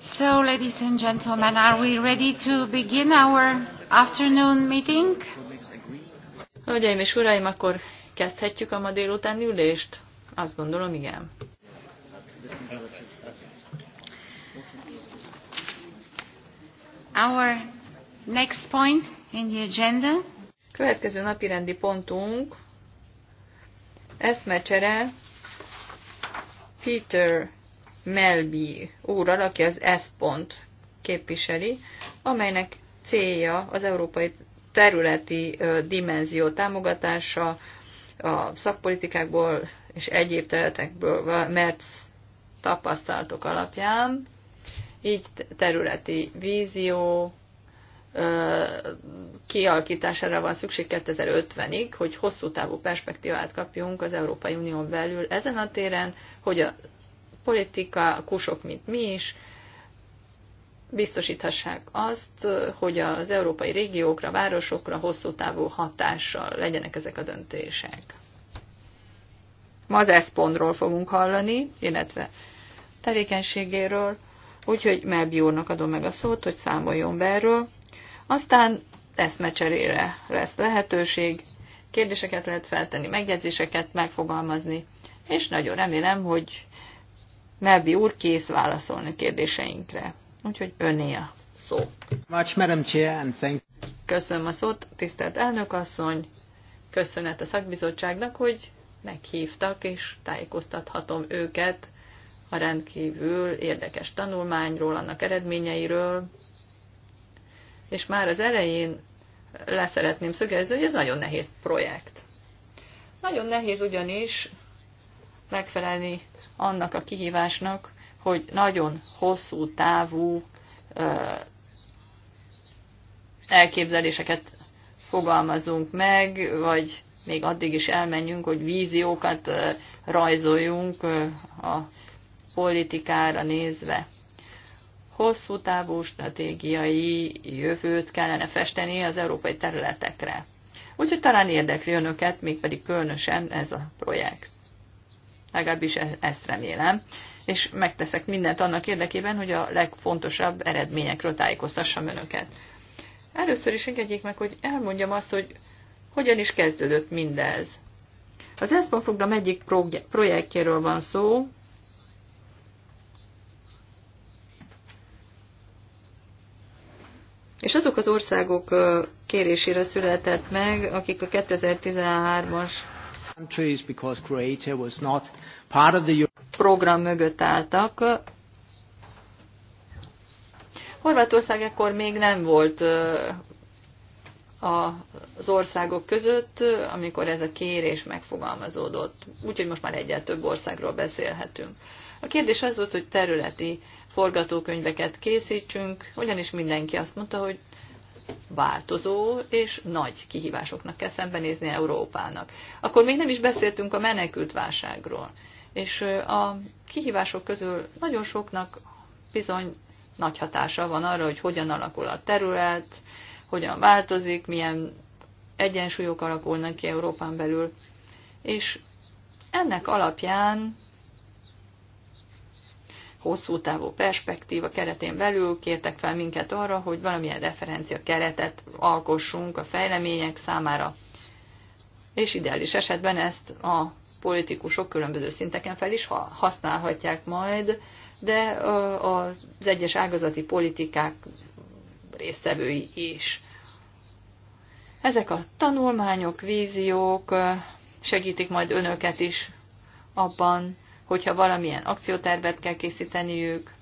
So, ladies and gentlemen, are we ready to begin our afternoon meeting? Hölgyeim és uraim, akkor kezdhetjük a ma délután ülést? Azt gondolom, igen. Our next point in the agenda. Következő napi rendi pontunk eszmecsere Peter Melbi úrral, aki az S pont képviseli, amelynek célja az európai területi dimenzió támogatása a szakpolitikákból és egyéb területekből, mert tapasztalatok alapján, így területi vízió kialakítására van szükség 2050-ig, hogy hosszú távú perspektívát kapjunk az Európai Unión belül ezen a téren, hogy a politikusok, mint mi is, biztosíthassák azt, hogy az európai régiókra, városokra hosszú távú hatással legyenek ezek a döntések. Ma az ESZPON-ról fogunk hallani, illetve tevékenységéről, úgyhogy Melbi úrnak adom meg a szót, hogy számoljon be erről. Aztán eszmecserére lesz lehetőség, kérdéseket lehet feltenni, megjegyzéseket megfogalmazni, és nagyon remélem, hogy Melbi úr kész válaszolni kérdéseinkre. Úgyhogy öné a szó. Much, Madam Köszönöm a szót, tisztelt elnök asszony. Köszönet a szakbizottságnak, hogy meghívtak, és tájékoztathatom őket a rendkívül érdekes tanulmányról, annak eredményeiről. És már az elején leszeretném szögezni, hogy ez nagyon nehéz projekt. Nagyon nehéz ugyanis megfelelni annak a kihívásnak, hogy nagyon hosszú távú elképzeléseket fogalmazunk meg, vagy még addig is elmenjünk, hogy víziókat rajzoljunk a politikára nézve. Hosszú távú stratégiai jövőt kellene festeni az európai területekre. Úgyhogy talán érdekli önöket, mégpedig különösen ez a projekt legalábbis e- ezt remélem, és megteszek mindent annak érdekében, hogy a legfontosabb eredményekről tájékoztassam önöket. Először is engedjék meg, hogy elmondjam azt, hogy hogyan is kezdődött mindez. Az ESPON program egyik projektjéről van szó, és azok az országok kérésére született meg, akik a 2013-as program mögött álltak. Horvátország ekkor még nem volt az országok között, amikor ez a kérés megfogalmazódott. Úgyhogy most már egyel több országról beszélhetünk. A kérdés az volt, hogy területi forgatókönyveket készítsünk, ugyanis mindenki azt mondta, hogy változó és nagy kihívásoknak kell szembenézni Európának. Akkor még nem is beszéltünk a menekült válságról. És a kihívások közül nagyon soknak bizony nagy hatása van arra, hogy hogyan alakul a terület, hogyan változik, milyen egyensúlyok alakulnak ki Európán belül. És ennek alapján hosszú távú perspektíva keretén belül kértek fel minket arra, hogy valamilyen referencia keretet alkossunk a fejlemények számára. És ideális esetben ezt a politikusok különböző szinteken fel is használhatják majd, de az egyes ágazati politikák résztvevői is. Ezek a tanulmányok, víziók segítik majd önöket is abban, hogyha valamilyen akciótervet kell készíteniük,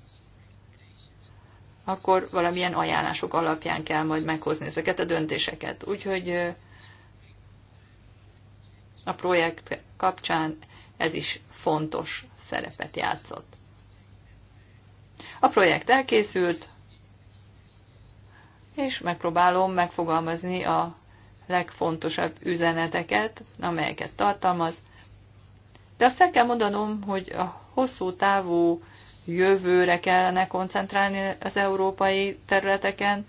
akkor valamilyen ajánlások alapján kell majd meghozni ezeket a döntéseket. Úgyhogy a projekt kapcsán ez is fontos szerepet játszott. A projekt elkészült, és megpróbálom megfogalmazni a legfontosabb üzeneteket, amelyeket tartalmaz, de azt el kell mondanom, hogy a hosszú távú jövőre kellene koncentrálni az európai területeken.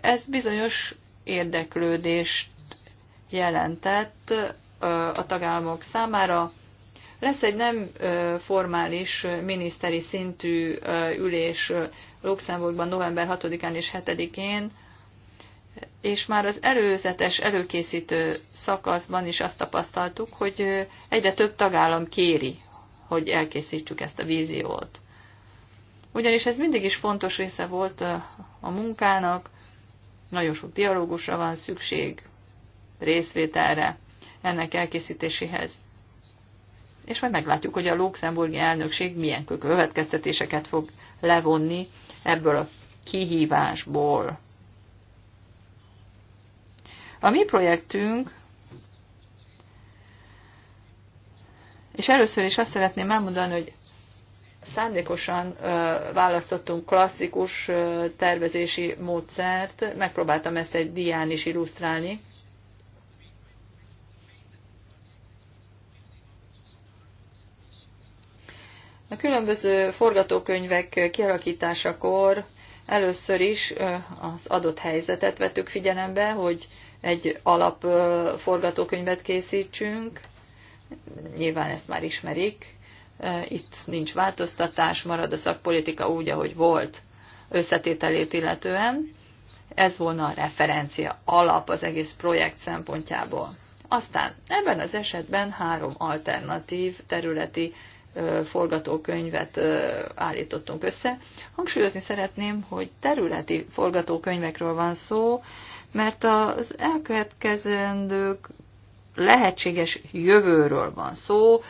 Ez bizonyos érdeklődést jelentett a tagállamok számára. Lesz egy nem formális miniszteri szintű ülés Luxemburgban november 6-án és 7-én, és már az előzetes, előkészítő szakaszban is azt tapasztaltuk, hogy egyre több tagállam kéri, hogy elkészítsük ezt a víziót. Ugyanis ez mindig is fontos része volt a, eh, a munkának, nagyon sok dialógusra van szükség, részvételre ennek elkészítéséhez. És majd meglátjuk, hogy a luxemburgi elnökség milyen következtetéseket fog levonni ebből a kihívásból. A mi projektünk, és először is azt szeretném elmondani, hogy szándékosan ö, választottunk klasszikus ö, tervezési módszert, megpróbáltam ezt egy dián is illusztrálni. A különböző forgatókönyvek kialakításakor először is az adott helyzetet vettük figyelembe, hogy egy alap forgatókönyvet készítsünk. Nyilván ezt már ismerik. Itt nincs változtatás, marad a szakpolitika úgy, ahogy volt összetételét illetően. Ez volna a referencia alap az egész projekt szempontjából. Aztán ebben az esetben három alternatív területi forgatókönyvet állítottunk össze. Hangsúlyozni szeretném, hogy területi forgatókönyvekről van szó, mert az elkövetkezendők lehetséges jövőről van szó,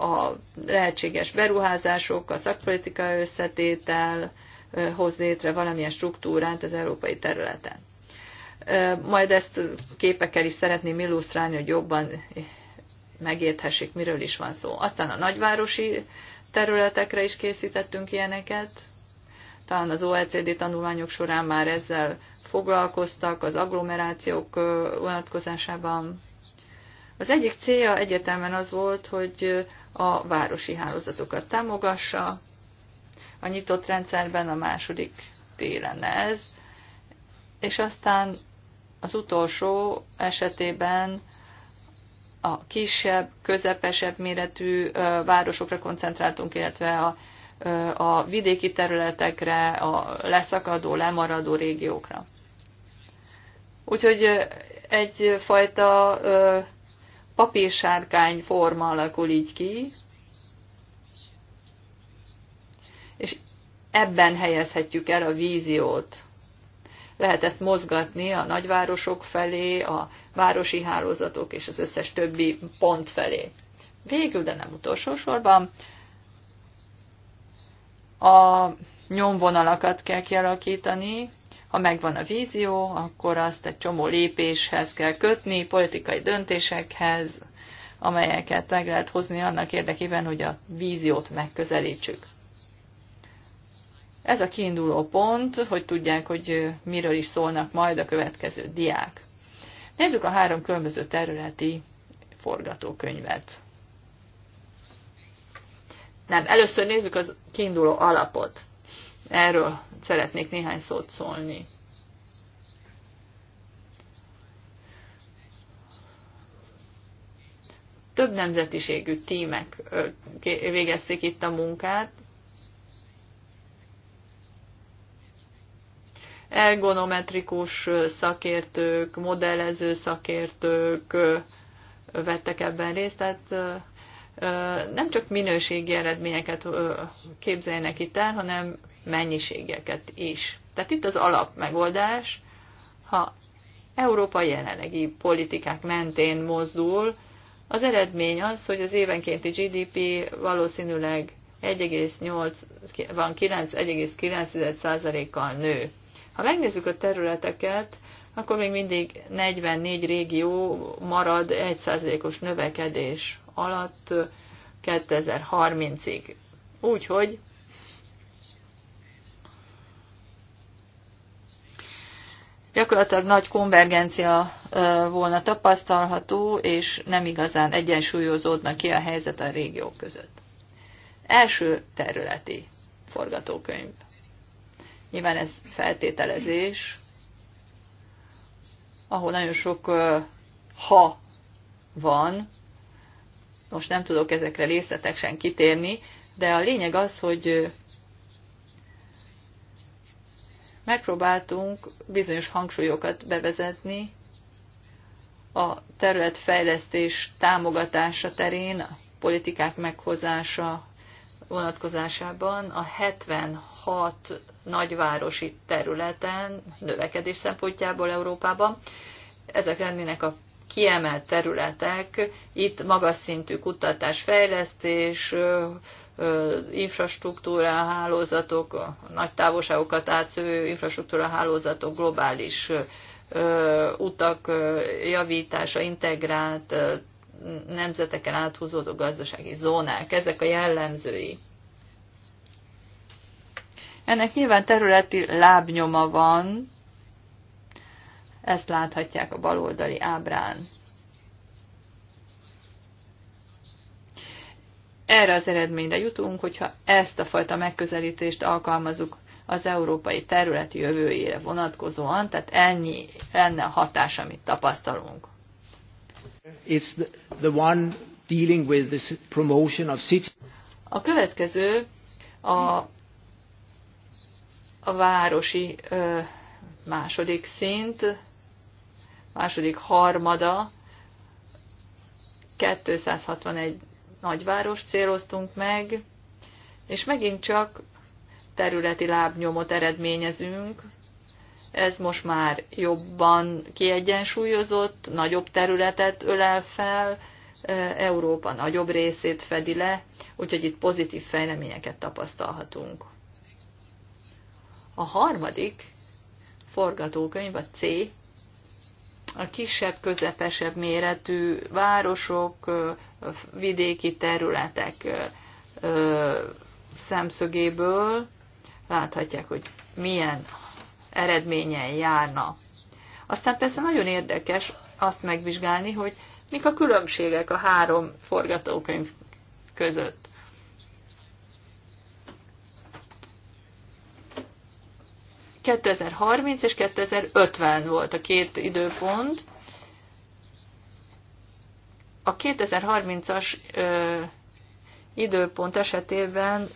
a lehetséges beruházások, a szakpolitika összetétel hoz létre valamilyen struktúrát az európai területen. Majd ezt képekkel is szeretném illusztrálni, hogy jobban megérthessék, miről is van szó. Aztán a nagyvárosi területekre is készítettünk ilyeneket. Talán az OECD tanulmányok során már ezzel foglalkoztak az agglomerációk vonatkozásában. Az egyik célja egyértelműen az volt, hogy a városi hálózatokat támogassa. A nyitott rendszerben a második télen ez, és aztán az utolsó esetében a kisebb, közepesebb méretű városokra koncentráltunk, illetve a, a vidéki területekre, a leszakadó, lemaradó régiókra. Úgyhogy egyfajta papírsárkány forma alakul így ki, és ebben helyezhetjük el a víziót. Lehet ezt mozgatni a nagyvárosok felé, a városi hálózatok és az összes többi pont felé. Végül, de nem utolsó sorban, a nyomvonalakat kell kialakítani, ha megvan a vízió, akkor azt egy csomó lépéshez kell kötni, politikai döntésekhez, amelyeket meg lehet hozni annak érdekében, hogy a víziót megközelítsük. Ez a kiinduló pont, hogy tudják, hogy miről is szólnak majd a következő diák. Nézzük a három különböző területi forgatókönyvet. Nem, először nézzük az kiinduló alapot. Erről szeretnék néhány szót szólni. Több nemzetiségű tímek végezték itt a munkát. Ergonometrikus szakértők, modellező szakértők vettek ebben részt, tehát nem csak minőségi eredményeket képzeljenek itt el, hanem mennyiségeket is. Tehát itt az alapmegoldás, ha Európa jelenlegi politikák mentén mozdul, az eredmény az, hogy az évenkénti GDP valószínűleg 1,8-1,9%-kal van nő. Ha megnézzük a területeket, akkor még mindig 44 régió marad 1%-os növekedés alatt 2030-ig. Úgyhogy Gyakorlatilag nagy konvergencia volna tapasztalható, és nem igazán egyensúlyozódna ki a helyzet a régiók között. Első területi forgatókönyv. Nyilván ez feltételezés, ahol nagyon sok ha van, most nem tudok ezekre részletesen kitérni, de a lényeg az, hogy megpróbáltunk bizonyos hangsúlyokat bevezetni a területfejlesztés támogatása terén, a politikák meghozása vonatkozásában a 76 nagyvárosi területen, növekedés szempontjából Európában. Ezek lennének a kiemelt területek, itt magas szintű kutatás, fejlesztés, infrastruktúra hálózatok, a nagy távolságokat átszövő infrastruktúra hálózatok, globális utak javítása, integrált nemzeteken áthúzódó gazdasági zónák, ezek a jellemzői. Ennek nyilván területi lábnyoma van, ezt láthatják a baloldali ábrán. erre az eredményre jutunk, hogyha ezt a fajta megközelítést alkalmazunk az európai terület jövőjére vonatkozóan, tehát ennyi lenne a hatás, amit tapasztalunk. It's the, the one dealing with this promotion of city. A következő a, a városi ö, második szint, második harmada, 261 nagyváros céloztunk meg, és megint csak területi lábnyomot eredményezünk. Ez most már jobban kiegyensúlyozott, nagyobb területet ölel fel, Európa nagyobb részét fedi le, úgyhogy itt pozitív fejleményeket tapasztalhatunk. A harmadik forgatókönyv, a C a kisebb, közepesebb méretű városok, vidéki területek szemszögéből láthatják, hogy milyen eredményen járna. Aztán persze nagyon érdekes azt megvizsgálni, hogy mik a különbségek a három forgatókönyv között. 2030 és 2050 volt a két időpont. A 2030-as időpont esetében,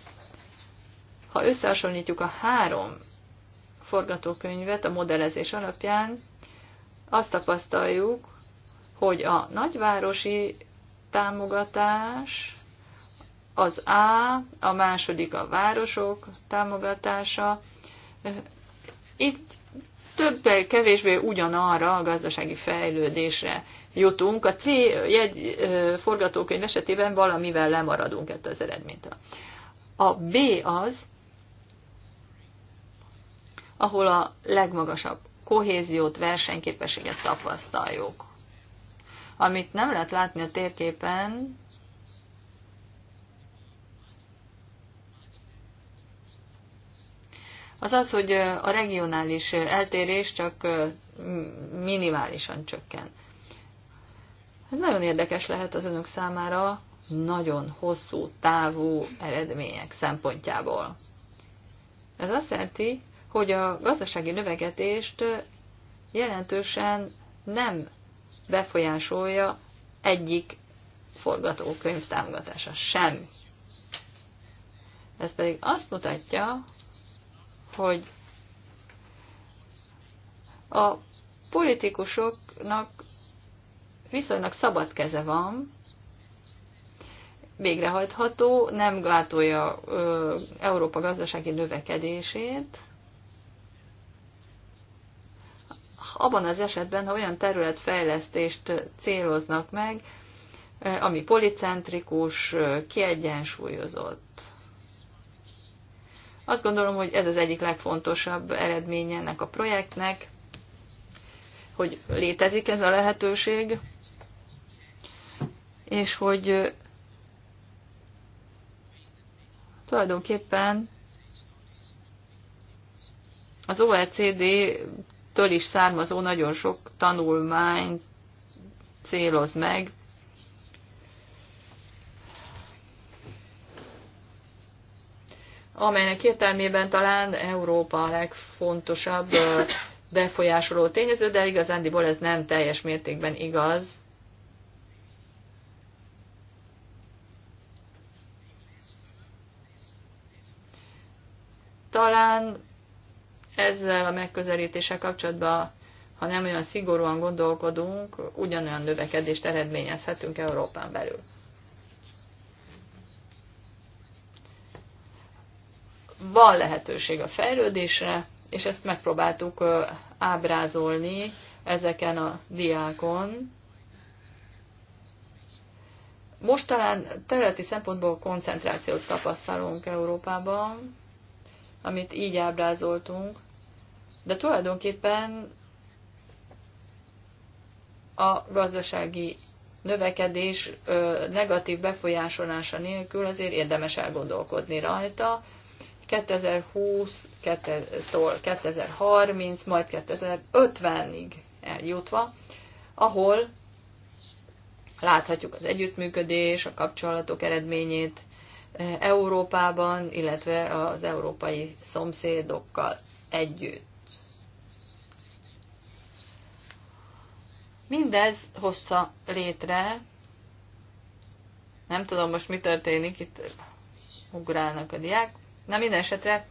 ha összehasonlítjuk a három forgatókönyvet a modellezés alapján, azt tapasztaljuk, hogy a nagyvárosi támogatás, az A, a második a városok támogatása, itt többé-kevésbé ugyanarra a gazdasági fejlődésre jutunk. A C jegy forgatókönyv esetében valamivel lemaradunk ettől az eredménytől. A B az, ahol a legmagasabb kohéziót, versenyképességet tapasztaljuk. Amit nem lehet látni a térképen, az az, hogy a regionális eltérés csak minimálisan csökken. Ez hát nagyon érdekes lehet az önök számára, nagyon hosszú távú eredmények szempontjából. Ez azt jelenti, hogy a gazdasági növekedést jelentősen nem befolyásolja egyik forgatókönyv támogatása sem. Ez pedig azt mutatja, hogy a politikusoknak viszonylag szabad keze van, végrehajtható, nem gátolja ö, Európa gazdasági növekedését, abban az esetben, ha olyan területfejlesztést céloznak meg, ami policentrikus, kiegyensúlyozott. Azt gondolom, hogy ez az egyik legfontosabb eredménye ennek a projektnek, hogy létezik ez a lehetőség, és hogy tulajdonképpen az OECD-től is származó nagyon sok tanulmány céloz meg, amelynek értelmében talán Európa a legfontosabb befolyásoló tényező, de igazándiból ez nem teljes mértékben igaz. Talán ezzel a megközelítéssel kapcsolatban, ha nem olyan szigorúan gondolkodunk, ugyanolyan növekedést eredményezhetünk Európán belül. van lehetőség a fejlődésre, és ezt megpróbáltuk ábrázolni ezeken a diákon. Most talán területi szempontból koncentrációt tapasztalunk Európában, amit így ábrázoltunk, de tulajdonképpen a gazdasági növekedés negatív befolyásolása nélkül azért érdemes elgondolkodni rajta, 2020-tól 2030, majd 2050-ig eljutva, ahol láthatjuk az együttműködés, a kapcsolatok eredményét eh, Európában, illetve az európai szomszédokkal együtt. Mindez hozta létre, nem tudom most mi történik, itt ugrálnak a diák, Na minden esetre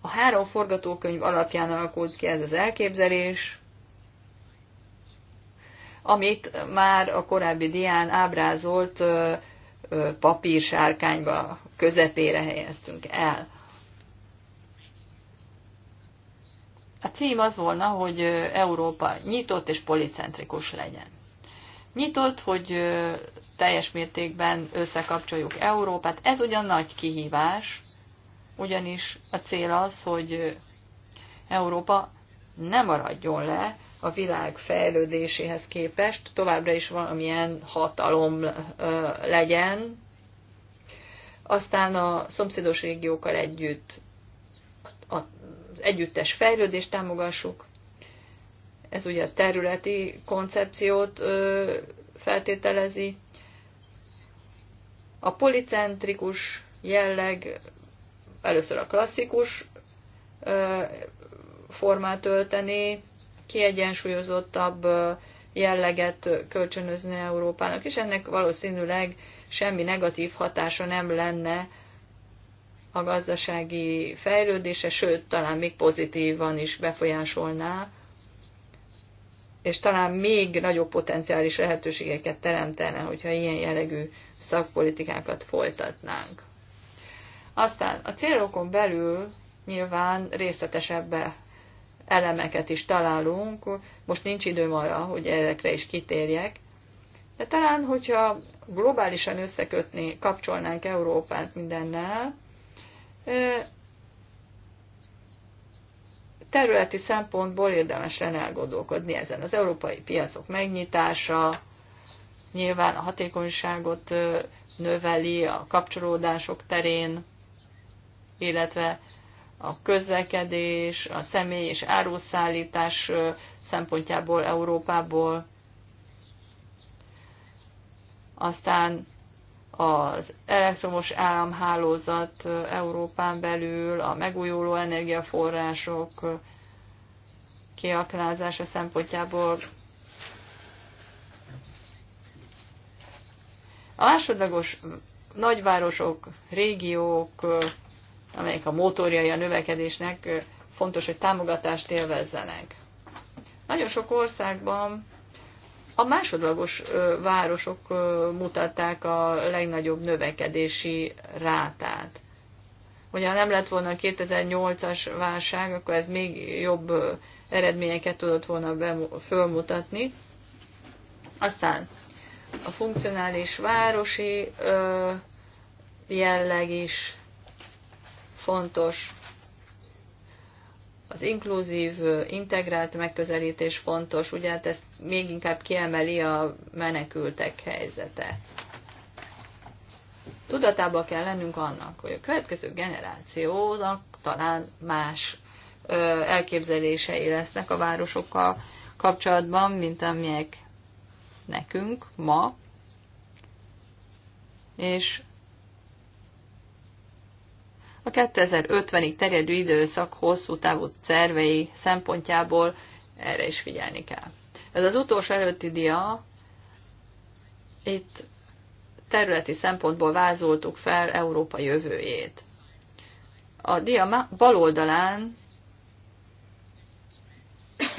a három forgatókönyv alapján alakult ki ez az elképzelés, amit már a korábbi dián ábrázolt papírsárkányba közepére helyeztünk el. A cím az volna, hogy Európa nyitott és policentrikus legyen. Nyitott, hogy teljes mértékben összekapcsoljuk Európát. Ez ugyan nagy kihívás, ugyanis a cél az, hogy Európa ne maradjon le a világ fejlődéséhez képest, továbbra is valamilyen hatalom legyen, aztán a szomszédos régiókkal együtt az együttes fejlődést támogassuk. Ez ugye a területi koncepciót feltételezi, a policentrikus jelleg először a klasszikus formát ölteni, kiegyensúlyozottabb jelleget kölcsönözni Európának, és ennek valószínűleg semmi negatív hatása nem lenne a gazdasági fejlődése, sőt, talán még pozitívan is befolyásolná, és talán még nagyobb potenciális lehetőségeket teremtene, hogyha ilyen jellegű szakpolitikákat folytatnánk. Aztán a célokon belül nyilván részletesebb elemeket is találunk, most nincs időm arra, hogy ezekre is kitérjek, de talán, hogyha globálisan összekötni, kapcsolnánk Európát mindennel, területi szempontból érdemes lenne elgondolkodni ezen. Az európai piacok megnyitása, nyilván a hatékonyságot növeli a kapcsolódások terén, illetve a közlekedés, a személy és áruszállítás szempontjából Európából, aztán az elektromos államhálózat Európán belül, a megújuló energiaforrások kiaknázása szempontjából A másodlagos nagyvárosok, régiók, amelyek a motorjai a növekedésnek, fontos, hogy támogatást élvezzenek. Nagyon sok országban a másodlagos városok mutatták a legnagyobb növekedési rátát. Hogyha nem lett volna a 2008-as válság, akkor ez még jobb eredményeket tudott volna fölmutatni. Aztán a funkcionális városi ö, jelleg is fontos, az inkluzív, integrált megközelítés fontos, ugye hát ezt még inkább kiemeli a menekültek helyzete. Tudatába kell lennünk annak, hogy a következő generációnak talán más elképzelései lesznek a városokkal kapcsolatban, mint amilyek nekünk ma, és a 2050-ig terjedő időszak hosszú távú szervei szempontjából erre is figyelni kell. Ez az utolsó előtti dia, itt területi szempontból vázoltuk fel Európa jövőjét. A dia bal oldalán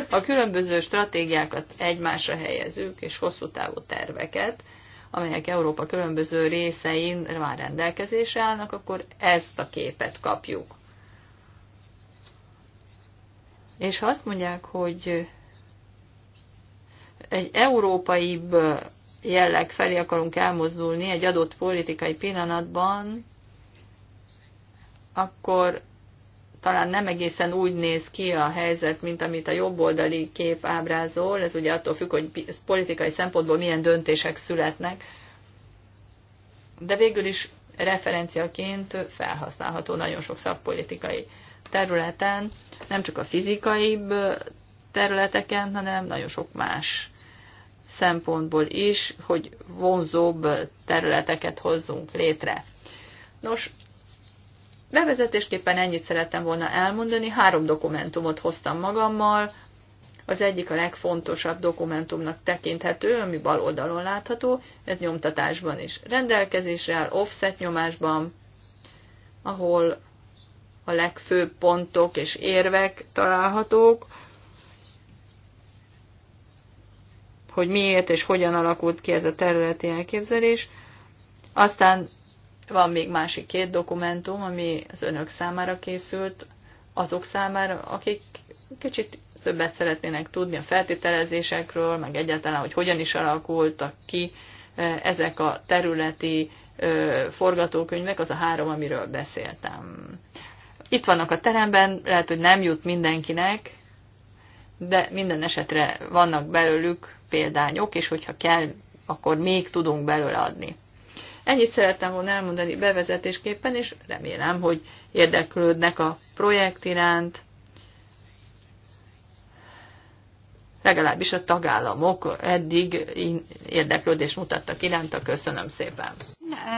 a különböző stratégiákat egymásra helyezünk, és hosszú távú terveket, amelyek Európa különböző részein már rendelkezésre állnak, akkor ezt a képet kapjuk. És ha azt mondják, hogy egy európai jelleg felé akarunk elmozdulni egy adott politikai pillanatban, akkor talán nem egészen úgy néz ki a helyzet, mint amit a jobboldali kép ábrázol. Ez ugye attól függ, hogy politikai szempontból milyen döntések születnek. De végül is referenciaként felhasználható nagyon sok szakpolitikai területen, nem csak a fizikai területeken, hanem nagyon sok más szempontból is, hogy vonzóbb területeket hozzunk létre. Nos, Bevezetésképpen ennyit szerettem volna elmondani, három dokumentumot hoztam magammal, az egyik a legfontosabb dokumentumnak tekinthető, ami bal oldalon látható, ez nyomtatásban is rendelkezésre áll, offset nyomásban, ahol a legfőbb pontok és érvek találhatók, hogy miért és hogyan alakult ki ez a területi elképzelés. Aztán van még másik két dokumentum, ami az önök számára készült, azok számára, akik kicsit többet szeretnének tudni a feltételezésekről, meg egyáltalán, hogy hogyan is alakultak ki e, ezek a területi e, forgatókönyvek, az a három, amiről beszéltem. Itt vannak a teremben, lehet, hogy nem jut mindenkinek, de minden esetre vannak belőlük példányok, és hogyha kell, akkor még tudunk belőle adni. Ennyit szerettem volna elmondani bevezetésképpen, és remélem, hogy érdeklődnek a projekt iránt, legalábbis a tagállamok eddig érdeklődést mutattak iránta. Köszönöm szépen.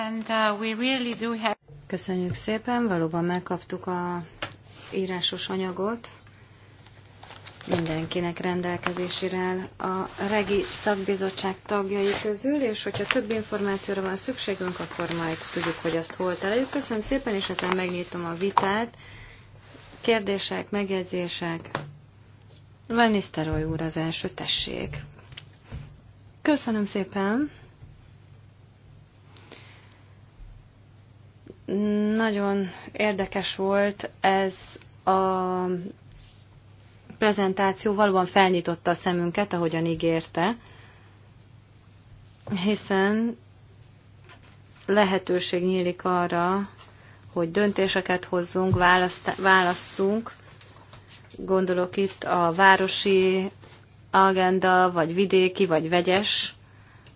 And, uh, we really do have... Köszönjük szépen, valóban megkaptuk a írásos anyagot mindenkinek rendelkezésére áll a regi szakbizottság tagjai közül, és hogyha több információra van szükségünk, akkor majd tudjuk, hogy azt hol találjuk. Köszönöm szépen, és aztán megnyitom a vitát. Kérdések, megjegyzések. Van Nisztároly úr az első, tessék. Köszönöm szépen. Nagyon érdekes volt ez a prezentáció valóban felnyitotta a szemünket, ahogyan ígérte, hiszen lehetőség nyílik arra, hogy döntéseket hozzunk, választ, válasszunk. Gondolok itt a városi agenda, vagy vidéki, vagy vegyes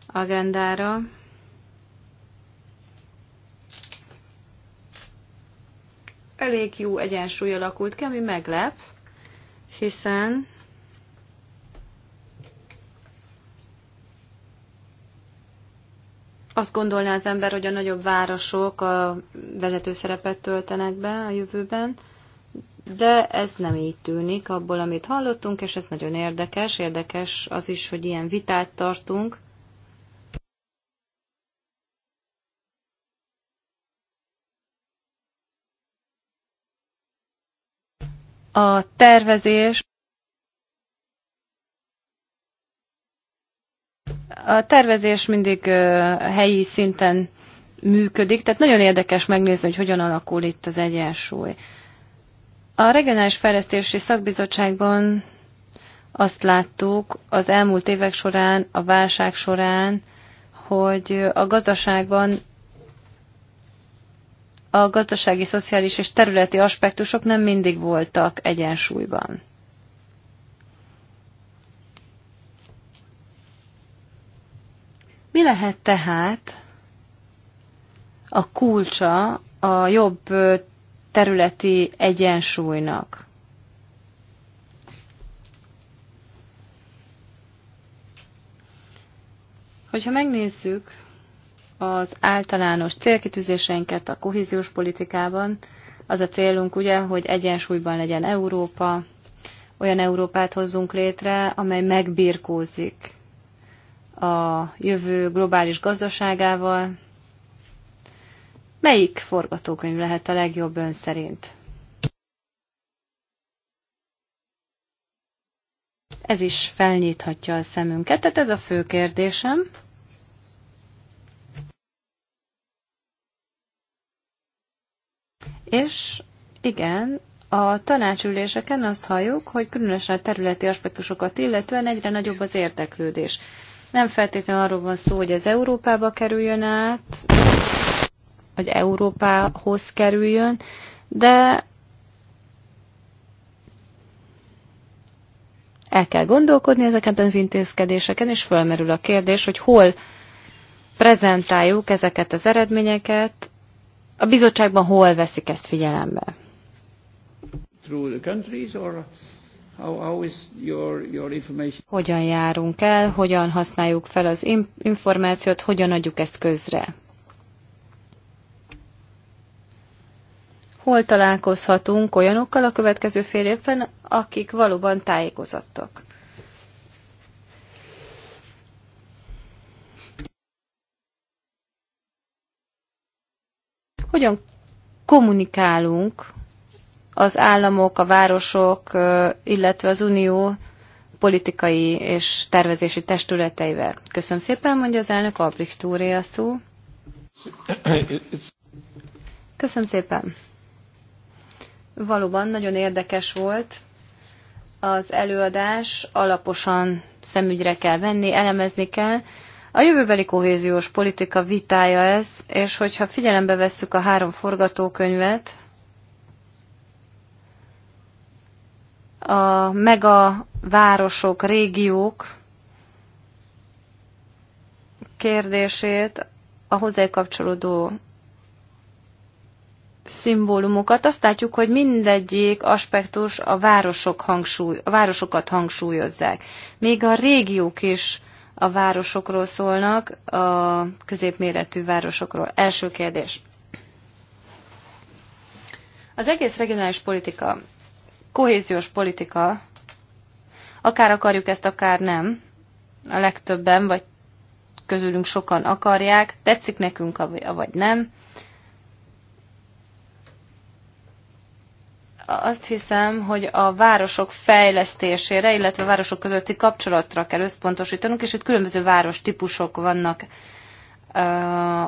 agendára. Elég jó egyensúly alakult ki, ami meglep hiszen azt gondolná az ember, hogy a nagyobb városok a vezető szerepet töltenek be a jövőben, de ez nem így tűnik abból, amit hallottunk, és ez nagyon érdekes. Érdekes az is, hogy ilyen vitát tartunk a tervezés a tervezés mindig helyi szinten működik, tehát nagyon érdekes megnézni, hogy hogyan alakul itt az egyensúly. A Regionális Fejlesztési Szakbizottságban azt láttuk az elmúlt évek során, a válság során, hogy a gazdaságban a gazdasági, szociális és területi aspektusok nem mindig voltak egyensúlyban. Mi lehet tehát a kulcsa a jobb területi egyensúlynak? Hogyha megnézzük az általános célkitűzéseinket a kohéziós politikában. Az a célunk ugye, hogy egyensúlyban legyen Európa, olyan Európát hozzunk létre, amely megbirkózik a jövő globális gazdaságával. Melyik forgatókönyv lehet a legjobb ön szerint? Ez is felnyithatja a szemünket, tehát ez a fő kérdésem. És igen, a tanácsüléseken azt halljuk, hogy különösen a területi aspektusokat illetően egyre nagyobb az érdeklődés. Nem feltétlenül arról van szó, hogy ez Európába kerüljön át, hogy Európához kerüljön, de el kell gondolkodni ezeket az intézkedéseken, és fölmerül a kérdés, hogy hol prezentáljuk ezeket az eredményeket a bizottságban hol veszik ezt figyelembe? Hogyan járunk el, hogyan használjuk fel az információt, hogyan adjuk ezt közre? Hol találkozhatunk olyanokkal a következő fél évben, akik valóban tájékozottak? hogyan kommunikálunk az államok, a városok, illetve az unió politikai és tervezési testületeivel. Köszönöm szépen, mondja az elnök Albrecht úré a szó. Köszönöm szépen. Valóban nagyon érdekes volt az előadás, alaposan szemügyre kell venni, elemezni kell, a jövőbeli kohéziós politika vitája ez, és hogyha figyelembe vesszük a három forgatókönyvet, a mega városok, régiók kérdését, a hozzá kapcsolódó szimbólumokat, azt látjuk, hogy mindegyik aspektus a, városok hangsúly, a városokat hangsúlyozzák. Még a régiók is a városokról szólnak, a középméretű városokról. Első kérdés. Az egész regionális politika, kohéziós politika, akár akarjuk ezt, akár nem, a legtöbben, vagy közülünk sokan akarják, tetszik nekünk, vagy nem, Azt hiszem, hogy a városok fejlesztésére, illetve a városok közötti kapcsolatra kell összpontosítanunk, és itt különböző város típusok vannak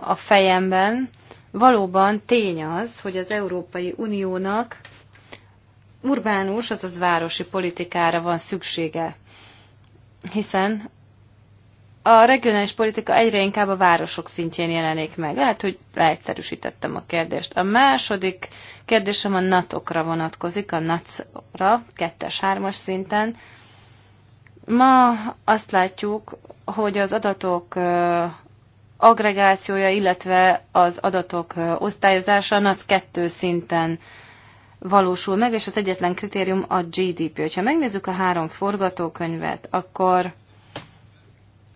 a fejemben. Valóban tény az, hogy az Európai Uniónak urbánus, azaz városi politikára van szüksége, hiszen a regionális politika egyre inkább a városok szintjén jelenik meg. Lehet, hogy leegyszerűsítettem a kérdést. A második kérdésem a NATO-kra vonatkozik, a nato ra kettes, hármas szinten. Ma azt látjuk, hogy az adatok agregációja, illetve az adatok osztályozása a NAC 2 szinten valósul meg, és az egyetlen kritérium a GDP. Ha megnézzük a három forgatókönyvet, akkor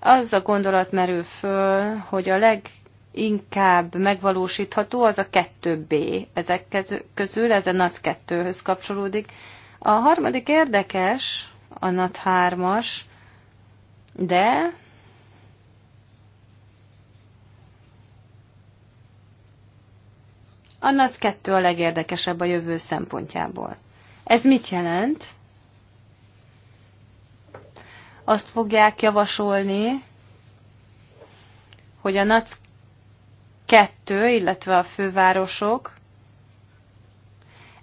az a gondolat merül föl, hogy a leginkább megvalósítható az a 2B ezek közül, ez a NAC 2-höz kapcsolódik. A harmadik érdekes, a NAT 3-as, de a NAC 2 a legérdekesebb a jövő szempontjából. Ez mit jelent? azt fogják javasolni, hogy a NAC 2, illetve a fővárosok,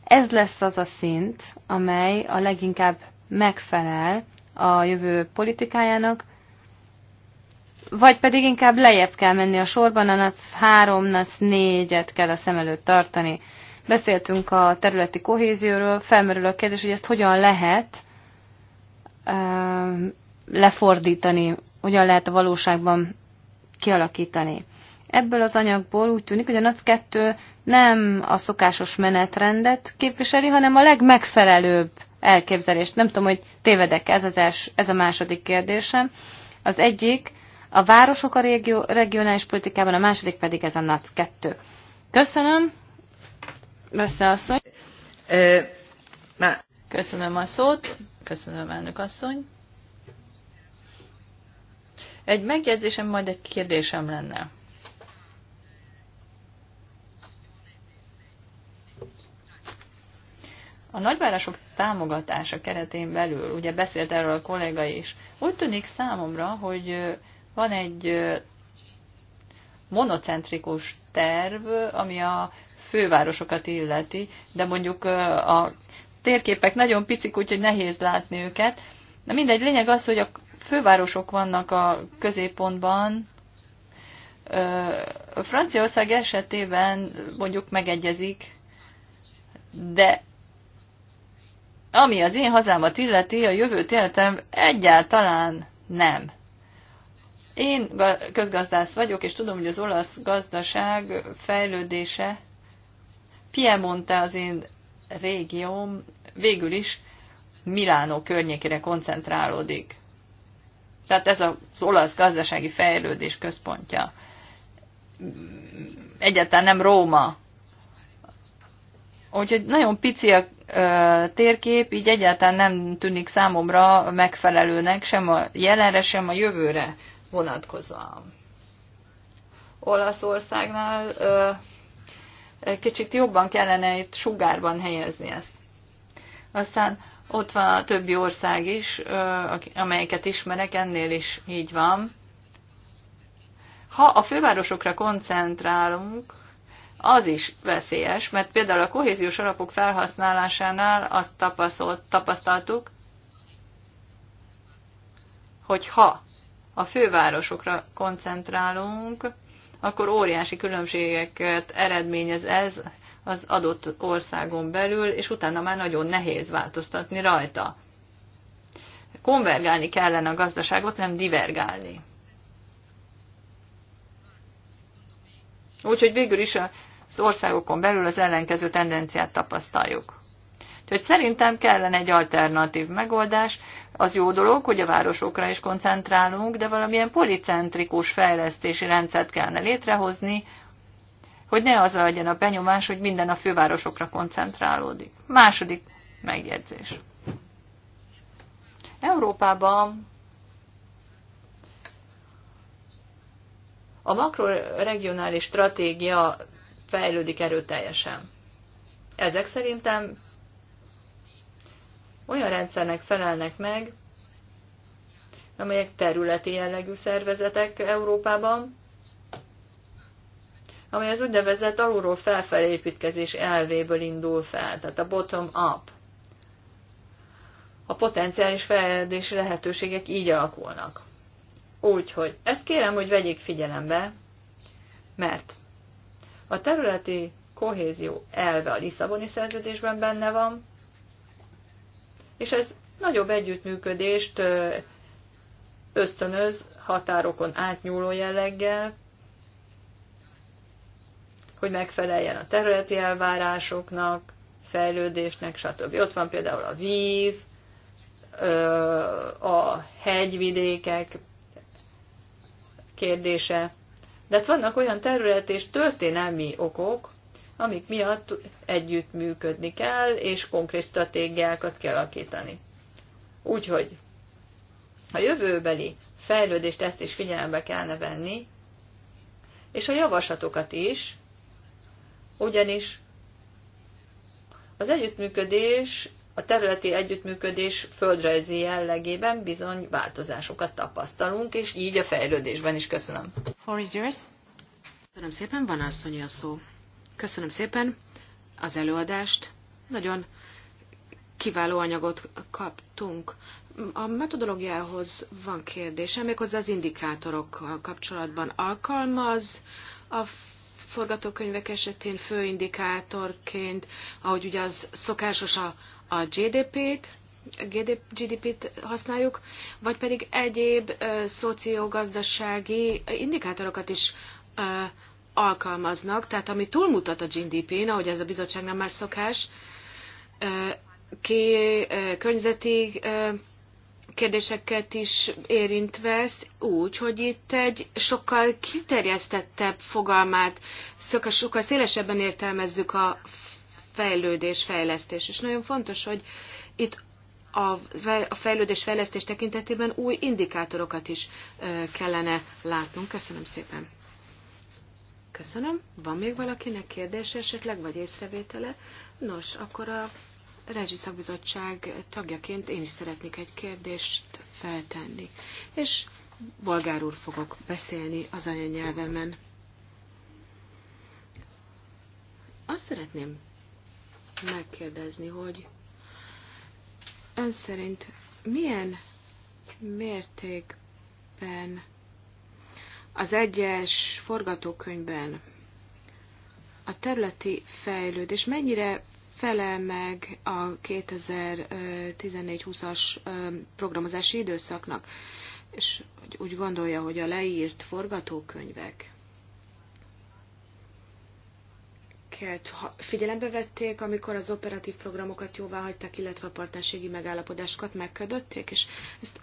ez lesz az a szint, amely a leginkább megfelel a jövő politikájának, vagy pedig inkább lejjebb kell menni a sorban, a NAC 3, NAC 4-et kell a szem előtt tartani. Beszéltünk a területi kohézióról, felmerül a kérdés, hogy ezt hogyan lehet ehm, lefordítani, hogyan lehet a valóságban kialakítani. Ebből az anyagból úgy tűnik, hogy a NAC 2 nem a szokásos menetrendet képviseli, hanem a legmegfelelőbb elképzelést. Nem tudom, hogy tévedek, ez, az els, ez a második kérdésem. Az egyik, a városok a régió, regionális politikában, a második pedig ez a NAC 2. Köszönöm, Vessze asszony. Köszönöm a szót, köszönöm elnök asszony. Egy megjegyzésem, majd egy kérdésem lenne. A nagyvárosok támogatása keretén belül, ugye beszélt erről a kollega is, úgy tűnik számomra, hogy van egy monocentrikus terv, ami a fővárosokat illeti, de mondjuk a térképek nagyon picik, úgyhogy nehéz látni őket. Na mindegy, lényeg az, hogy a fővárosok vannak a középpontban. Franciaország esetében mondjuk megegyezik, de ami az én hazámat illeti, a jövőt életem egyáltalán nem. Én közgazdász vagyok, és tudom, hogy az olasz gazdaság fejlődése, Piemonte az én régióm, végül is Milánó környékére koncentrálódik. Tehát ez az olasz gazdasági fejlődés központja. Egyáltalán nem Róma. Úgyhogy nagyon pici a térkép, így egyáltalán nem tűnik számomra megfelelőnek sem a jelenre, sem a jövőre vonatkozóan. Olaszországnál kicsit jobban kellene itt sugárban helyezni ezt. Aztán ott van a többi ország is, amelyeket ismerek, ennél is így van. Ha a fővárosokra koncentrálunk, az is veszélyes, mert például a kohéziós alapok felhasználásánál azt tapasztaltuk, hogy ha a fővárosokra koncentrálunk, akkor óriási különbségeket eredményez ez az adott országon belül, és utána már nagyon nehéz változtatni rajta. Konvergálni kellene a gazdaságot, nem divergálni. Úgyhogy végül is az országokon belül az ellenkező tendenciát tapasztaljuk. Úgyhogy szerintem kellene egy alternatív megoldás. Az jó dolog, hogy a városokra is koncentrálunk, de valamilyen policentrikus fejlesztési rendszert kellene létrehozni, hogy ne az legyen a benyomás, hogy minden a fővárosokra koncentrálódik. Második megjegyzés. Európában a makroregionális stratégia fejlődik erőteljesen. Ezek szerintem olyan rendszernek felelnek meg, amelyek területi jellegű szervezetek Európában, amely az úgynevezett alulról felfelé építkezés elvéből indul fel, tehát a bottom-up. A potenciális fejlődési lehetőségek így alakulnak. Úgyhogy ezt kérem, hogy vegyék figyelembe, mert a területi kohézió elve a Lisszaboni szerződésben benne van, és ez nagyobb együttműködést ösztönöz határokon átnyúló jelleggel, hogy megfeleljen a területi elvárásoknak, fejlődésnek, stb. Ott van például a víz, a hegyvidékek kérdése. De hát vannak olyan terület és történelmi okok, amik miatt együttműködni kell, és konkrét stratégiákat kell alakítani. Úgyhogy a jövőbeli fejlődést ezt is figyelembe kellene venni, és a javaslatokat is, ugyanis az együttműködés, a területi együttműködés földrajzi jellegében bizony változásokat tapasztalunk, és így a fejlődésben is köszönöm. Floor is yours. Köszönöm szépen, van asszony a szó. Köszönöm szépen az előadást. Nagyon kiváló anyagot kaptunk. A metodológiához van kérdésem, méghozzá az indikátorok kapcsolatban alkalmaz a forgatókönyvek esetén főindikátorként, ahogy ugye az szokásos a, a GDP-t, GDP-t használjuk, vagy pedig egyéb ö, szociogazdasági indikátorokat is ö, alkalmaznak, tehát ami túlmutat a GDP-n, ahogy ez a bizottság nem már szokás, ö, ki, ö, környezeti ö, kérdéseket is érintve ezt úgy, hogy itt egy sokkal kiterjesztettebb fogalmát, sokkal szélesebben értelmezzük a fejlődés, fejlesztés. És nagyon fontos, hogy itt a fejlődés, fejlesztés tekintetében új indikátorokat is kellene látnunk. Köszönöm szépen. Köszönöm. Van még valakinek kérdése esetleg, vagy észrevétele? Nos, akkor a Rezsi Szakbizottság tagjaként én is szeretnék egy kérdést feltenni. És bolgárul fogok beszélni az anyanyelvemen. Azt szeretném megkérdezni, hogy ön szerint milyen mértékben az egyes forgatókönyvben a területi fejlődés mennyire felel meg a 2014-20-as programozási időszaknak, és úgy gondolja, hogy a leírt forgatókönyvek figyelembe vették, amikor az operatív programokat jóvá hagyták, illetve a partnerségi megállapodásokat megködötték, és ezt,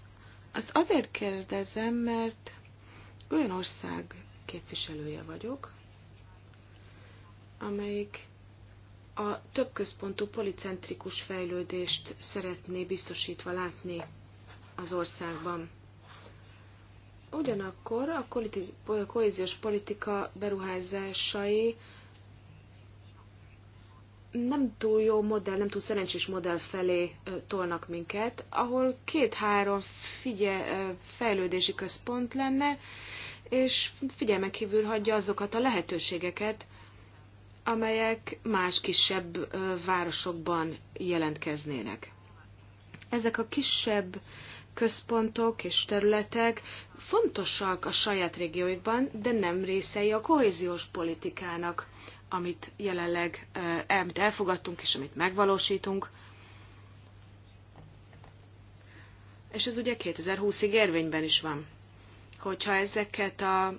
ezt azért kérdezem, mert olyan ország képviselője vagyok, amelyik a több központú policentrikus fejlődést szeretné biztosítva látni az országban. Ugyanakkor a kohéziós politika beruházásai nem túl jó modell, nem túl szerencsés modell felé tolnak minket, ahol két-három figye, fejlődési központ lenne, és figyelmen kívül hagyja azokat a lehetőségeket, amelyek más kisebb városokban jelentkeznének. Ezek a kisebb központok és területek fontosak a saját régióikban, de nem részei a kohéziós politikának, amit jelenleg amit elfogadtunk és amit megvalósítunk. És ez ugye 2020-ig érvényben is van. Hogyha ezeket a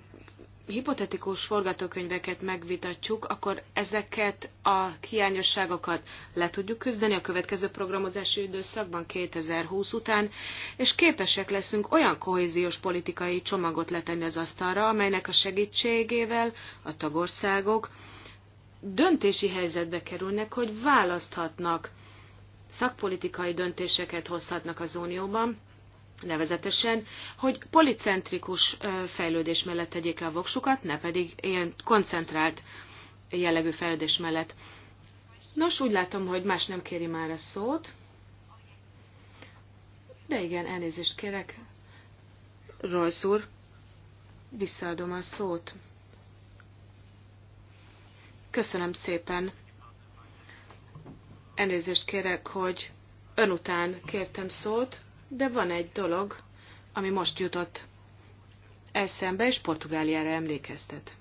hipotetikus forgatókönyveket megvitatjuk, akkor ezeket a hiányosságokat le tudjuk küzdeni a következő programozási időszakban 2020 után, és képesek leszünk olyan kohéziós politikai csomagot letenni az asztalra, amelynek a segítségével a tagországok döntési helyzetbe kerülnek, hogy választhatnak, szakpolitikai döntéseket hozhatnak az Unióban, nevezetesen, hogy policentrikus fejlődés mellett tegyék le a voksukat, ne pedig ilyen koncentrált jellegű fejlődés mellett. Nos, úgy látom, hogy más nem kéri már a szót. De igen, elnézést kérek. Royce úr, visszaadom a szót. Köszönöm szépen. Elnézést kérek, hogy ön után kértem szót de van egy dolog, ami most jutott eszembe, és Portugáliára emlékeztet.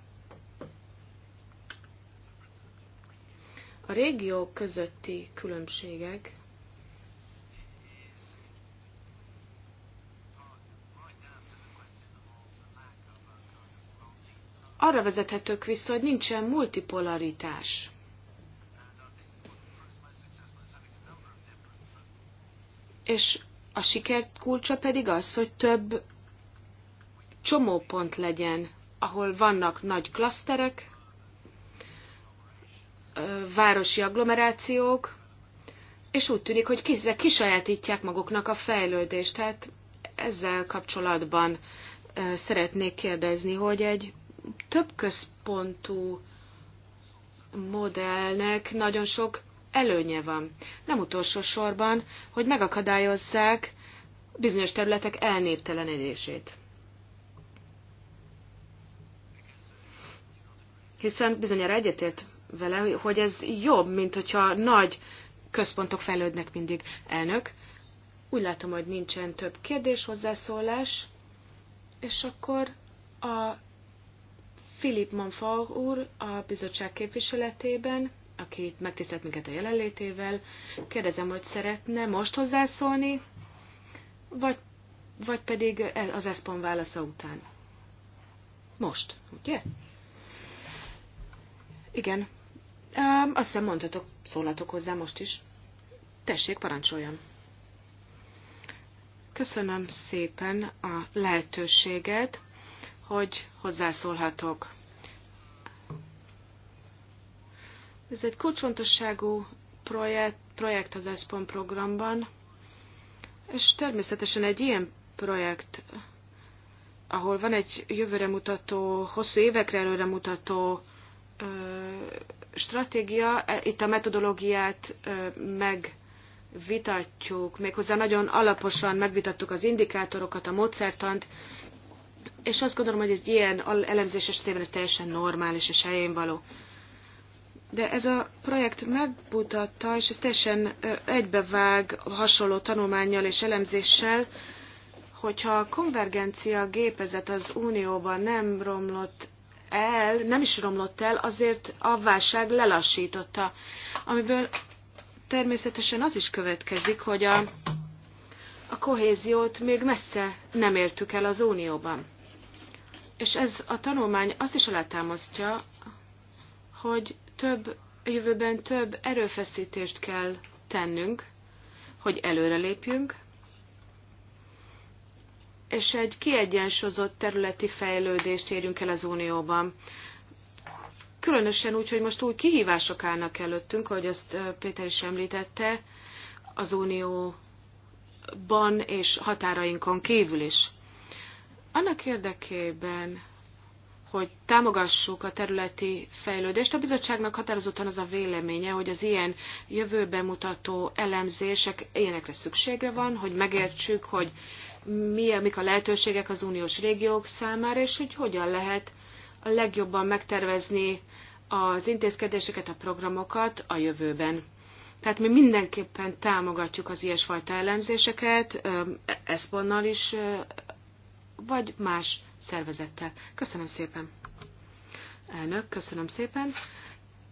A régiók közötti különbségek arra vezethetők vissza, hogy nincsen multipolaritás. És a siker kulcsa pedig az, hogy több csomópont legyen, ahol vannak nagy klaszterek, városi agglomerációk, és úgy tűnik, hogy kizek kisajátítják maguknak a fejlődést. Tehát ezzel kapcsolatban szeretnék kérdezni, hogy egy több központú modellnek nagyon sok előnye van. Nem utolsó sorban, hogy megakadályozzák bizonyos területek elnéptelenedését. Hiszen bizonyára egyetért vele, hogy ez jobb, mint hogyha nagy központok fejlődnek mindig. Elnök, úgy látom, hogy nincsen több kérdés, hozzászólás, és akkor a Philip Monfort úr a bizottság képviseletében akit megtisztelt minket a jelenlétével. Kérdezem, hogy szeretne most hozzászólni, vagy, vagy pedig e, az ESPON válasza után. Most, ugye? Igen. azt hiszem mondhatok, szólatok hozzá most is. Tessék, parancsoljon. Köszönöm szépen a lehetőséget, hogy hozzászólhatok Ez egy kulcsfontosságú projekt, projekt az ESPON programban, és természetesen egy ilyen projekt, ahol van egy jövőre mutató, hosszú évekre előre mutató ö, stratégia, e, itt a metodológiát ö, megvitatjuk, méghozzá nagyon alaposan megvitattuk az indikátorokat, a módszertant, és azt gondolom, hogy ez ilyen elemzés esetében ez teljesen normális és helyén való. De ez a projekt megmutatta, és ez teljesen egybevág hasonló tanulmányjal és elemzéssel, hogyha a konvergencia gépezet az Unióban nem romlott el, nem is romlott el, azért a válság lelassította, amiből természetesen az is következik, hogy a, a kohéziót még messze nem értük el az Unióban. És ez a tanulmány azt is alátámasztja, hogy több, jövőben több erőfeszítést kell tennünk, hogy előrelépjünk, és egy kiegyensúlyozott területi fejlődést érjünk el az Unióban. Különösen úgy, hogy most új kihívások állnak előttünk, ahogy azt Péter is említette, az Unióban és határainkon kívül is. Annak érdekében, hogy támogassuk a területi fejlődést. A bizottságnak határozottan az a véleménye, hogy az ilyen mutató elemzések ilyenekre szüksége van, hogy megértsük, hogy mi, mik a lehetőségek az uniós régiók számára, és hogy hogyan lehet a legjobban megtervezni az intézkedéseket, a programokat a jövőben. Tehát mi mindenképpen támogatjuk az ilyesfajta elemzéseket, eszponnal is, vagy más szervezettel. Köszönöm szépen. Elnök, köszönöm szépen.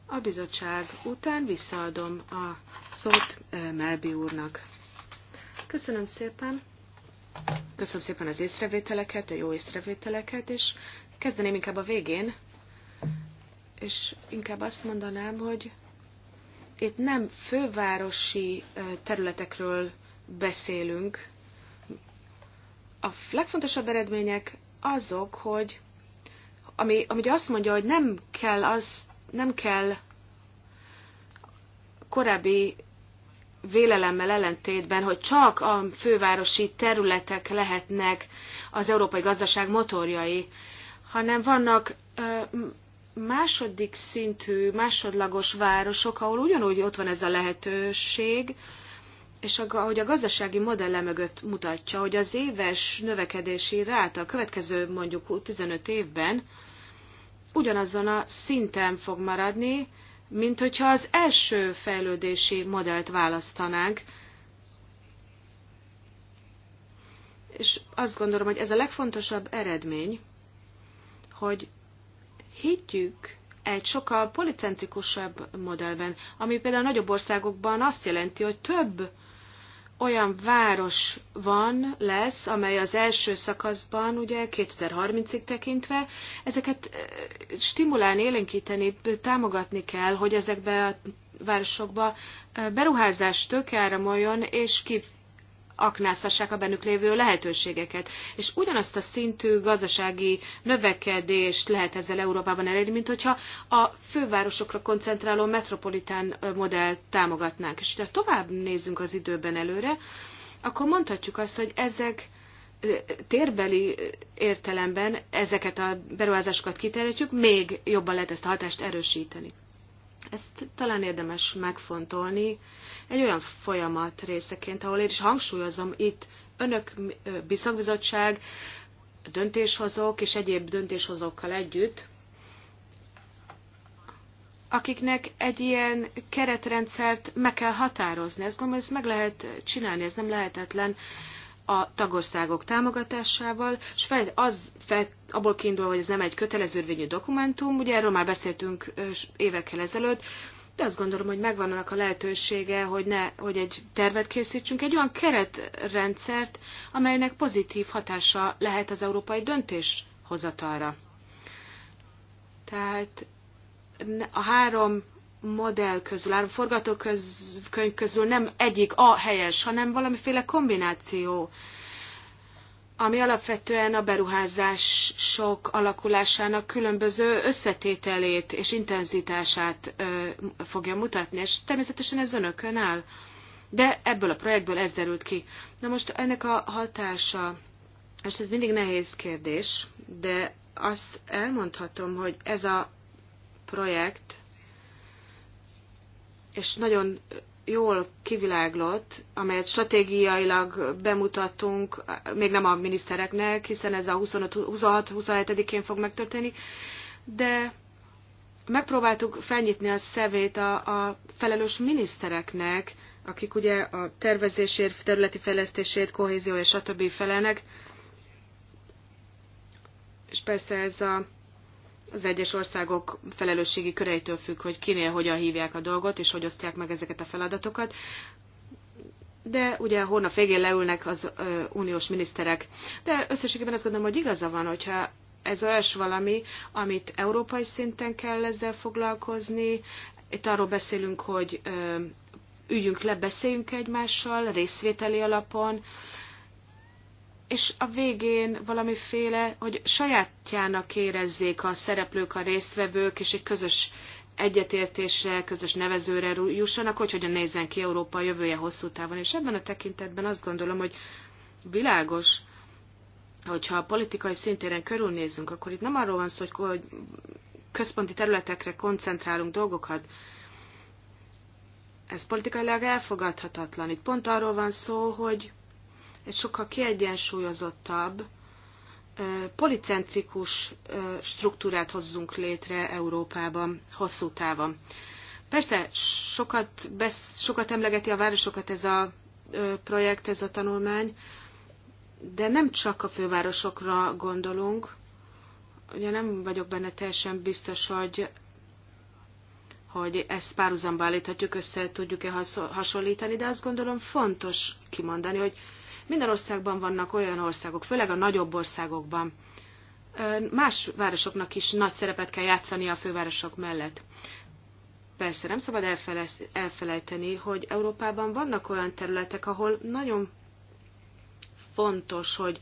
A bizottság után visszaadom a szót eh, Melbi úrnak. Köszönöm szépen. Köszönöm szépen az észrevételeket, a jó észrevételeket, és kezdeném inkább a végén, és inkább azt mondanám, hogy itt nem fővárosi eh, területekről beszélünk. A legfontosabb eredmények azok, hogy ami, ami azt mondja, hogy nem kell az, nem kell korábbi vélelemmel ellentétben, hogy csak a fővárosi területek lehetnek az európai gazdaság motorjai, hanem vannak második szintű, másodlagos városok, ahol ugyanúgy ott van ez a lehetőség, és ahogy a gazdasági modell mögött mutatja, hogy az éves növekedési ráta a következő mondjuk 15 évben ugyanazon a szinten fog maradni, mint hogyha az első fejlődési modellt választanánk. És azt gondolom, hogy ez a legfontosabb eredmény, hogy hitjük egy sokkal policentrikusabb modellben, ami például nagyobb országokban azt jelenti, hogy több olyan város van, lesz, amely az első szakaszban, ugye 2030-ig tekintve, ezeket eh, stimulálni, élénkíteni, támogatni kell, hogy ezekbe a városokba eh, beruházás tőkeáramoljon, és ki aknázhassák a bennük lévő lehetőségeket. És ugyanazt a szintű gazdasági növekedést lehet ezzel Európában elérni, mint hogyha a fővárosokra koncentráló metropolitán modell támogatnánk. És ha tovább nézzünk az időben előre, akkor mondhatjuk azt, hogy ezek térbeli értelemben ezeket a beruházásokat kiterjedjük, még jobban lehet ezt a hatást erősíteni. Ezt talán érdemes megfontolni egy olyan folyamat részeként, ahol én is hangsúlyozom itt önök bizottság, döntéshozók és egyéb döntéshozókkal együtt, akiknek egy ilyen keretrendszert meg kell határozni. Ezt gondolom, ezt meg lehet csinálni, ez nem lehetetlen a tagországok támogatásával, és fel, az fel, abból kiindulva, hogy ez nem egy kötelező dokumentum, ugye erről már beszéltünk évekkel ezelőtt, de azt gondolom, hogy megvan annak a lehetősége, hogy, ne, hogy egy tervet készítsünk, egy olyan keretrendszert, amelynek pozitív hatása lehet az európai döntéshozatalra. Tehát a három modell közül, a forgatókönyv közül nem egyik a helyes, hanem valamiféle kombináció, ami alapvetően a beruházások alakulásának különböző összetételét és intenzitását ö, fogja mutatni, és természetesen ez önökön áll. De ebből a projektből ez derült ki. Na most ennek a hatása, és ez mindig nehéz kérdés, de azt elmondhatom, hogy ez a projekt és nagyon jól kiviláglott, amelyet stratégiailag bemutattunk, még nem a minisztereknek, hiszen ez a 26-27-én fog megtörténni, de megpróbáltuk felnyitni a szemét a, a felelős minisztereknek, akik ugye a tervezésért, területi fejlesztésért, kohézióért, többi felelnek. És persze ez a az egyes országok felelősségi köreitől függ, hogy kinél hogyan hívják a dolgot, és hogy osztják meg ezeket a feladatokat. De ugye hónap végén leülnek az ö, uniós miniszterek. De összességében azt gondolom, hogy igaza van, hogyha ez olyas valami, amit európai szinten kell ezzel foglalkozni. Itt arról beszélünk, hogy ö, üljünk le, beszéljünk egymással, részvételi alapon, és a végén valamiféle, hogy sajátjának érezzék a szereplők, a résztvevők, és egy közös egyetértésre, közös nevezőre jussanak, hogy hogyan nézzen ki Európa a jövője hosszú távon. És ebben a tekintetben azt gondolom, hogy világos, hogyha a politikai szintéren körülnézünk, akkor itt nem arról van szó, hogy központi területekre koncentrálunk dolgokat. Ez politikailag elfogadhatatlan. Itt pont arról van szó, hogy egy sokkal kiegyensúlyozottabb, policentrikus struktúrát hozzunk létre Európában hosszú távon. Persze sokat, besz, sokat emlegeti a városokat ez a projekt, ez a tanulmány, de nem csak a fővárosokra gondolunk. Ugye nem vagyok benne teljesen biztos, hogy, hogy ezt párhuzamba állíthatjuk, össze tudjuk-e hasonlítani, de azt gondolom fontos kimondani, hogy minden országban vannak olyan országok, főleg a nagyobb országokban. Más városoknak is nagy szerepet kell játszani a fővárosok mellett. Persze nem szabad elfelejteni, hogy Európában vannak olyan területek, ahol nagyon fontos, hogy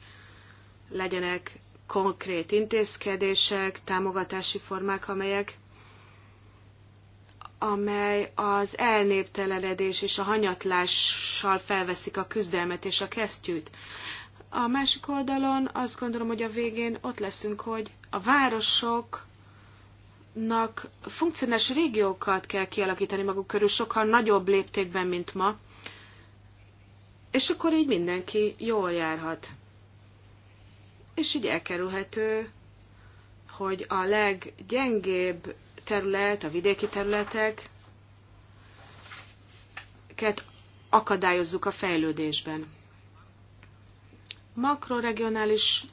legyenek konkrét intézkedések, támogatási formák, amelyek amely az elnéptelenedés és a hanyatlással felveszik a küzdelmet és a kesztyűt. A másik oldalon azt gondolom, hogy a végén ott leszünk, hogy a városoknak funkcionális régiókat kell kialakítani maguk körül, sokkal nagyobb léptékben, mint ma, és akkor így mindenki jól járhat. És így elkerülhető, hogy a leggyengébb terület, a vidéki területeket akadályozzuk a fejlődésben. Makroregionális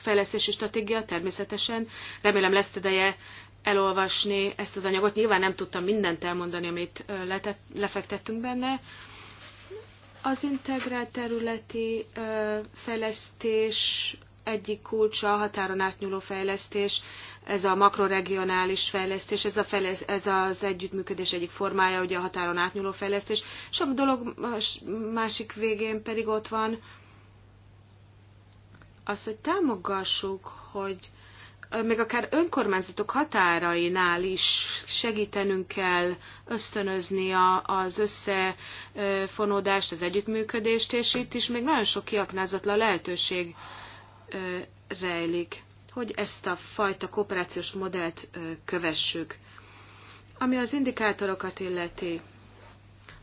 fejlesztési stratégia természetesen, remélem lesz ideje elolvasni ezt az anyagot. Nyilván nem tudtam mindent elmondani, amit letett, lefektettünk benne. Az integrált területi fejlesztés egyik kulcsa a határon átnyúló fejlesztés, ez a makroregionális fejlesztés, ez, a fejlesz, ez az együttműködés egyik formája, ugye a határon átnyúló fejlesztés, és a dolog másik végén pedig ott van az, hogy támogassuk, hogy még akár önkormányzatok határainál is segítenünk kell ösztönözni az összefonódást, az együttműködést, és itt is még nagyon sok kiaknázatlan lehetőség rejlik hogy ezt a fajta kooperációs modellt kövessük. Ami az indikátorokat illeti,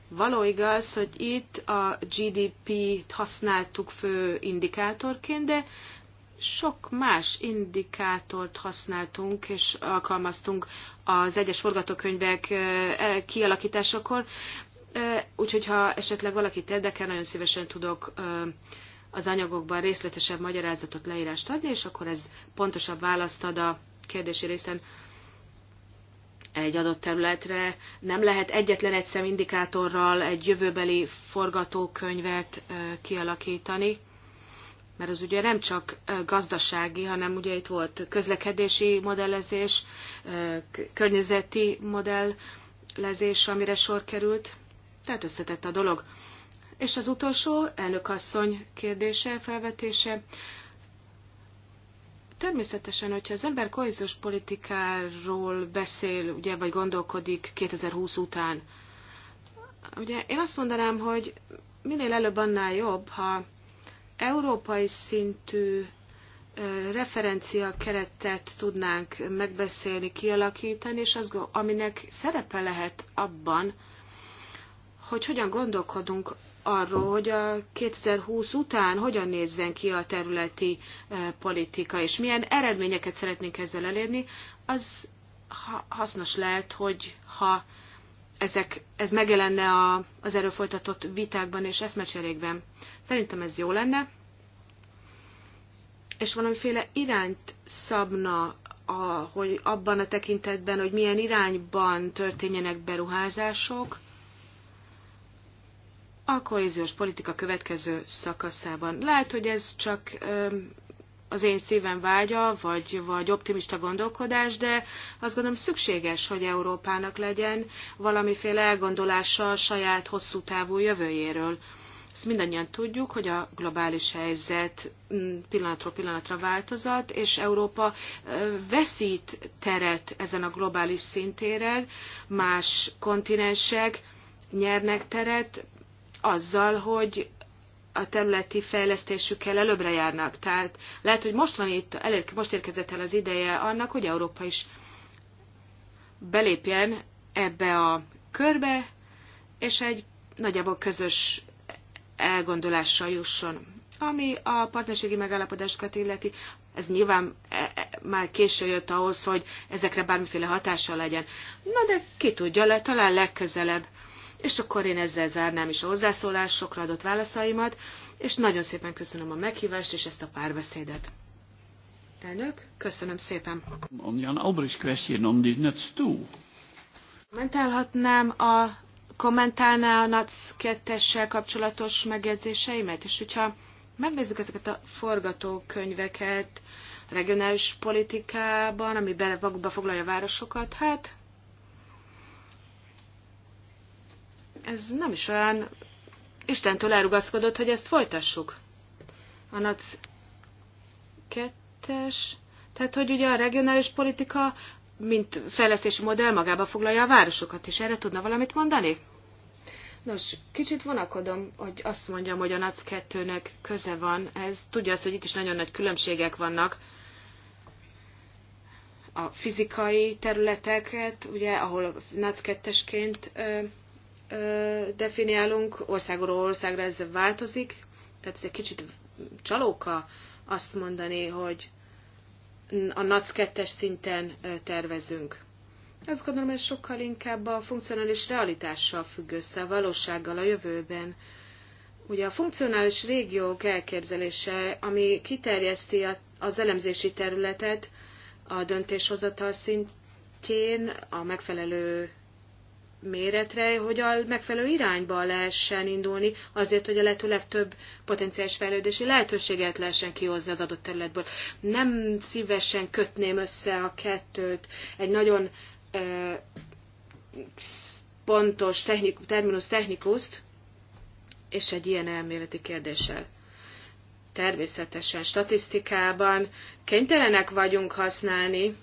való igaz, hogy itt a GDP-t használtuk fő indikátorként, de sok más indikátort használtunk és alkalmaztunk az egyes forgatókönyvek kialakításakor, úgyhogy ha esetleg valakit érdekel, nagyon szívesen tudok az anyagokban részletesebb magyarázatot, leírást adni, és akkor ez pontosabb választ ad a kérdési részen egy adott területre nem lehet egyetlen egy szemindikátorral egy jövőbeli forgatókönyvet kialakítani, mert az ugye nem csak gazdasági, hanem ugye itt volt közlekedési modellezés, környezeti modellezés, amire sor került, tehát összetett a dolog. És az utolsó, elnökasszony kérdése, felvetése. Természetesen, hogyha az ember kohéziós politikáról beszél, ugye, vagy gondolkodik 2020 után, ugye én azt mondanám, hogy minél előbb annál jobb, ha európai szintű referencia keretet tudnánk megbeszélni, kialakítani, és az, aminek szerepe lehet abban, hogy hogyan gondolkodunk arról, hogy a 2020 után hogyan nézzen ki a területi eh, politika, és milyen eredményeket szeretnénk ezzel elérni, az hasznos lehet, hogy ha ezek, ez megjelenne a, az erről folytatott vitákban és eszmecserékben. Szerintem ez jó lenne, és valamiféle irányt szabna a, hogy abban a tekintetben, hogy milyen irányban történjenek beruházások, a kohéziós politika következő szakaszában. Lehet, hogy ez csak az én szívem vágya, vagy, vagy optimista gondolkodás, de azt gondolom szükséges, hogy Európának legyen valamiféle elgondolása a saját hosszú távú jövőjéről. Ezt mindannyian tudjuk, hogy a globális helyzet mm, pillanatról pillanatra változat, és Európa veszít teret ezen a globális szintéren, más kontinensek nyernek teret, azzal, hogy a területi fejlesztésükkel előbbre járnak. Tehát lehet, hogy most van itt, elér, most érkezett el az ideje annak, hogy Európa is belépjen ebbe a körbe, és egy nagyjából közös elgondolással jusson. Ami a partnerségi megállapodásokat illeti, ez nyilván e, e, már késő jött ahhoz, hogy ezekre bármiféle hatása legyen. Na de ki tudja, le, talán legközelebb és akkor én ezzel zárnám is a hozzászólásokra adott válaszaimat, és nagyon szépen köszönöm a meghívást és ezt a párbeszédet. Elnök, köszönöm szépen. On Jan Albrecht question on the nuts too. Kommentálhatnám a kommentálná a NAC 2 kapcsolatos megjegyzéseimet, és hogyha megnézzük ezeket a forgatókönyveket regionális politikában, ami foglalja a városokat, hát ez nem is olyan Istentől elrugaszkodott, hogy ezt folytassuk. A NAC kettes, tehát hogy ugye a regionális politika, mint fejlesztési modell magába foglalja a városokat is. Erre tudna valamit mondani? Nos, kicsit vonakodom, hogy azt mondjam, hogy a NAC 2-nek köze van. Ez tudja azt, hogy itt is nagyon nagy különbségek vannak. A fizikai területeket, ugye, ahol NAC 2-esként definiálunk, országról országra ez változik, tehát ez egy kicsit csalóka azt mondani, hogy a NAC 2 szinten tervezünk. Azt gondolom, ez sokkal inkább a funkcionális realitással függ össze, a valósággal a jövőben. Ugye a funkcionális régiók elképzelése, ami kiterjeszti az elemzési területet a döntéshozatal szintjén a megfelelő méretre, hogy a megfelelő irányba lehessen indulni, azért, hogy a lehető legtöbb potenciális fejlődési lehetőséget lehessen kihozni az adott területből. Nem szívesen kötném össze a kettőt. Egy nagyon ö, pontos technik, terminus technikuszt és egy ilyen elméleti kérdéssel természetesen statisztikában kénytelenek vagyunk használni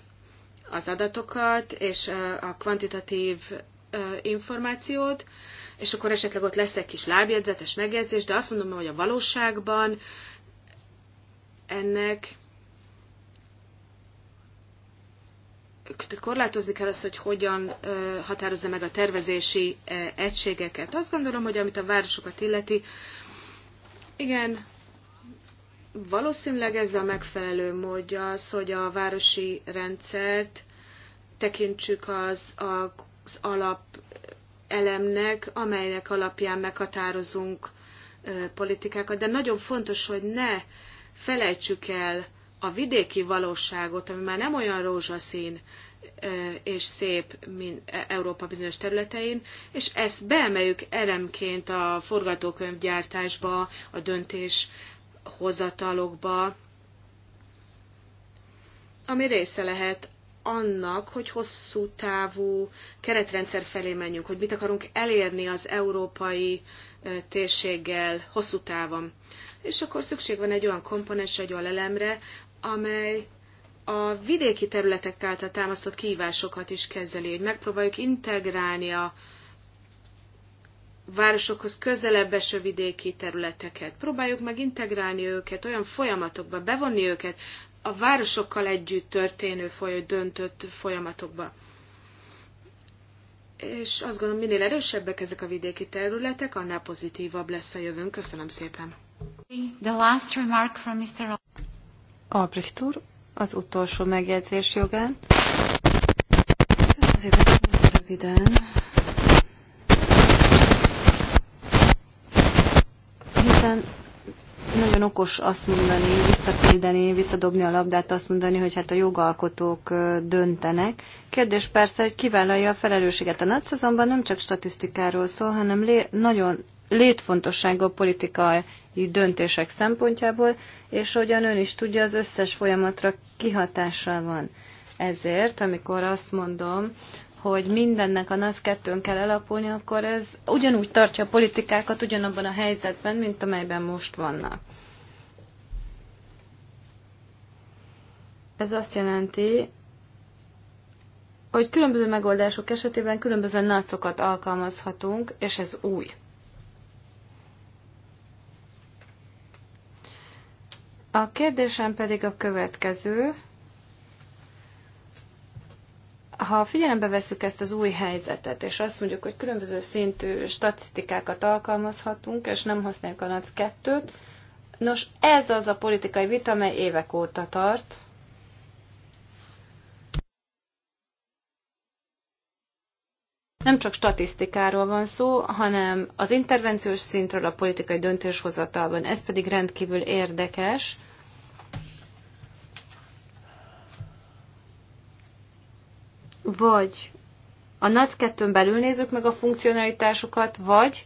az adatokat és a kvantitatív információt, és akkor esetleg ott lesz egy kis lábjegyzetes megjegyzés, de azt mondom, hogy a valóságban ennek korlátozni kell azt, hogy hogyan határozza meg a tervezési egységeket. Azt gondolom, hogy amit a városokat illeti, igen, valószínűleg ez a megfelelő módja az, hogy a városi rendszert tekintsük az a az alap elemnek, amelynek alapján meghatározunk politikákat, de nagyon fontos, hogy ne felejtsük el a vidéki valóságot, ami már nem olyan rózsaszín és szép, mint e- Európa bizonyos területein, és ezt beemeljük elemként a forgatókönyvgyártásba, a döntéshozatalokba, ami része lehet annak, hogy hosszú távú keretrendszer felé menjünk, hogy mit akarunk elérni az európai térséggel hosszú távon. És akkor szükség van egy olyan komponens, egy olyan elemre, amely a vidéki területek által támasztott kívásokat is kezeli, hogy megpróbáljuk integrálni a városokhoz közelebb eső vidéki területeket. Próbáljuk meg integrálni őket olyan folyamatokba, bevonni őket, a városokkal együtt történő foly, döntött folyamatokba. És azt gondolom, minél erősebbek ezek a vidéki területek, annál pozitívabb lesz a jövőnk. Köszönöm szépen. The last remark from Mr. Albrecht úr, az utolsó megjegyzés jogán. Köszönöm röviden. Hiszen nagyon okos azt mondani, visszaküldeni, visszadobni a labdát, azt mondani, hogy hát a jogalkotók döntenek. Kérdés persze, hogy kivállalja a felelősséget. A NAC azonban nem csak statisztikáról szól, hanem lé- nagyon létfontosságú a politikai döntések szempontjából, és ahogyan ön is tudja, az összes folyamatra kihatással van. Ezért, amikor azt mondom, hogy mindennek a NASZ 2 kell elapulni, akkor ez ugyanúgy tartja a politikákat ugyanabban a helyzetben, mint amelyben most vannak. Ez azt jelenti, hogy különböző megoldások esetében különböző nacokat alkalmazhatunk, és ez új. A kérdésem pedig a következő ha figyelembe vesszük ezt az új helyzetet, és azt mondjuk, hogy különböző szintű statisztikákat alkalmazhatunk, és nem használjuk a NAC 2-t, nos, ez az a politikai vita, amely évek óta tart, Nem csak statisztikáról van szó, hanem az intervenciós szintről a politikai döntéshozatalban. Ez pedig rendkívül érdekes, vagy a NAC 2 belül nézzük meg a funkcionalitásokat, vagy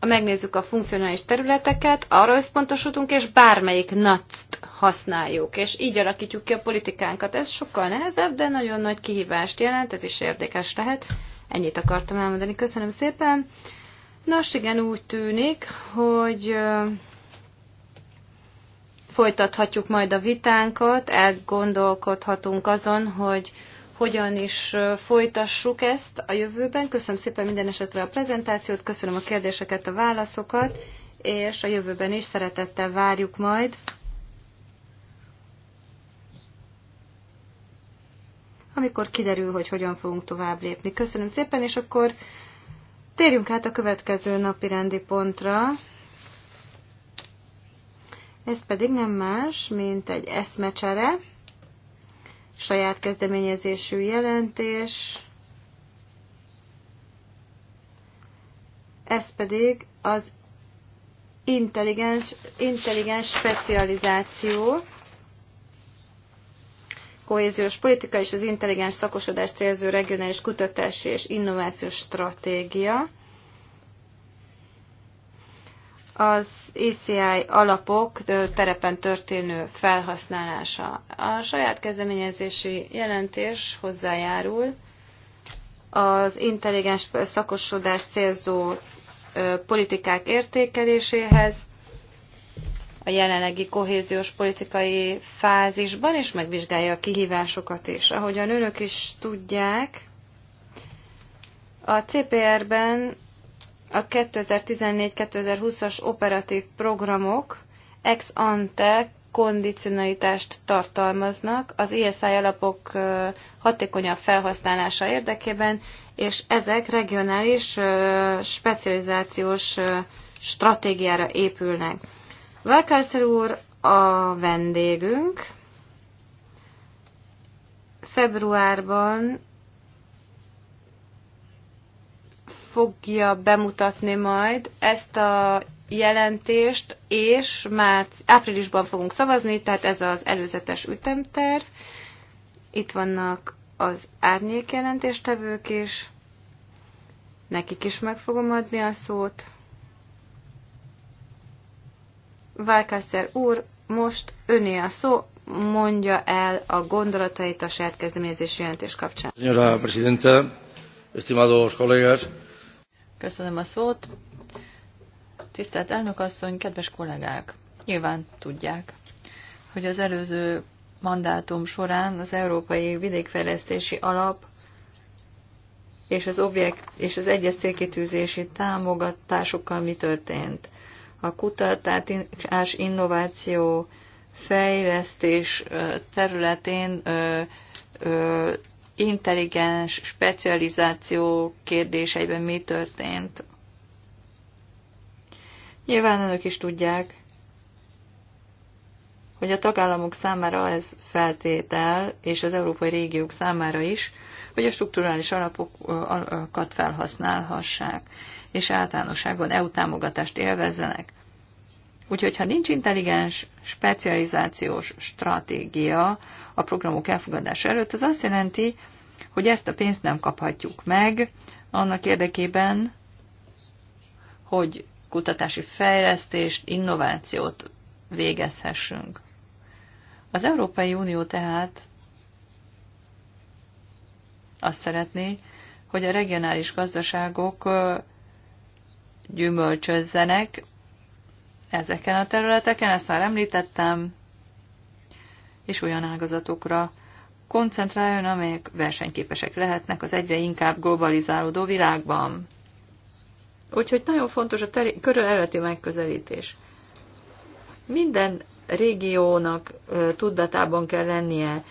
a megnézzük a funkcionális területeket, arra összpontosodunk, és bármelyik nac használjuk, és így alakítjuk ki a politikánkat. Ez sokkal nehezebb, de nagyon nagy kihívást jelent, ez is érdekes lehet. Ennyit akartam elmondani. Köszönöm szépen. Nos, igen, úgy tűnik, hogy folytathatjuk majd a vitánkat, elgondolkodhatunk azon, hogy hogyan is folytassuk ezt a jövőben. Köszönöm szépen minden esetre a prezentációt, köszönöm a kérdéseket, a válaszokat, és a jövőben is szeretettel várjuk majd. amikor kiderül, hogy hogyan fogunk tovább lépni. Köszönöm szépen, és akkor térjünk át a következő napi rendi pontra. Ez pedig nem más, mint egy eszmecsere saját kezdeményezésű jelentés, ez pedig az intelligens, intelligens specializáció, kohéziós politika és az intelligens szakosodás célzó regionális kutatási és innovációs stratégia az ECI alapok terepen történő felhasználása. A saját kezdeményezési jelentés hozzájárul az intelligens szakosodás célzó politikák értékeléséhez, a jelenlegi kohéziós politikai fázisban, és megvizsgálja a kihívásokat is. Ahogyan önök is tudják, a CPR-ben a 2014-2020-as operatív programok ex ante kondicionalitást tartalmaznak az ISI alapok hatékonyabb felhasználása érdekében, és ezek regionális specializációs stratégiára épülnek. Valkászer úr a vendégünk. Februárban fogja bemutatni majd ezt a jelentést, és már áprilisban fogunk szavazni, tehát ez az előzetes ütemterv. Itt vannak az árnyék jelentéstevők is, nekik is meg fogom adni a szót. Válkászer úr, most öné a szó, mondja el a gondolatait a saját kezdeményezés jelentés kapcsán. Señora Presidenta, estimados colegas, Köszönöm a szót. Tisztelt elnökasszony, kedves kollégák! Nyilván tudják, hogy az előző mandátum során az Európai Vidékfejlesztési Alap és az, objekt, és az egyes célkitűzési támogatásokkal mi történt. A kutatás, innováció, fejlesztés területén intelligens specializáció kérdéseiben mi történt. Nyilván önök is tudják, hogy a tagállamok számára ez feltétel, és az európai régiók számára is, hogy a strukturális alapokat felhasználhassák, és általánosságban EU támogatást élvezzenek. Úgyhogy, ha nincs intelligens, specializációs stratégia a programok elfogadása előtt, az azt jelenti, hogy ezt a pénzt nem kaphatjuk meg annak érdekében, hogy kutatási fejlesztést, innovációt végezhessünk. Az Európai Unió tehát azt szeretné, hogy a regionális gazdaságok gyümölcsözzenek, ezeken a területeken, ezt már említettem, és olyan ágazatokra koncentráljon, amelyek versenyképesek lehetnek az egyre inkább globalizálódó világban. Úgyhogy nagyon fontos a teri- megközelítés. Minden régiónak tudatában kell lennie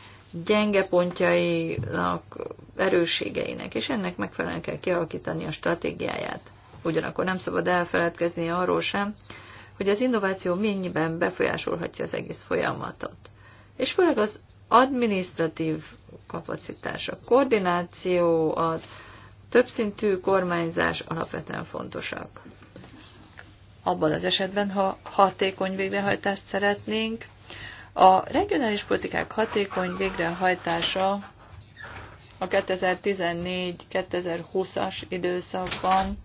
gyenge pontjainak, erősségeinek, és ennek megfelelően kell kialakítani a stratégiáját. Ugyanakkor nem szabad elfeledkezni arról sem, hogy az innováció mennyiben befolyásolhatja az egész folyamatot. És főleg az administratív kapacitás, a koordináció, a többszintű kormányzás alapvetően fontosak. Abban az esetben, ha hatékony végrehajtást szeretnénk, a regionális politikák hatékony végrehajtása a 2014-2020-as időszakban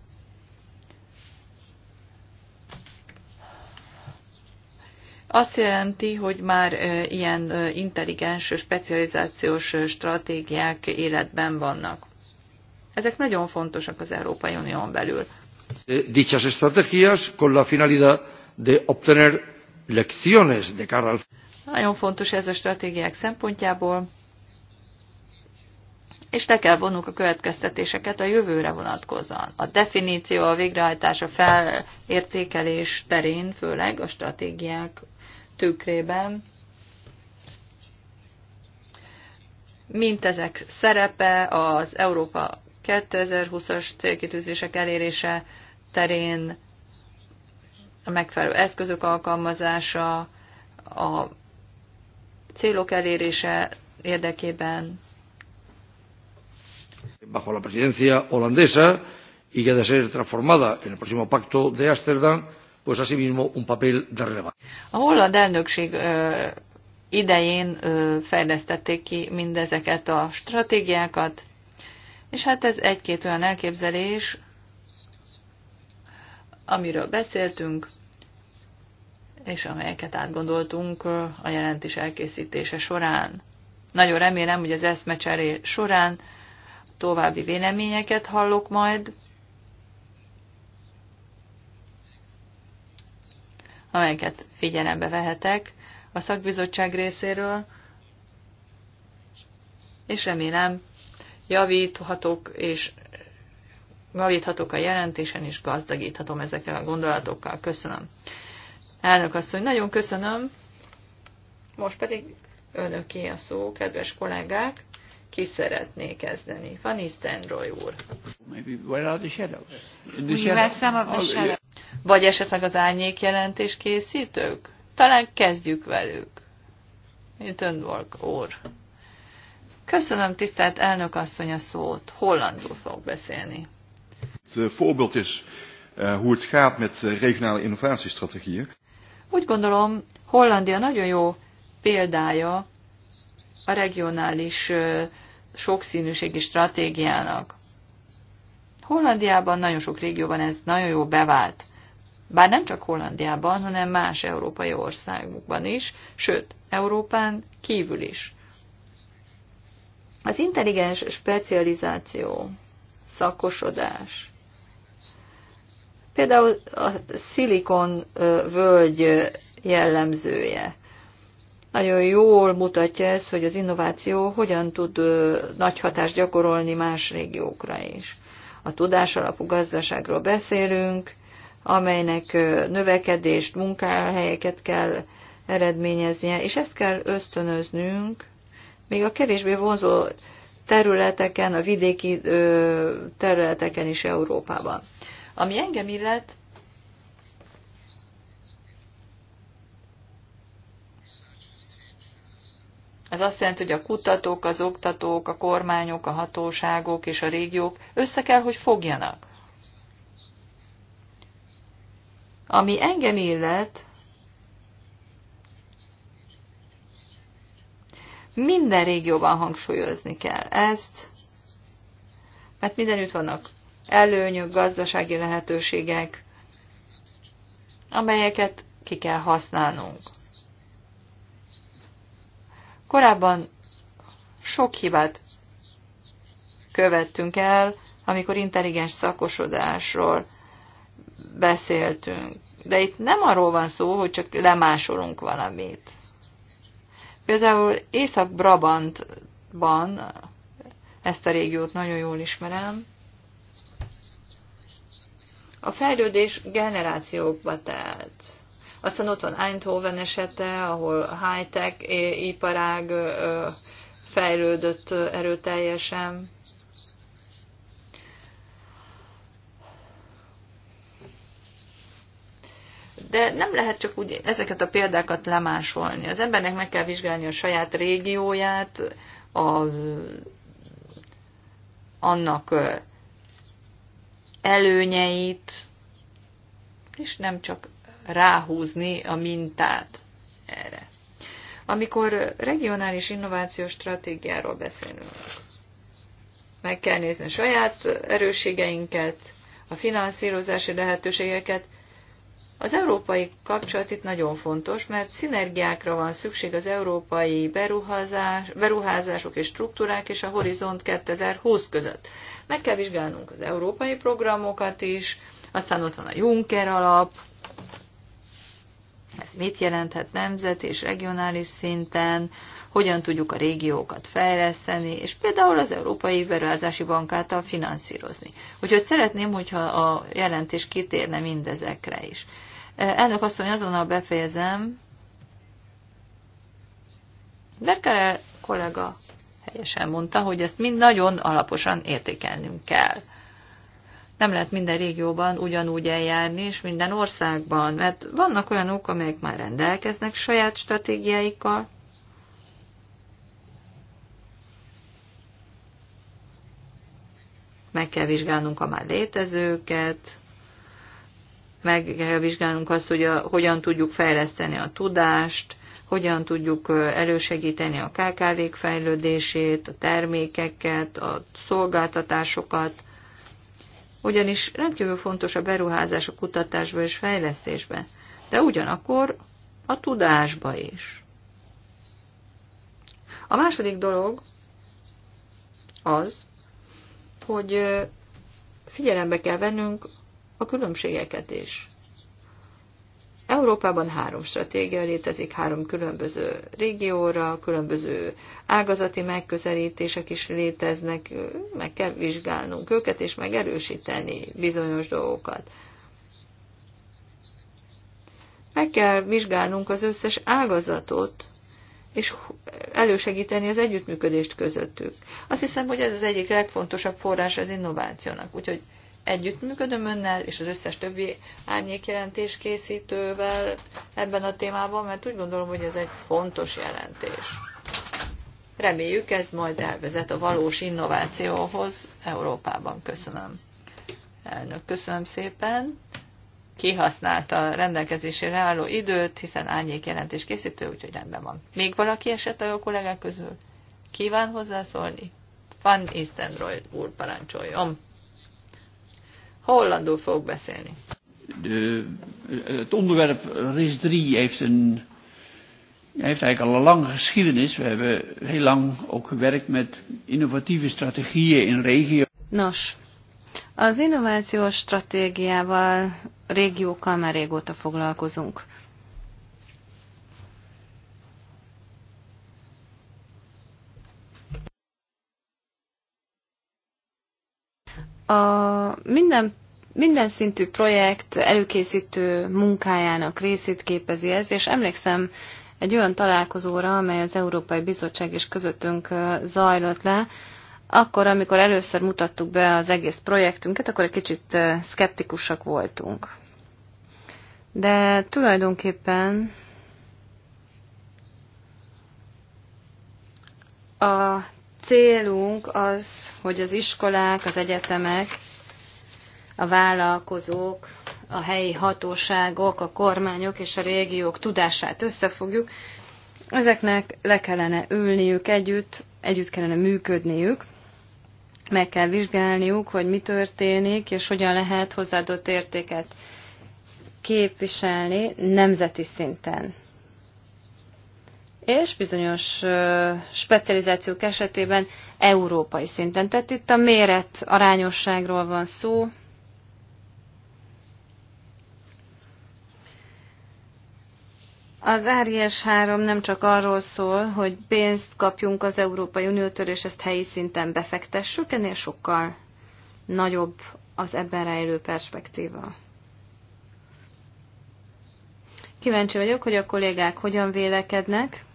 azt jelenti, hogy már ilyen intelligens, specializációs stratégiák életben vannak. Ezek nagyon fontosak az Európai Unión belül. Eh, dichas estrategias con la finalidad de obtener lecciones de cara al... Nagyon fontos ez a stratégiák szempontjából, és le kell vonnunk a következtetéseket a jövőre vonatkozóan. A definíció, a végrehajtás, a felértékelés terén, főleg a stratégiák tükrében, mint ezek szerepe az Európa 2020-as célkitűzések elérése terén, a megfelelő eszközök alkalmazása, a célok elérése érdekében. Bajo la presidencia holandesa y que ha de ser transformada en el próximo pacto de Ámsterdam pues asimismo un papel de relevancia. A holland elnökség idején fejlesztették ki mindezeket a stratégiákat, és hát ez egy-két olyan elképzelés, amiről beszéltünk, és amelyeket átgondoltunk a jelentés elkészítése során. Nagyon remélem, hogy az eszmecseré során további véleményeket hallok majd, amelyeket figyelembe vehetek a szakbizottság részéről, és remélem javíthatok és javíthatok a jelentésen, és gazdagíthatom ezekkel a gondolatokkal. Köszönöm. Elnök asszony, nagyon köszönöm. Most pedig önöké a szó, kedves kollégák. Ki szeretné kezdeni? Van Istenroy úr. Maybe where are the shadows? In the oh, shadows vagy esetleg az árnyék jelentés készítők? Talán kezdjük velük. Mint önvolk úr. Köszönöm, tisztelt elnök asszony a szót. Hollandul fog beszélni. Eh, voorbeeld is eh, hoe het gaat met eh, regionale innovatiestrategieën. Úgy gondolom, Hollandia nagyon jó példája a regionális sokszínűségi stratégiának. Hollandiában nagyon sok régióban ez nagyon jó bevált. Bár nem csak Hollandiában, hanem más európai országokban is, sőt, Európán kívül is. Az intelligens specializáció, szakosodás, például a szilikon völgy jellemzője. Nagyon jól mutatja ez, hogy az innováció hogyan tud nagy hatást gyakorolni más régiókra is. A tudásalapú gazdaságról beszélünk, amelynek növekedést, munkahelyeket kell eredményeznie, és ezt kell ösztönöznünk, még a kevésbé vonzó területeken, a vidéki területeken is Európában. Ami engem illet, Ez azt jelenti, hogy a kutatók, az oktatók, a kormányok, a hatóságok és a régiók össze kell, hogy fogjanak. Ami engem illet, minden régióban hangsúlyozni kell ezt, mert mindenütt vannak előnyök, gazdasági lehetőségek, amelyeket ki kell használnunk. Korábban sok hibát követtünk el, amikor intelligens szakosodásról beszéltünk. De itt nem arról van szó, hogy csak lemásolunk valamit. Például Észak-Brabantban, ezt a régiót nagyon jól ismerem, a fejlődés generációkba telt. Aztán ott van Eindhoven esete, ahol high-tech iparág fejlődött erőteljesen. De nem lehet csak úgy ezeket a példákat lemásolni. Az embernek meg kell vizsgálni a saját régióját, a, annak előnyeit, és nem csak ráhúzni a mintát erre. Amikor regionális innovációs stratégiáról beszélünk, meg kell nézni a saját erősségeinket, a finanszírozási lehetőségeket, az európai kapcsolat itt nagyon fontos, mert szinergiákra van szükség az európai beruházás, beruházások és struktúrák és a Horizont 2020 között. Meg kell vizsgálnunk az európai programokat is, aztán ott van a Juncker alap, ez mit jelenthet nemzet és regionális szinten, hogyan tudjuk a régiókat fejleszteni, és például az Európai Beruházási Bank által finanszírozni. Úgyhogy szeretném, hogyha a jelentés kitérne mindezekre is. Elnök asszony, azonnal befejezem. Berkerel kollega helyesen mondta, hogy ezt mind nagyon alaposan értékelnünk kell. Nem lehet minden régióban ugyanúgy eljárni, és minden országban, mert vannak olyanok, amelyek már rendelkeznek saját stratégiáikkal, meg kell vizsgálnunk a már létezőket, meg kell vizsgálnunk azt, hogy a, hogyan tudjuk fejleszteni a tudást, hogyan tudjuk elősegíteni a KKV-k fejlődését, a termékeket, a szolgáltatásokat, ugyanis rendkívül fontos a beruházás a kutatásba és fejlesztésbe, de ugyanakkor a tudásba is. A második dolog az, hogy figyelembe kell vennünk a különbségeket is. Európában három stratégia létezik, három különböző régióra, különböző ágazati megközelítések is léteznek, meg kell vizsgálnunk őket, és megerősíteni bizonyos dolgokat. Meg kell vizsgálnunk az összes ágazatot, és elősegíteni az együttműködést közöttük. Azt hiszem, hogy ez az egyik legfontosabb forrás az innovációnak, úgyhogy Együttműködöm önnel és az összes többi árnyékjelentés készítővel ebben a témában, mert úgy gondolom, hogy ez egy fontos jelentés. Reméljük ez majd elvezet a valós innovációhoz Európában. Köszönöm. Elnök, köszönöm szépen. Kihasználta a rendelkezésére álló időt, hiszen árnyék jelentés készítő, úgyhogy rendben van. Még valaki esett a jó kollégák közül? Kíván hozzászólni? Van Istenroyd úr, parancsoljon hollandul fogok beszélni. De, eh, het onderwerp eh, RIS 3 heeft een heeft eigenlijk al een lange geschiedenis. We hebben heel lang ook gewerkt met innovatieve strategieën in regio. Nos, az innovációs stratégiával régiókkal már régóta foglalkozunk. A minden, minden szintű projekt előkészítő munkájának részét képezi ez, és emlékszem egy olyan találkozóra, amely az Európai Bizottság is közöttünk zajlott le, akkor, amikor először mutattuk be az egész projektünket, akkor egy kicsit szkeptikusak voltunk. De tulajdonképpen a célunk az, hogy az iskolák, az egyetemek, a vállalkozók, a helyi hatóságok, a kormányok és a régiók tudását összefogjuk. Ezeknek le kellene ülniük együtt, együtt kellene működniük, meg kell vizsgálniuk, hogy mi történik, és hogyan lehet hozzáadott értéket képviselni nemzeti szinten és bizonyos specializációk esetében európai szinten. Tehát itt a méret arányosságról van szó. Az RIS 3 nem csak arról szól, hogy pénzt kapjunk az Európai Uniótól, és ezt helyi szinten befektessük, ennél sokkal nagyobb az ebben rejlő perspektíva. Kíváncsi vagyok, hogy a kollégák hogyan vélekednek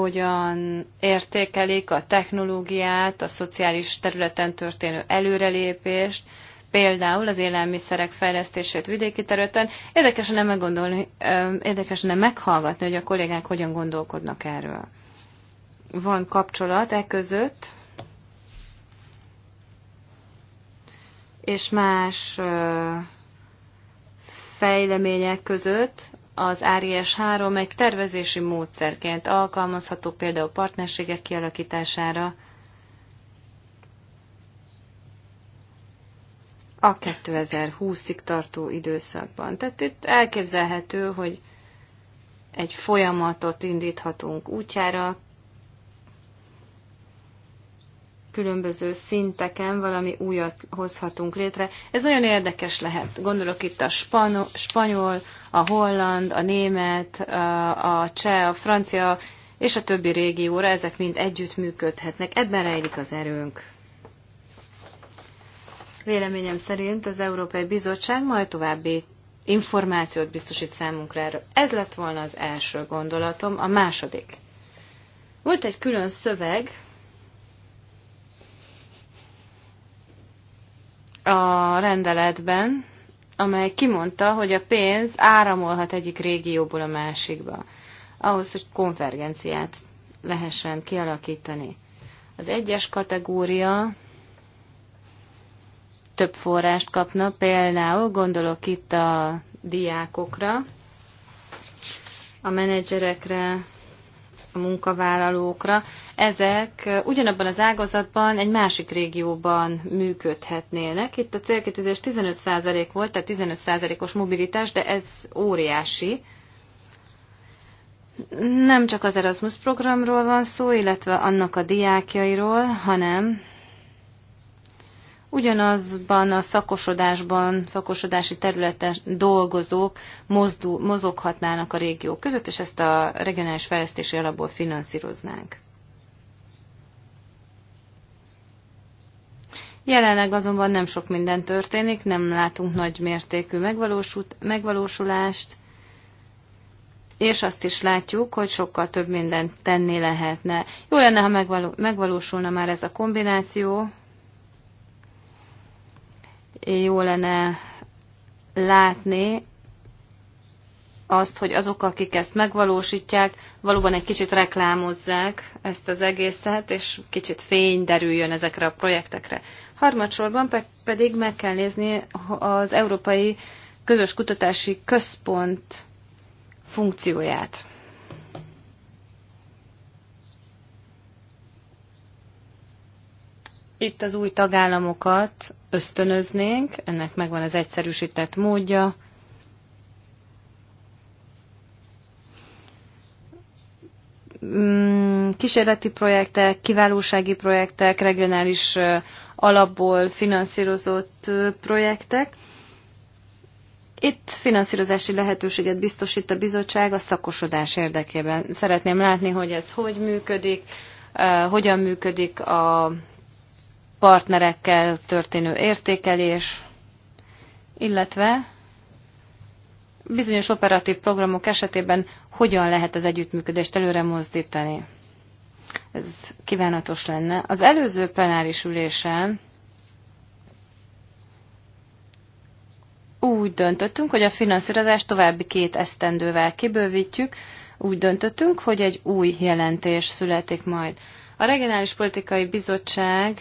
hogyan értékelik a technológiát, a szociális területen történő előrelépést, például az élelmiszerek fejlesztését vidéki területen. Érdekes lenne meggondolni, érdekes lenne meghallgatni, hogy a kollégák hogyan gondolkodnak erről. Van kapcsolat e között, és más fejlemények között, az ARIS 3 egy tervezési módszerként alkalmazható például partnerségek kialakítására, a 2020-ig tartó időszakban. Tehát itt elképzelhető, hogy egy folyamatot indíthatunk útjára, különböző szinteken valami újat hozhatunk létre. Ez nagyon érdekes lehet. Gondolok itt a spanyol, a holland, a német, a cseh, a francia és a többi régióra. Ezek mind együtt működhetnek. Ebben rejlik az erőnk. Véleményem szerint az Európai Bizottság majd további információt biztosít számunkra erről. Ez lett volna az első gondolatom. A második. Volt egy külön szöveg, a rendeletben, amely kimondta, hogy a pénz áramolhat egyik régióból a másikba, ahhoz, hogy konvergenciát lehessen kialakítani. Az egyes kategória több forrást kapna, például gondolok itt a diákokra, a menedzserekre, a munkavállalókra, ezek ugyanabban az ágazatban egy másik régióban működhetnének. Itt a célkitűzés 15% volt, tehát 15%-os mobilitás, de ez óriási. Nem csak az Erasmus programról van szó, illetve annak a diákjairól, hanem ugyanazban a szakosodásban, szakosodási területen dolgozók mozdul, mozoghatnának a régiók között, és ezt a regionális fejlesztési alapból finanszíroznánk. Jelenleg azonban nem sok minden történik, nem látunk nagy mértékű megvalósulást, és azt is látjuk, hogy sokkal több mindent tenni lehetne. Jó lenne, ha megvalósulna már ez a kombináció, jó lenne látni azt, hogy azok, akik ezt megvalósítják, valóban egy kicsit reklámozzák ezt az egészet, és kicsit fény derüljön ezekre a projektekre. Harmadsorban pedig meg kell nézni az Európai Közös Kutatási Központ funkcióját. Itt az új tagállamokat ösztönöznénk, ennek megvan az egyszerűsített módja. Mm, kísérleti projektek, kiválósági projektek, regionális alapból finanszírozott projektek. Itt finanszírozási lehetőséget biztosít a bizottság a szakosodás érdekében. Szeretném látni, hogy ez hogy működik, hogyan működik a partnerekkel történő értékelés, illetve bizonyos operatív programok esetében hogyan lehet az együttműködést előre mozdítani. Ez kívánatos lenne. Az előző plenáris ülésen úgy döntöttünk, hogy a finanszírozást további két esztendővel kibővítjük. Úgy döntöttünk, hogy egy új jelentés születik majd. A Regionális Politikai Bizottság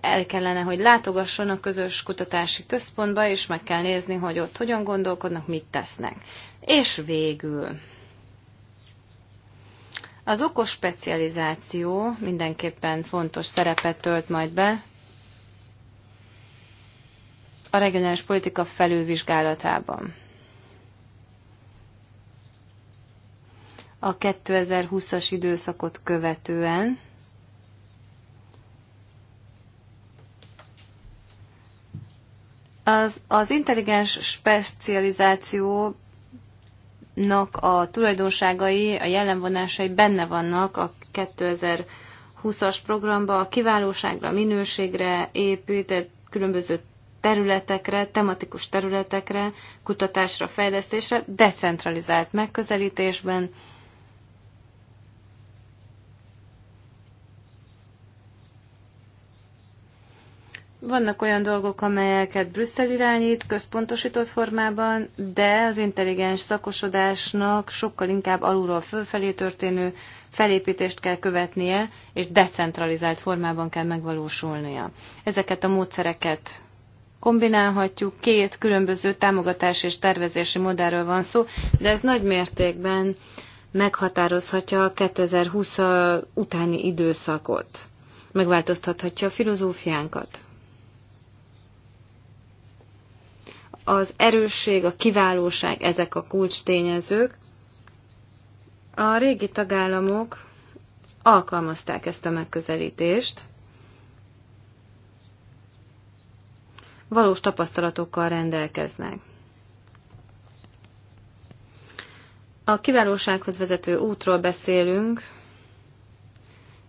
el kellene, hogy látogasson a közös kutatási központba, és meg kell nézni, hogy ott hogyan gondolkodnak, mit tesznek. És végül az okos specializáció mindenképpen fontos szerepet tölt majd be a regionális politika felülvizsgálatában. A 2020-as időszakot követően Az, az intelligens specializáció nak a tulajdonságai, a jellemvonásai benne vannak a 2020-as programba, a kiválóságra, a minőségre épített különböző területekre, tematikus területekre, kutatásra, fejlesztésre, decentralizált megközelítésben, Vannak olyan dolgok, amelyeket Brüsszel irányít központosított formában, de az intelligens szakosodásnak sokkal inkább alulról fölfelé történő felépítést kell követnie, és decentralizált formában kell megvalósulnia. Ezeket a módszereket kombinálhatjuk, két különböző támogatás és tervezési modellről van szó, de ez nagy mértékben meghatározhatja a 2020 utáni időszakot, megváltoztathatja a filozófiánkat. az erősség, a kiválóság, ezek a kulcs tényezők. A régi tagállamok alkalmazták ezt a megközelítést, valós tapasztalatokkal rendelkeznek. A kiválósághoz vezető útról beszélünk,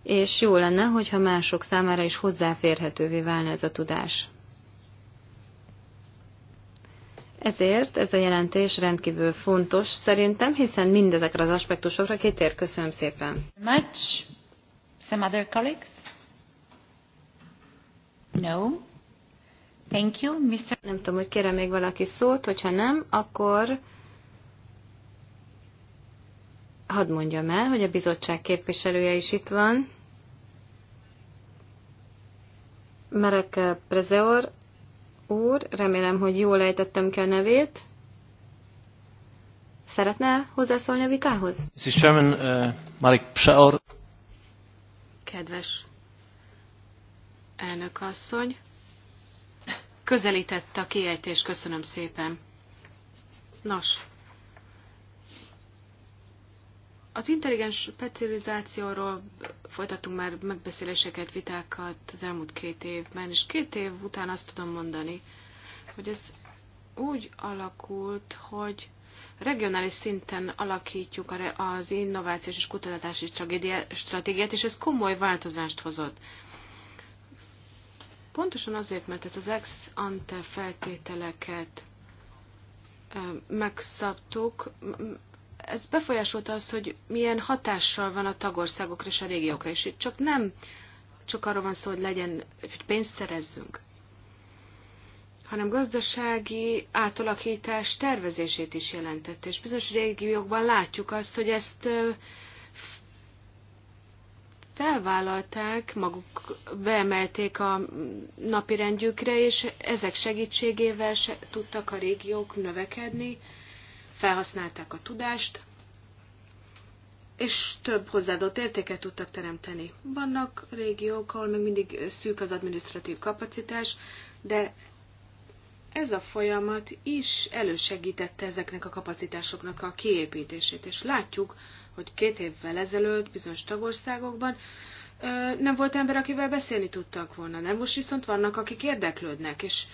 és jó lenne, hogyha mások számára is hozzáférhetővé válna ez a tudás. Ezért ez a jelentés rendkívül fontos szerintem, hiszen mindezekre az aspektusokra kitér. Köszönöm szépen. Much. Some other colleagues? No. Thank you, Mr. Nem tudom, hogy kérem még valaki szót, hogyha nem, akkor hadd mondjam el, hogy a bizottság képviselője is itt van. Marek Prezeor úr, remélem, hogy jól ejtettem ki a nevét. Szeretne hozzászólni a vitához? Mrs. Chairman, uh, Marek Pseor. Kedves elnök asszony, közelített a kiejtés, köszönöm szépen. Nos, az intelligens specializációról folytattunk már megbeszéléseket, vitákat az elmúlt két évben, és két év után azt tudom mondani, hogy ez úgy alakult, hogy regionális szinten alakítjuk az innovációs és kutatási stratégiát, és ez komoly változást hozott. Pontosan azért, mert ez az ex ante feltételeket megszabtuk, ez befolyásolta azt, hogy milyen hatással van a tagországokra és a régiókra, és itt csak nem csak arról van szó, hogy legyen, hogy pénzt szerezzünk, hanem gazdasági átalakítás tervezését is jelentett, és bizonyos régiókban látjuk azt, hogy ezt felvállalták, maguk beemelték a napirendjükre, és ezek segítségével se tudtak a régiók növekedni, felhasználták a tudást, és több hozzáadott értéket tudtak teremteni. Vannak régiók, ahol még mindig szűk az administratív kapacitás, de ez a folyamat is elősegítette ezeknek a kapacitásoknak a kiépítését, és látjuk, hogy két évvel ezelőtt bizonyos tagországokban nem volt ember, akivel beszélni tudtak volna, nem? Most viszont vannak, akik érdeklődnek, és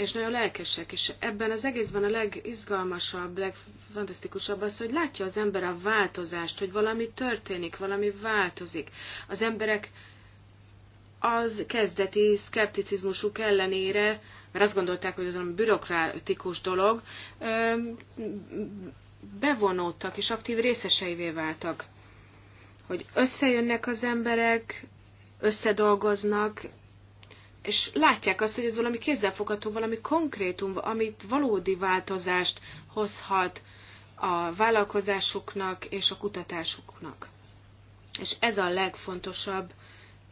és nagyon lelkesek, és ebben az egészben a legizgalmasabb, legfantasztikusabb az, hogy látja az ember a változást, hogy valami történik, valami változik. Az emberek az kezdeti szkepticizmusuk ellenére, mert azt gondolták, hogy ez olyan bürokratikus dolog, bevonódtak és aktív részeseivé váltak. Hogy összejönnek az emberek, összedolgoznak, és látják azt, hogy ez valami kézzelfogható, valami konkrétum, amit valódi változást hozhat a vállalkozásuknak és a kutatásuknak. És ez a legfontosabb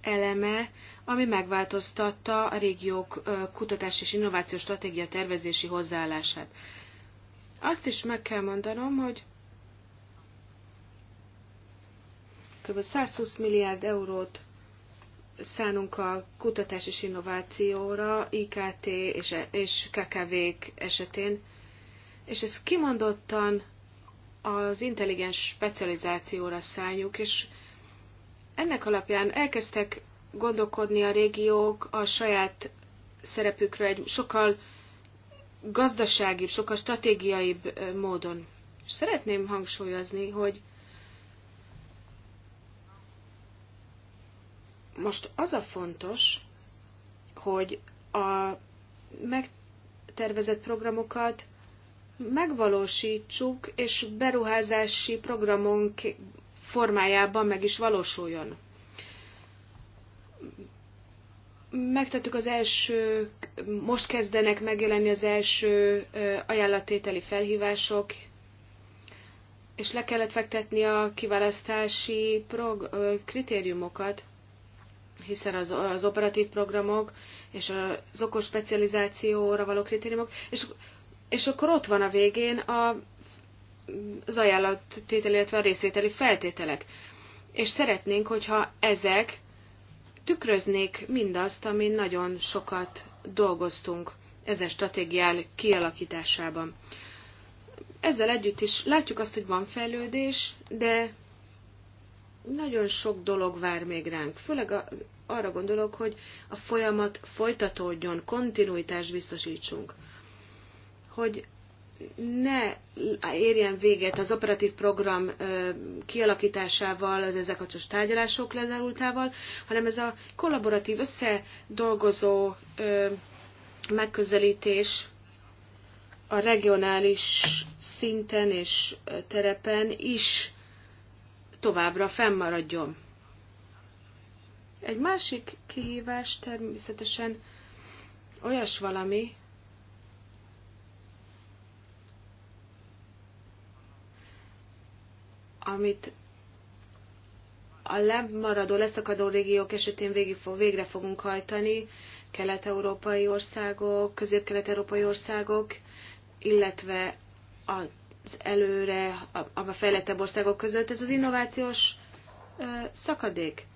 eleme, ami megváltoztatta a régiók kutatás és innovációs stratégia tervezési hozzáállását. Azt is meg kell mondanom, hogy kb. 120 milliárd eurót szánunk a kutatás és innovációra, IKT és, és KKV-k esetén, és ez kimondottan az intelligens specializációra szálljuk, és ennek alapján elkezdtek gondolkodni a régiók a saját szerepükre egy sokkal gazdaságibb, sokkal stratégiaibb módon. És szeretném hangsúlyozni, hogy Most az a fontos, hogy a megtervezett programokat megvalósítsuk, és beruházási programunk formájában meg is valósuljon. Megtettük az első, most kezdenek megjelenni az első ajánlattételi felhívások, és le kellett fektetni a kiválasztási kritériumokat, hiszen az, az operatív programok és az okos specializációra való kritériumok, és, és akkor ott van a végén a, az ajánlattétel, illetve a részvételi feltételek. És szeretnénk, hogyha ezek tükröznék mindazt, amin nagyon sokat dolgoztunk ezen stratégiál kialakításában. Ezzel együtt is látjuk azt, hogy van fejlődés, de nagyon sok dolog vár még ránk, főleg a, arra gondolok, hogy a folyamat folytatódjon, kontinuitást biztosítsunk, hogy ne érjen véget az operatív program kialakításával, az ezzel kapcsolatos tárgyalások lezárultával, hanem ez a kollaboratív, összedolgozó megközelítés a regionális szinten és terepen is továbbra fennmaradjon. Egy másik kihívás természetesen olyas valami, amit a lemaradó, leszakadó régiók esetén végig végre fogunk hajtani, kelet-európai országok, közép-kelet-európai országok, illetve az előre, a, a fejlettebb országok között ez az innovációs szakadék.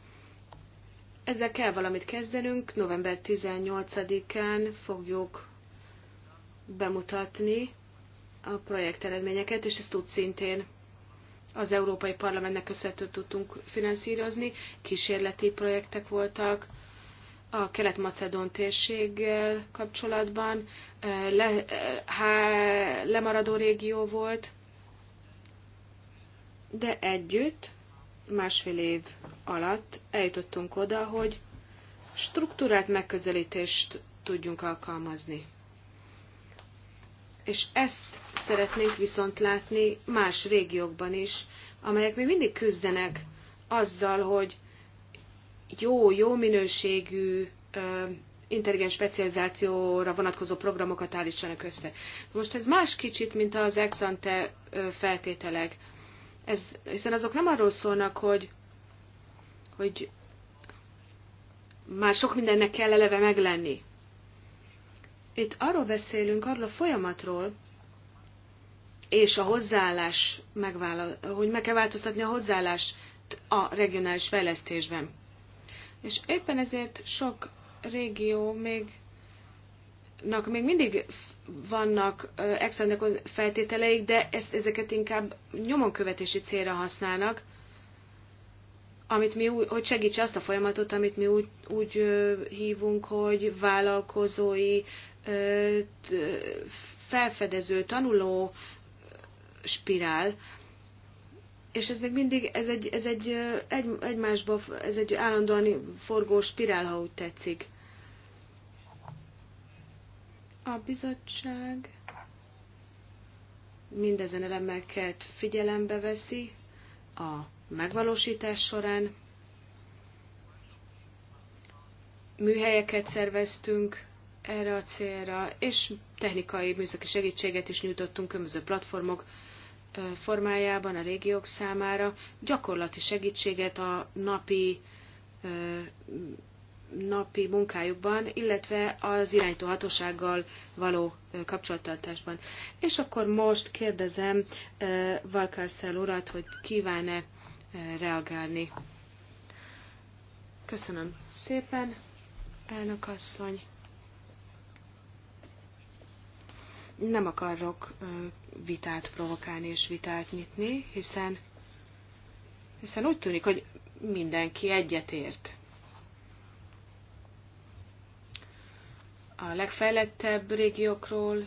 Ezzel kell valamit kezdenünk. November 18-án fogjuk bemutatni a projekt eredményeket, és ezt úgy szintén az Európai Parlamentnek köszönhető tudtunk finanszírozni. Kísérleti projektek voltak a kelet-macedon térséggel kapcsolatban, le, há, lemaradó régió volt, de együtt másfél év alatt eljutottunk oda, hogy struktúrát megközelítést tudjunk alkalmazni. És ezt szeretnénk viszont látni más régiókban is, amelyek még mindig küzdenek azzal, hogy jó, jó minőségű, intelligens specializációra vonatkozó programokat állítsanak össze. Most ez más kicsit, mint az exante feltételek. Ez, hiszen azok nem arról szólnak, hogy, hogy már sok mindennek kell eleve meglenni. Itt arról beszélünk, arról a folyamatról, és a hozzáállás, megvála, hogy meg kell változtatni a hozzáállást a regionális fejlesztésben. És éppen ezért sok régió még, még mindig vannak exennek feltételeik, de ezt, ezeket inkább nyomonkövetési célra használnak, amit mi úgy, hogy segítse azt a folyamatot, amit mi úgy, úgy hívunk, hogy vállalkozói, felfedező, tanuló spirál, és ez még mindig, ez egy, ez egy, egy egymásba, ez egy állandóan forgó spirál, ha úgy tetszik. A bizottság mindezen elemeket figyelembe veszi a megvalósítás során. Műhelyeket szerveztünk erre a célra, és technikai műszaki segítséget is nyújtottunk különböző platformok formájában a régiók számára, gyakorlati segítséget a napi napi munkájukban, illetve az irányító hatósággal való kapcsolattartásban. És akkor most kérdezem Valkárszel urat, hogy kíván-e reagálni. Köszönöm szépen, elnök asszony. Nem akarok vitát provokálni és vitát nyitni, hiszen, hiszen úgy tűnik, hogy mindenki egyetért a legfejlettebb régiókról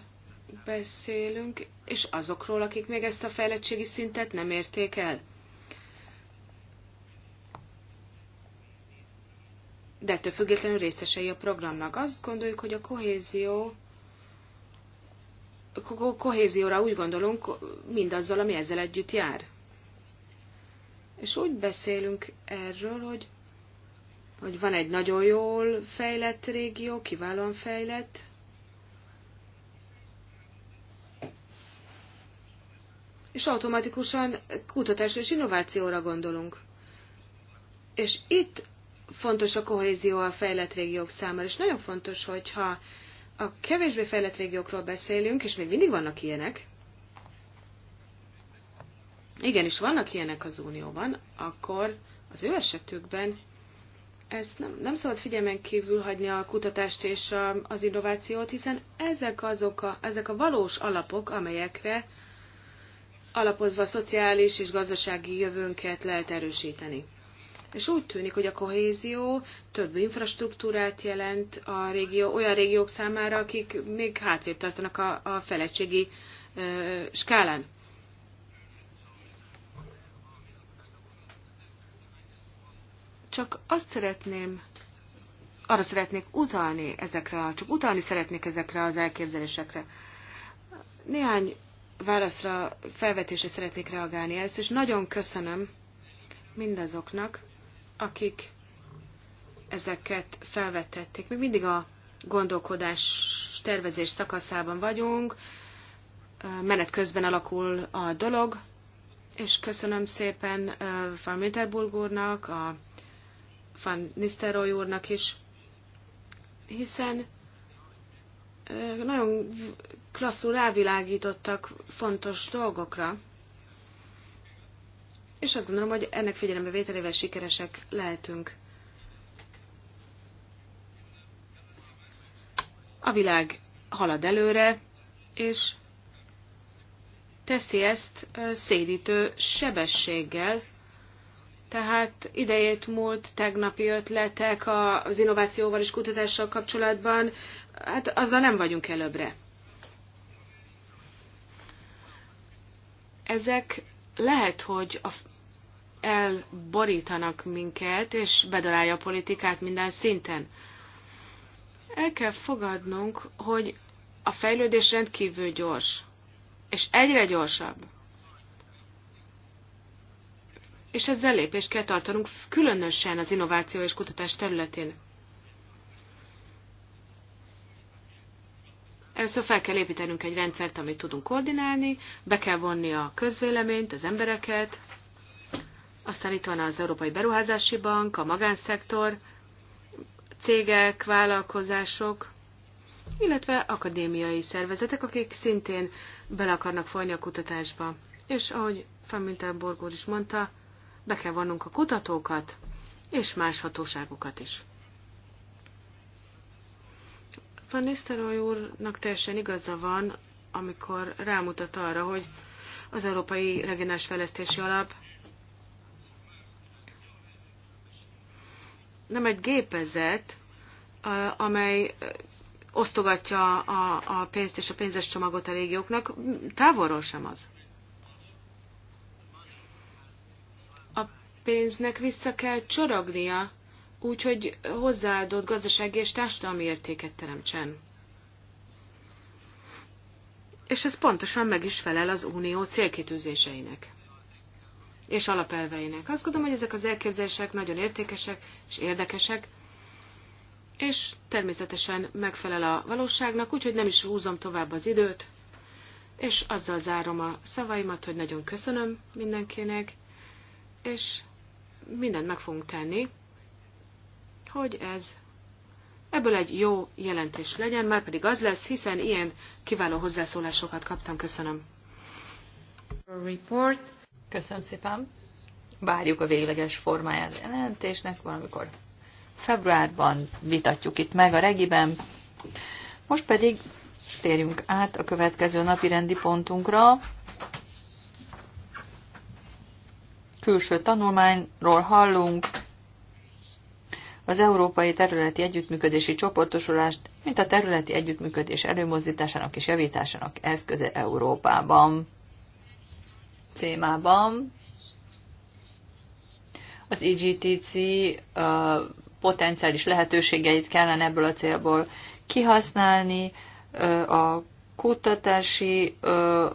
beszélünk, és azokról, akik még ezt a fejlettségi szintet nem érték el. De ettől függetlenül részesei a programnak. Azt gondoljuk, hogy a kohézió a kohézióra úgy gondolunk, mindazzal, ami ezzel együtt jár. És úgy beszélünk erről, hogy hogy van egy nagyon jól fejlett régió, kiválóan fejlett, és automatikusan kutatásra és innovációra gondolunk. És itt fontos a kohézió a fejlett régiók számára, és nagyon fontos, hogyha a kevésbé fejlett régiókról beszélünk, és még mindig vannak ilyenek, igenis vannak ilyenek az Unióban, akkor az ő esetükben ezt nem, nem szabad figyelmen kívül hagyni a kutatást és a, az innovációt, hiszen ezek, azok a, ezek a valós alapok, amelyekre alapozva a szociális és gazdasági jövőnket lehet erősíteni. És úgy tűnik, hogy a kohézió több infrastruktúrát jelent a régió, olyan régiók számára, akik még hátrébb tartanak a, a felettségi ö, skálán. Csak azt szeretném, arra szeretnék utalni ezekre, csak utalni szeretnék ezekre az elképzelésekre. Néhány válaszra, felvetésre szeretnék reagálni először, és nagyon köszönöm mindazoknak, akik ezeket felvetették. Még mindig a gondolkodás tervezés szakaszában vagyunk, menet közben alakul a dolog, és köszönöm szépen Van Mitterburg úrnak, a van Nisztelrooy úrnak is, hiszen nagyon klasszul rávilágítottak fontos dolgokra, és azt gondolom, hogy ennek vételével sikeresek lehetünk. A világ halad előre, és teszi ezt szédítő sebességgel, tehát idejét múlt tegnapi ötletek az innovációval és kutatással kapcsolatban, hát azzal nem vagyunk előbbre. Ezek lehet, hogy a elborítanak minket, és bedalálja a politikát minden szinten. El kell fogadnunk, hogy a fejlődés rendkívül gyors, és egyre gyorsabb és ezzel lépést kell tartanunk, különösen az innováció és kutatás területén. Először fel kell építenünk egy rendszert, amit tudunk koordinálni, be kell vonni a közvéleményt, az embereket, aztán itt van az Európai Beruházási Bank, a magánszektor, cégek, vállalkozások, illetve akadémiai szervezetek, akik szintén bele akarnak folyni a kutatásba. És ahogy Famintel Borgór is mondta, be kell vannunk a kutatókat és más hatóságokat is. Van Nisztelrooy úrnak teljesen igaza van, amikor rámutat arra, hogy az Európai Regionális Fejlesztési Alap nem egy gépezet, amely osztogatja a, a pénzt és a pénzes csomagot a régióknak, távolról sem az. pénznek vissza kell csorognia, úgyhogy hozzáadott gazdasági és társadalmi értéket teremtsen. És ez pontosan meg is felel az unió célkitűzéseinek és alapelveinek. Azt gondolom, hogy ezek az elképzelések nagyon értékesek és érdekesek, és természetesen megfelel a valóságnak, úgyhogy nem is húzom tovább az időt, és azzal zárom a szavaimat, hogy nagyon köszönöm mindenkinek, és mindent meg fogunk tenni, hogy ez ebből egy jó jelentés legyen, már pedig az lesz, hiszen ilyen kiváló hozzászólásokat kaptam. Köszönöm. Report. Köszönöm szépen. Várjuk a végleges formáját a jelentésnek, valamikor februárban vitatjuk itt meg a regiben. Most pedig térjünk át a következő napi rendi pontunkra, külső tanulmányról hallunk, az Európai Területi Együttműködési Csoportosulást, mint a területi együttműködés előmozdításának és javításának eszköze Európában. Témában az IGTC potenciális lehetőségeit kellene ebből a célból kihasználni, a kutatási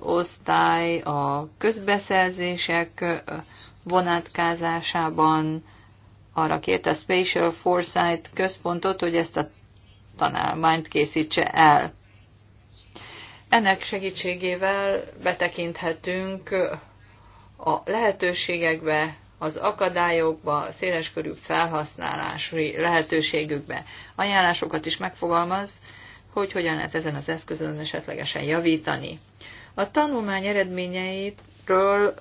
osztály, a közbeszerzések, vonatkázásában arra kérte a Spatial Foresight központot, hogy ezt a tanálmányt készítse el. Ennek segítségével betekinthetünk a lehetőségekbe, az akadályokba, széleskörű felhasználási lehetőségükbe. Ajánlásokat is megfogalmaz, hogy hogyan lehet ezen az eszközön esetlegesen javítani. A tanulmány eredményeitről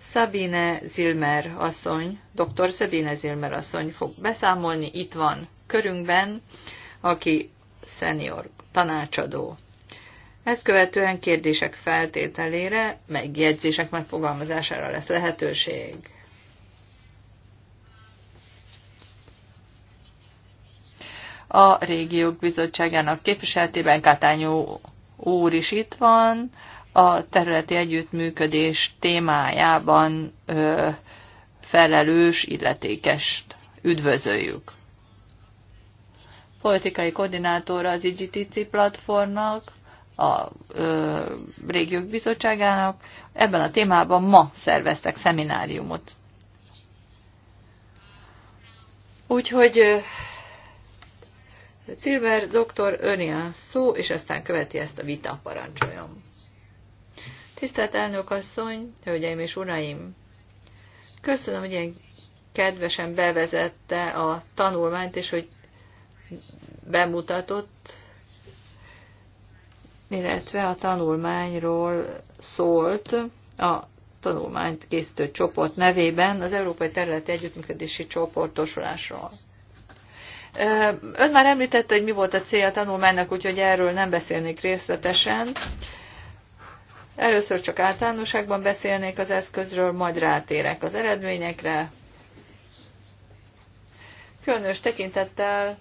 Sabine Zilmer asszony, dr. Sabine Zilmer asszony fog beszámolni, itt van körünkben, aki szenior tanácsadó. Ezt követően kérdések feltételére, megjegyzések megfogalmazására lesz lehetőség. A régiók bizottságának képviseletében Katányó úr is itt van, a területi együttműködés témájában ö, felelős, illetékest üdvözöljük. Politikai koordinátora az IGTC platformnak, a ö, régiók bizottságának. Ebben a témában ma szerveztek szemináriumot. Úgyhogy Silver doktor öné a szó, és aztán követi ezt a vita parancsoljon. Tisztelt elnök asszony, hölgyeim és uraim! Köszönöm, hogy ilyen kedvesen bevezette a tanulmányt, és hogy bemutatott, illetve a tanulmányról szólt a tanulmányt készítő csoport nevében az Európai Területi Együttműködési Csoportosulásról. Ön már említette, hogy mi volt a célja a tanulmánynak, úgyhogy erről nem beszélnék részletesen. Először csak általánosságban beszélnék az eszközről, majd rátérek az eredményekre. Különös tekintettel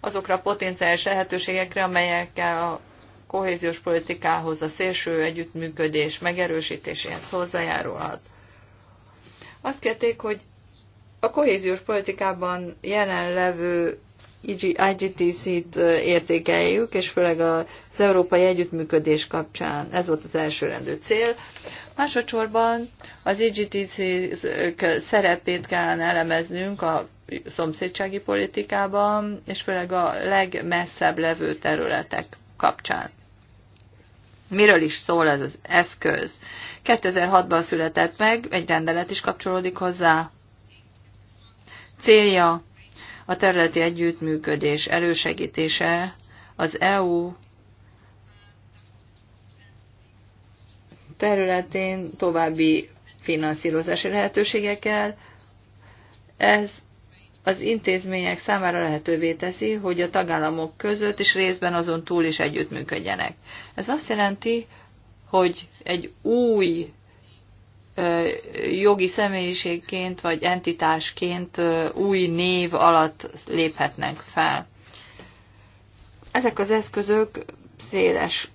azokra a potenciális lehetőségekre, amelyekkel a kohéziós politikához a szélső együttműködés megerősítéséhez hozzájárulhat. Azt kérték, hogy a kohéziós politikában jelenlevő IGTC-t értékeljük, és főleg az európai együttműködés kapcsán. Ez volt az elsőrendű cél. Másodszorban az IGTC szerepét kellene elemeznünk a szomszédsági politikában, és főleg a legmesszebb levő területek kapcsán. Miről is szól ez az eszköz? 2006-ban született meg, egy rendelet is kapcsolódik hozzá. Célja a területi együttműködés elősegítése az EU területén további finanszírozási lehetőségekkel. Ez az intézmények számára lehetővé teszi, hogy a tagállamok között és részben azon túl is együttműködjenek. Ez azt jelenti, hogy egy új jogi személyiségként vagy entitásként új név alatt léphetnek fel. Ezek az eszközök széles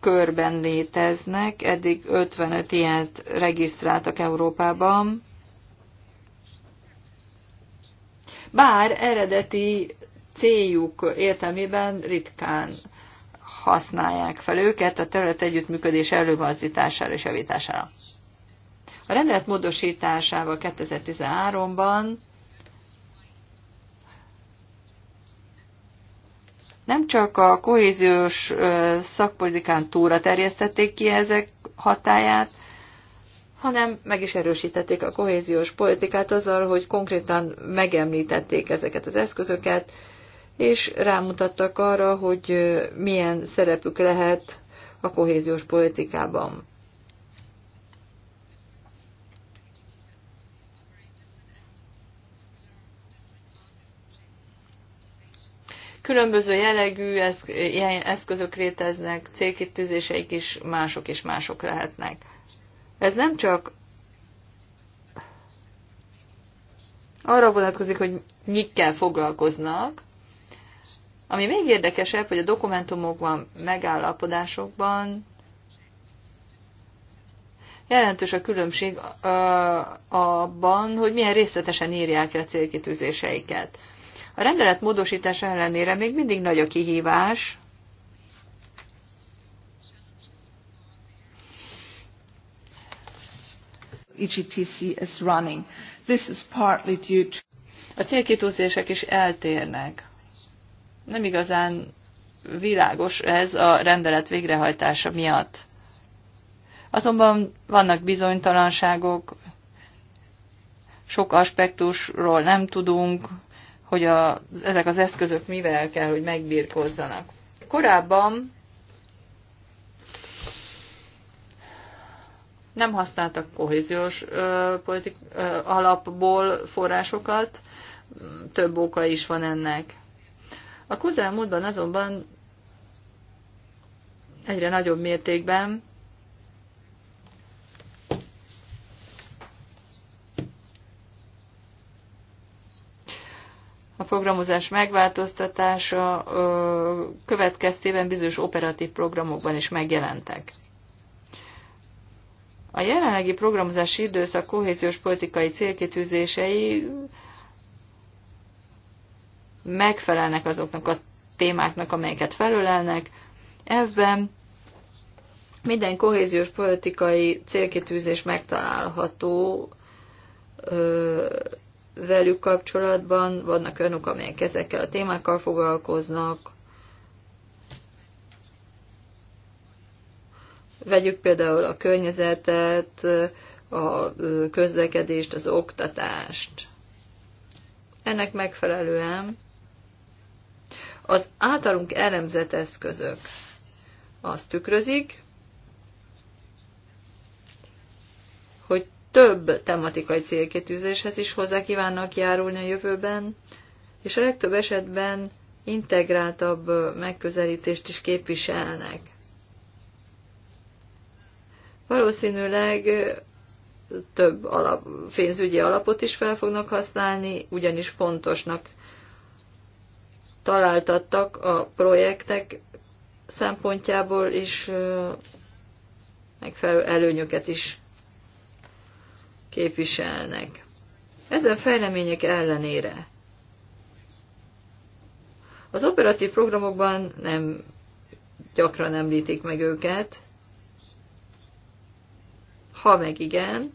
körben léteznek, eddig 55 ilyet regisztráltak Európában. Bár eredeti céljuk értelmében ritkán használják fel őket a terület együttműködés előmozdítására és javítására. A rendelet módosításával 2013-ban nem csak a kohéziós szakpolitikán túlra terjesztették ki ezek hatáját, hanem meg is erősítették a kohéziós politikát azzal, hogy konkrétan megemlítették ezeket az eszközöket, és rámutattak arra, hogy milyen szerepük lehet a kohéziós politikában. különböző jellegű ilyen eszközök léteznek, célkitűzéseik is mások és mások lehetnek. Ez nem csak arra vonatkozik, hogy mikkel foglalkoznak, ami még érdekesebb, hogy a dokumentumokban, megállapodásokban jelentős a különbség abban, hogy milyen részletesen írják le célkitűzéseiket. A rendelet módosítás ellenére még mindig nagy a kihívás, EGTC is running. This is partly due to a célkitűzések is eltérnek. Nem igazán világos ez a rendelet végrehajtása miatt. Azonban vannak bizonytalanságok, sok aspektusról nem tudunk, hogy a, ezek az eszközök mivel kell, hogy megbírkozzanak. Korábban nem használtak kohéziós ö, politik, ö, alapból forrásokat, több oka is van ennek. A közelmúltban azonban egyre nagyobb mértékben programozás megváltoztatása következtében bizonyos operatív programokban is megjelentek. A jelenlegi programozási időszak kohéziós politikai célkitűzései megfelelnek azoknak a témáknak, amelyeket felölelnek. Ebben minden kohéziós politikai célkitűzés megtalálható velük kapcsolatban, vannak önök, amelyek ezekkel a témákkal foglalkoznak. Vegyük például a környezetet, a közlekedést, az oktatást. Ennek megfelelően az általunk elemzett eszközök azt tükrözik, hogy több tematikai célkitűzéshez is hozzá kívánnak járulni a jövőben, és a legtöbb esetben integráltabb megközelítést is képviselnek. Valószínűleg több alap, pénzügyi alapot is fel fognak használni, ugyanis fontosnak találtattak a projektek szempontjából is megfelelő előnyöket is képviselnek. Ezen fejlemények ellenére az operatív programokban nem gyakran említik meg őket, ha meg igen,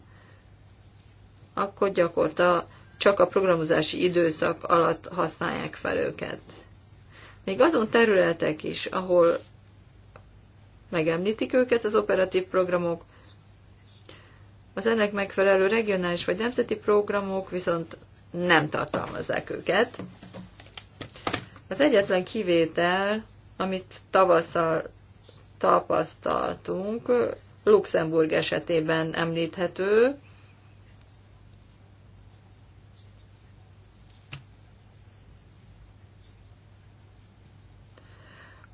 akkor gyakorta csak a programozási időszak alatt használják fel őket. Még azon területek is, ahol megemlítik őket az operatív programok, az ennek megfelelő regionális vagy nemzeti programok viszont nem tartalmazzák őket. Az egyetlen kivétel, amit tavasszal tapasztaltunk, Luxemburg esetében említhető,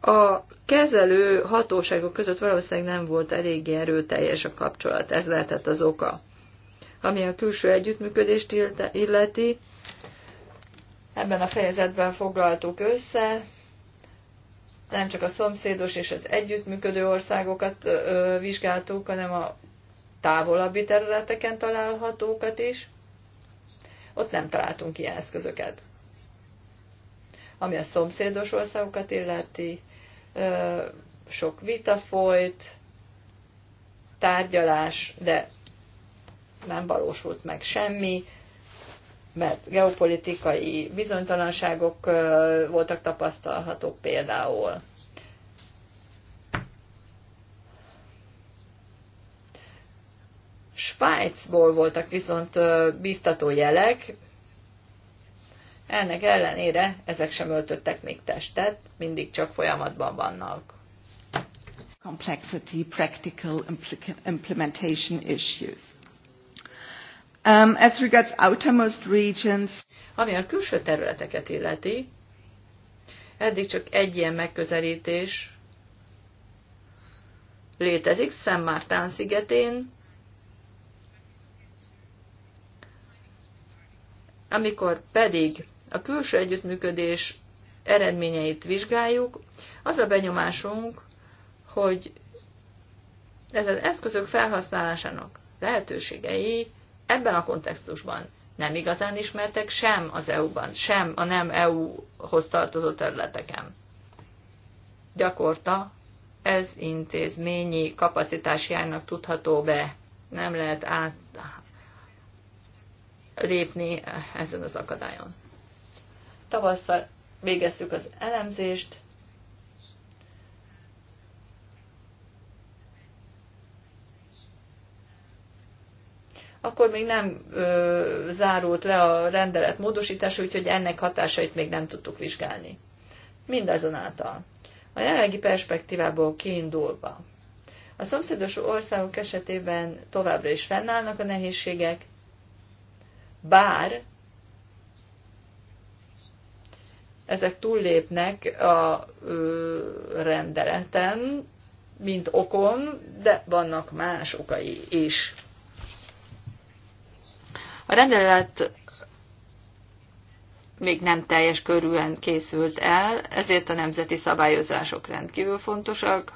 a kezelő hatóságok között valószínűleg nem volt eléggé erőteljes a kapcsolat. Ez lehetett az oka. Ami a külső együttműködést illeti, ebben a fejezetben foglaltuk össze, nem csak a szomszédos és az együttműködő országokat vizsgáltuk, hanem a távolabbi területeken találhatókat is. Ott nem találtunk ilyen eszközöket. Ami a szomszédos országokat illeti, sok vita folyt, tárgyalás, de nem valósult meg semmi, mert geopolitikai bizonytalanságok voltak tapasztalhatók például. Svájcból voltak viszont biztató jelek, ennek ellenére ezek sem öltöttek még testet, mindig csak folyamatban vannak. Complexity, practical implementation issues. Um, as regards outermost regions, ami a külső területeket illeti, eddig csak egy ilyen megközelítés létezik Szent Mártán szigetén, amikor pedig a külső együttműködés eredményeit vizsgáljuk, az a benyomásunk, hogy az eszközök felhasználásának lehetőségei ebben a kontextusban nem igazán ismertek sem az EU-ban, sem a nem EU-hoz tartozó területeken. Gyakorta ez intézményi járnak tudható be, nem lehet átlépni ezen az akadályon. Tavasszal végeztük az elemzést, akkor még nem ö, zárult le a rendelet módosítása, úgyhogy ennek hatásait még nem tudtuk vizsgálni. Mindazonáltal. A jelenlegi perspektívából kiindulva. A szomszédos országok esetében továbbra is fennállnak a nehézségek, bár ezek túllépnek a rendeleten, mint okon, de vannak más okai is. A rendelet még nem teljes körűen készült el, ezért a nemzeti szabályozások rendkívül fontosak.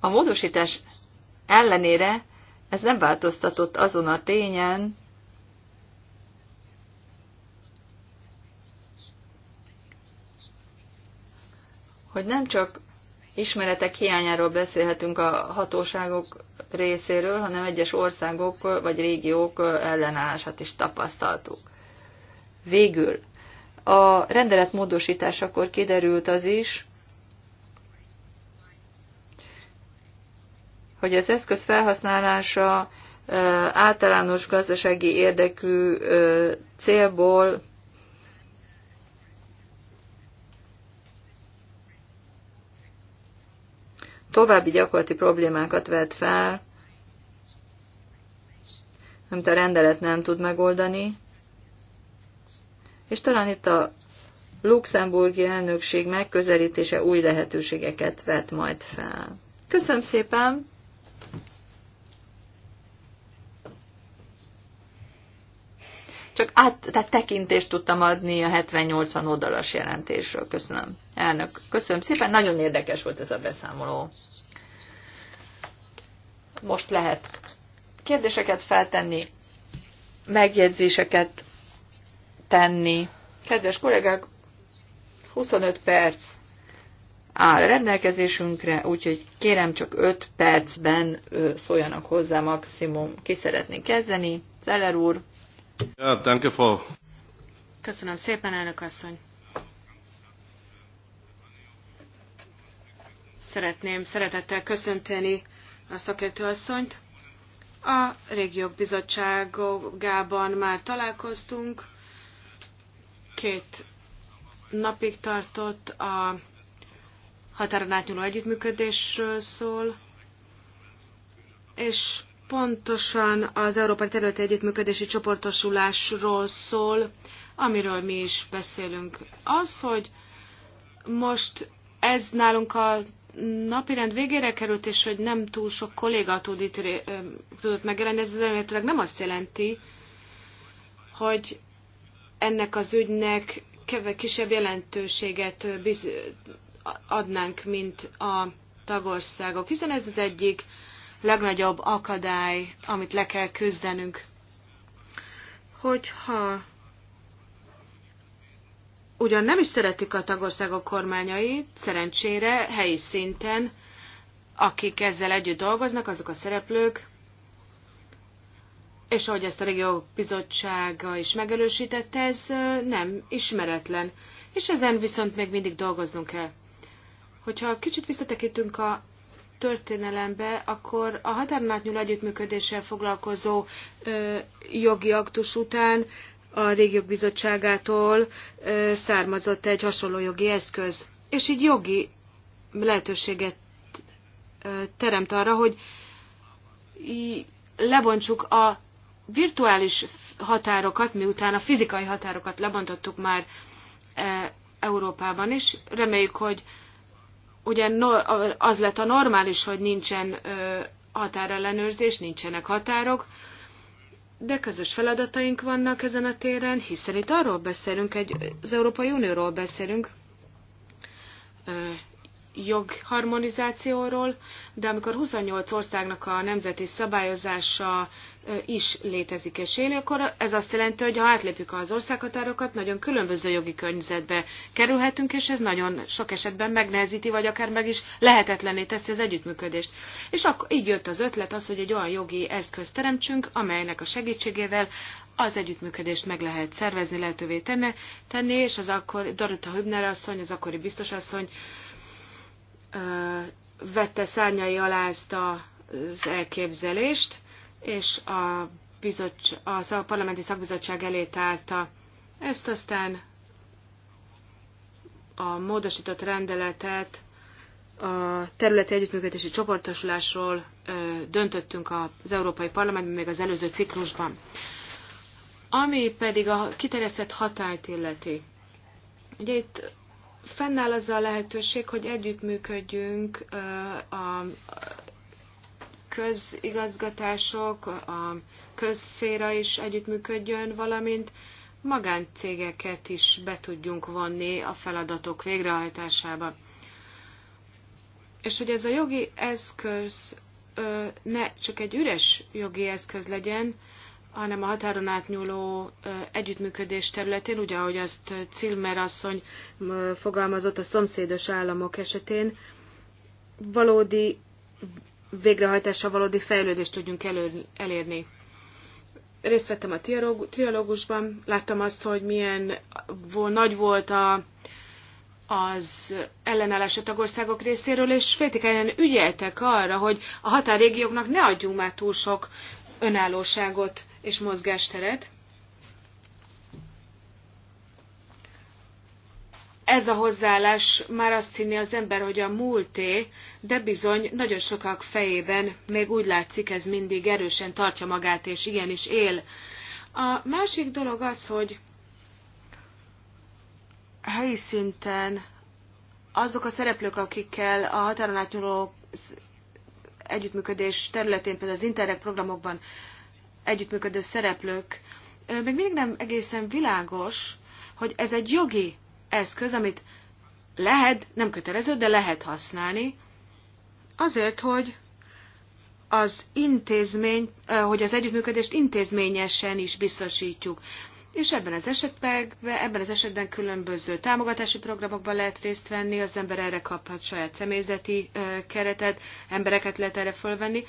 A módosítás ellenére ez nem változtatott azon a tényen, hogy nem csak ismeretek hiányáról beszélhetünk a hatóságok részéről, hanem egyes országok vagy régiók ellenállását is tapasztaltuk. Végül a rendelet módosításakor kiderült az is, hogy az eszköz felhasználása általános gazdasági érdekű célból további gyakorlati problémákat vet fel, amit a rendelet nem tud megoldani, és talán itt a luxemburgi elnökség megközelítése új lehetőségeket vet majd fel. Köszönöm szépen! csak át, tehát tekintést tudtam adni a 70-80 oldalas jelentésről. Köszönöm. Elnök, köszönöm szépen. Nagyon érdekes volt ez a beszámoló. Most lehet kérdéseket feltenni, megjegyzéseket tenni. Kedves kollégák, 25 perc áll rendelkezésünkre, úgyhogy kérem csak 5 percben szóljanak hozzá maximum. Ki szeretné kezdeni? Zeller úr. Köszönöm szépen, elnök asszony. Szeretném szeretettel köszönteni a szakértőasszonyt. A régiók bizottságában már találkoztunk, két napig tartott a határon átnyúló együttműködésről szól, és pontosan az Európai Területi Együttműködési Csoportosulásról szól, amiről mi is beszélünk. Az, hogy most ez nálunk a napirend végére került, és hogy nem túl sok kolléga tud itt, tudott megjelenni, ez remélhetőleg nem azt jelenti, hogy ennek az ügynek kisebb jelentőséget adnánk, mint a tagországok, hiszen ez az egyik legnagyobb akadály, amit le kell küzdenünk. Hogyha ugyan nem is szeretik a tagországok kormányait, szerencsére helyi szinten, akik ezzel együtt dolgoznak, azok a szereplők, és ahogy ezt a régió bizottsága is megerősítette, ez nem ismeretlen. És ezen viszont még mindig dolgoznunk kell. Hogyha kicsit visszatekintünk a történelembe, akkor a határon átnyúló együttműködéssel foglalkozó ö, jogi aktus után a régiók bizottságától ö, származott egy hasonló jogi eszköz. És így jogi lehetőséget ö, teremt arra, hogy lebontsuk a virtuális határokat, miután a fizikai határokat lebontottuk már e, Európában is. Reméljük, hogy ugye az lett a normális, hogy nincsen határellenőrzés, nincsenek határok, de közös feladataink vannak ezen a téren, hiszen itt arról beszélünk, egy, az Európai Unióról beszélünk, jogharmonizációról, de amikor 28 országnak a nemzeti szabályozása is létezik és éli, akkor ez azt jelenti, hogy ha átlépjük az országhatárokat, nagyon különböző jogi környezetbe kerülhetünk, és ez nagyon sok esetben megnehezíti, vagy akár meg is lehetetlené teszi az együttműködést. És akkor így jött az ötlet az, hogy egy olyan jogi eszközt teremtsünk, amelynek a segítségével az együttműködést meg lehet szervezni, lehetővé tenni, és az akkor Dorota Hübner asszony, az akkori biztos asszony vette szárnyai alá ezt az elképzelést, és a, bizottság, a parlamenti szakbizottság elé tárta ezt aztán a módosított rendeletet a területi együttműködési csoportosulásról döntöttünk az Európai Parlamentben még az előző ciklusban. Ami pedig a kiterjesztett hatályt illeti. Ugye itt fennáll az a lehetőség, hogy együttműködjünk a közigazgatások, a közszféra is együttműködjön, valamint magáncégeket is be tudjunk vonni a feladatok végrehajtásába. És hogy ez a jogi eszköz ne csak egy üres jogi eszköz legyen, hanem a határon átnyúló együttműködés területén, ugye ahogy azt Cilmer asszony fogalmazott a szomszédos államok esetén, valódi végrehajtása valódi fejlődést tudjunk elő, elérni. Részt vettem a trialógusban, láttam azt, hogy milyen nagy volt a, az ellenállás a tagországok részéről, és féltékenyen ügyeltek arra, hogy a határégióknak ne adjunk már túl sok önállóságot és mozgásteret. Ez a hozzáállás már azt hinni az ember, hogy a múlté, de bizony nagyon sokak fejében még úgy látszik, ez mindig erősen tartja magát, és igenis él. A másik dolog az, hogy helyi szinten azok a szereplők, akikkel a határon átnyúló együttműködés területén, például az interreg programokban együttműködő szereplők, még mindig nem egészen világos, hogy ez egy jogi eszköz, amit lehet, nem kötelező, de lehet használni, azért, hogy az intézmény, hogy az együttműködést intézményesen is biztosítjuk. És ebben az esetben, ebben az esetben különböző támogatási programokban lehet részt venni, az ember erre kaphat saját személyzeti keretet, embereket lehet erre fölvenni,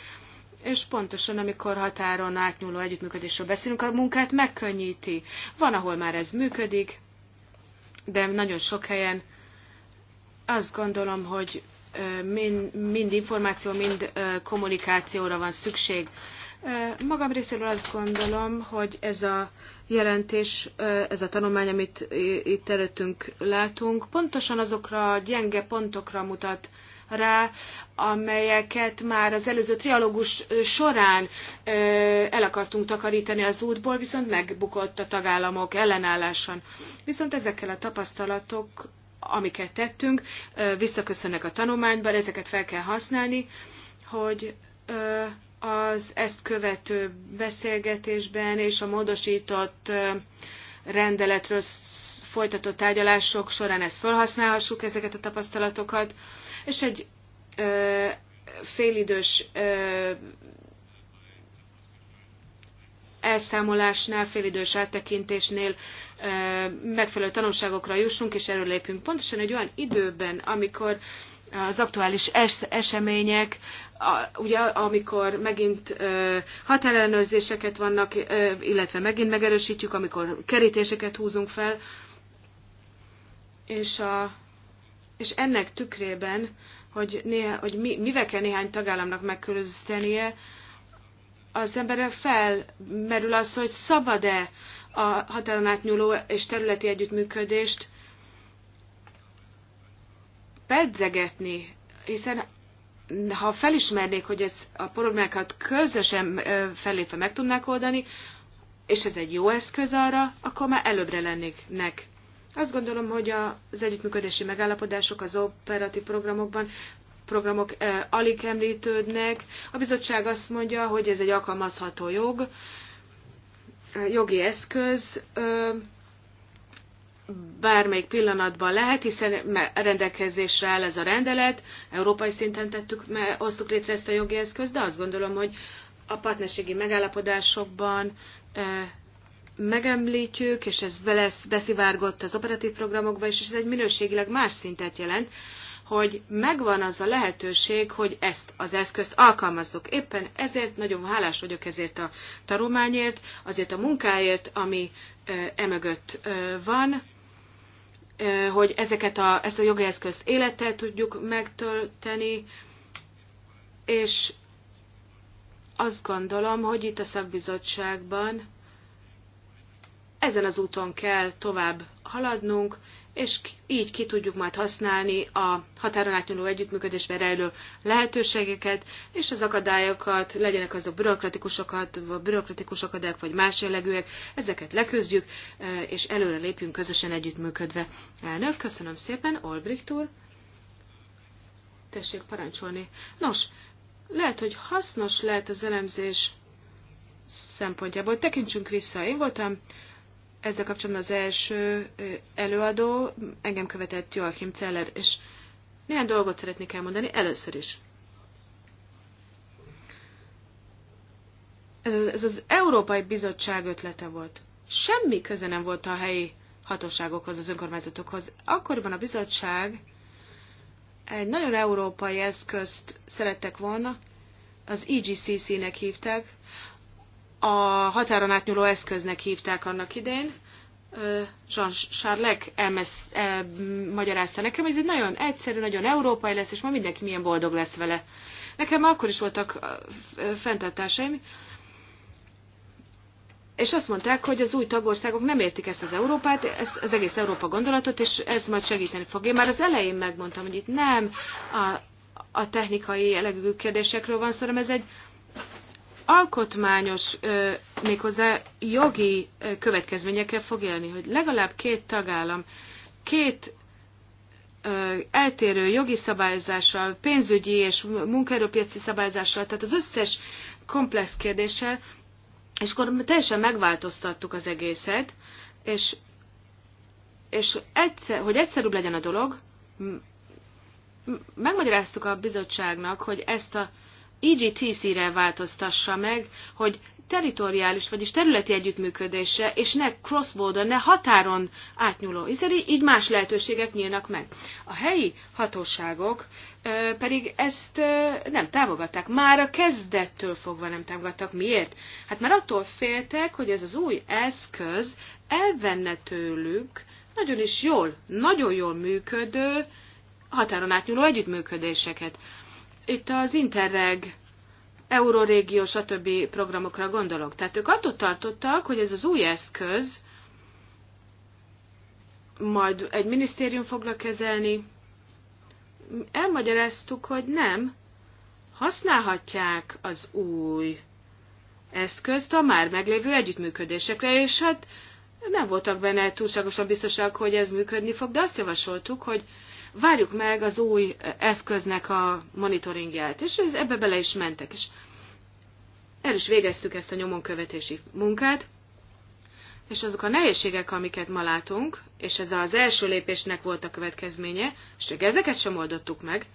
és pontosan, amikor határon átnyúló együttműködésről beszélünk, a munkát megkönnyíti. Van, ahol már ez működik, de nagyon sok helyen azt gondolom, hogy mind, mind információ, mind kommunikációra van szükség. Magam részéről azt gondolom, hogy ez a jelentés, ez a tanulmány, amit itt előttünk látunk, pontosan azokra a gyenge pontokra mutat, rá, amelyeket már az előző trialógus során el akartunk takarítani az útból, viszont megbukott a tagállamok ellenálláson. Viszont ezekkel a tapasztalatok, amiket tettünk, visszaköszönnek a tanulmányban, ezeket fel kell használni, hogy az ezt követő beszélgetésben és a módosított rendeletről folytatott tárgyalások során ezt felhasználhassuk, ezeket a tapasztalatokat, és egy ö, félidős ö, elszámolásnál, félidős áttekintésnél ö, megfelelő tanulságokra jussunk, és erről lépünk. Pontosan egy olyan időben, amikor az aktuális es- események, a, ugye amikor megint ö, határellenőrzéseket vannak, ö, illetve megint megerősítjük, amikor kerítéseket húzunk fel, és a és ennek tükrében, hogy, néha, hogy mi, mivel kell néhány tagállamnak megkülöztenie, az emberre felmerül az, hogy szabad-e a határon átnyúló és területi együttműködést pedzegetni, hiszen ha felismernék, hogy ez a problémákat közösen fellépve meg tudnák oldani, és ez egy jó eszköz arra, akkor már előbbre lennék nek. Azt gondolom, hogy az együttműködési megállapodások az operatív programokban programok e, alig említődnek. A bizottság azt mondja, hogy ez egy alkalmazható jog, jogi eszköz, bármelyik pillanatban lehet, hiszen rendelkezésre áll ez a rendelet, európai szinten tettük, osztuk létre ezt a jogi eszközt, de azt gondolom, hogy a partnerségi megállapodásokban megemlítjük, és ez beszivárgott az operatív programokba is, és ez egy minőségileg más szintet jelent, hogy megvan az a lehetőség, hogy ezt az eszközt alkalmazzuk. Éppen ezért nagyon hálás vagyok ezért a tanulmányért, azért a munkáért, ami emögött van, hogy ezeket a, ezt a jogi eszközt élettel tudjuk megtölteni, és azt gondolom, hogy itt a szakbizottságban ezen az úton kell tovább haladnunk, és így ki tudjuk majd használni a határon átnyúló együttműködésben rejlő lehetőségeket, és az akadályokat, legyenek azok bürokratikusokat, vagy bürokratikus akadályok, vagy más jellegűek, ezeket leküzdjük, e, és előre lépjünk közösen együttműködve. Elnök, köszönöm szépen, Olbricht úr. Tessék parancsolni. Nos, lehet, hogy hasznos lehet az elemzés szempontjából. Tekintsünk vissza, én voltam ezzel kapcsolatban az első előadó engem követett Joachim Celler, és néhány dolgot szeretnék elmondani először is. Ez, ez az Európai Bizottság ötlete volt. Semmi köze nem volt a helyi hatóságokhoz, az önkormányzatokhoz. Akkoriban a bizottság egy nagyon európai eszközt szerettek volna, az EGCC-nek hívták, a határon átnyúló eszköznek hívták annak idején. Jean Charles elmesz, el, magyarázta nekem, ez egy nagyon egyszerű, nagyon európai lesz, és ma mindenki milyen boldog lesz vele. Nekem akkor is voltak fenntartásaim, és azt mondták, hogy az új tagországok nem értik ezt az Európát, ezt, az egész Európa gondolatot, és ez majd segíteni fog. Én már az elején megmondtam, hogy itt nem a, a technikai elegű kérdésekről van szó, hanem ez egy alkotmányos, méghozzá jogi következményekkel fog élni, hogy legalább két tagállam két eltérő jogi szabályozással, pénzügyi és munkaerőpiaci szabályozással, tehát az összes komplex kérdéssel, és akkor teljesen megváltoztattuk az egészet, és, és egyszer, hogy egyszerűbb legyen a dolog, megmagyaráztuk a bizottságnak, hogy ezt a EGTC-re változtassa meg, hogy teritoriális, vagyis területi együttműködése, és ne cross-border, ne határon átnyúló, hiszen így más lehetőségek nyílnak meg. A helyi hatóságok pedig ezt nem támogatták. Már a kezdettől fogva nem támogattak. Miért? Hát már attól féltek, hogy ez az új eszköz elvenne tőlük nagyon is jól, nagyon jól működő, határon átnyúló együttműködéseket. Itt az Interreg, Eurorégió, stb. programokra gondolok. Tehát ők attól tartottak, hogy ez az új eszköz majd egy minisztérium fogla kezelni. Elmagyaráztuk, hogy nem, használhatják az új eszközt a már meglévő együttműködésekre, és hát nem voltak benne túlságosan biztosak, hogy ez működni fog, de azt javasoltuk, hogy várjuk meg az új eszköznek a monitoringját, és ez, ebbe bele is mentek, és el is végeztük ezt a nyomonkövetési munkát, és azok a nehézségek, amiket ma látunk, és ez az első lépésnek volt a következménye, és csak ezeket sem oldottuk meg,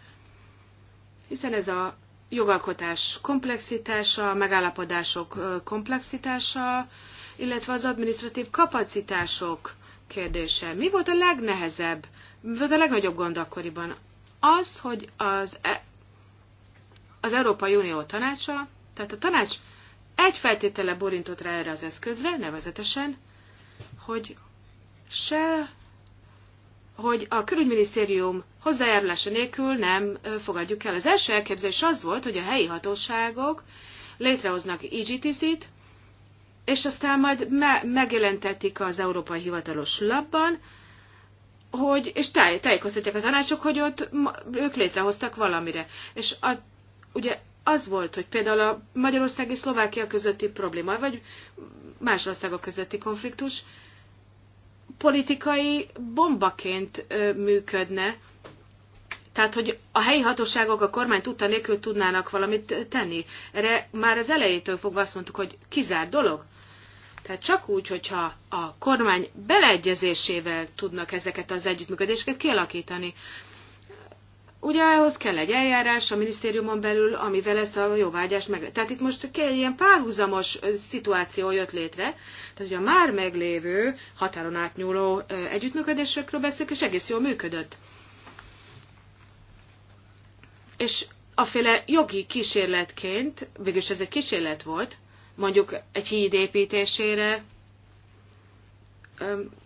hiszen ez a jogalkotás komplexitása, a megállapodások komplexitása, illetve az administratív kapacitások kérdése. Mi volt a legnehezebb de a legnagyobb gond akkoriban az, hogy az, e- az Európai Unió tanácsa, tehát a tanács egy feltétele borintott rá erre az eszközre, nevezetesen, hogy se hogy a külügyminisztérium hozzájárulása nélkül nem fogadjuk el. Az első elképzelés az volt, hogy a helyi hatóságok létrehoznak IGTC-t, és aztán majd me- megjelentetik az Európai Hivatalos Labban, hogy, és táj, tájékoztatják a tanácsok, hogy ott ők létrehoztak valamire. És a, ugye az volt, hogy például a Magyarország és Szlovákia közötti probléma, vagy más országok közötti konfliktus politikai bombaként működne, tehát, hogy a helyi hatóságok a kormány tudta nélkül tudnának valamit tenni. Erre már az elejétől fogva azt mondtuk, hogy kizár dolog. Tehát csak úgy, hogyha a kormány beleegyezésével tudnak ezeket az együttműködéseket kialakítani. Ugye ahhoz kell egy eljárás a minisztériumon belül, amivel ezt a jóvágyást meg... Tehát itt most egy ilyen párhuzamos szituáció jött létre, tehát ugye a már meglévő határon átnyúló együttműködésekről beszélünk, és egész jól működött. És aféle jogi kísérletként, végülis ez egy kísérlet volt, mondjuk egy híd építésére,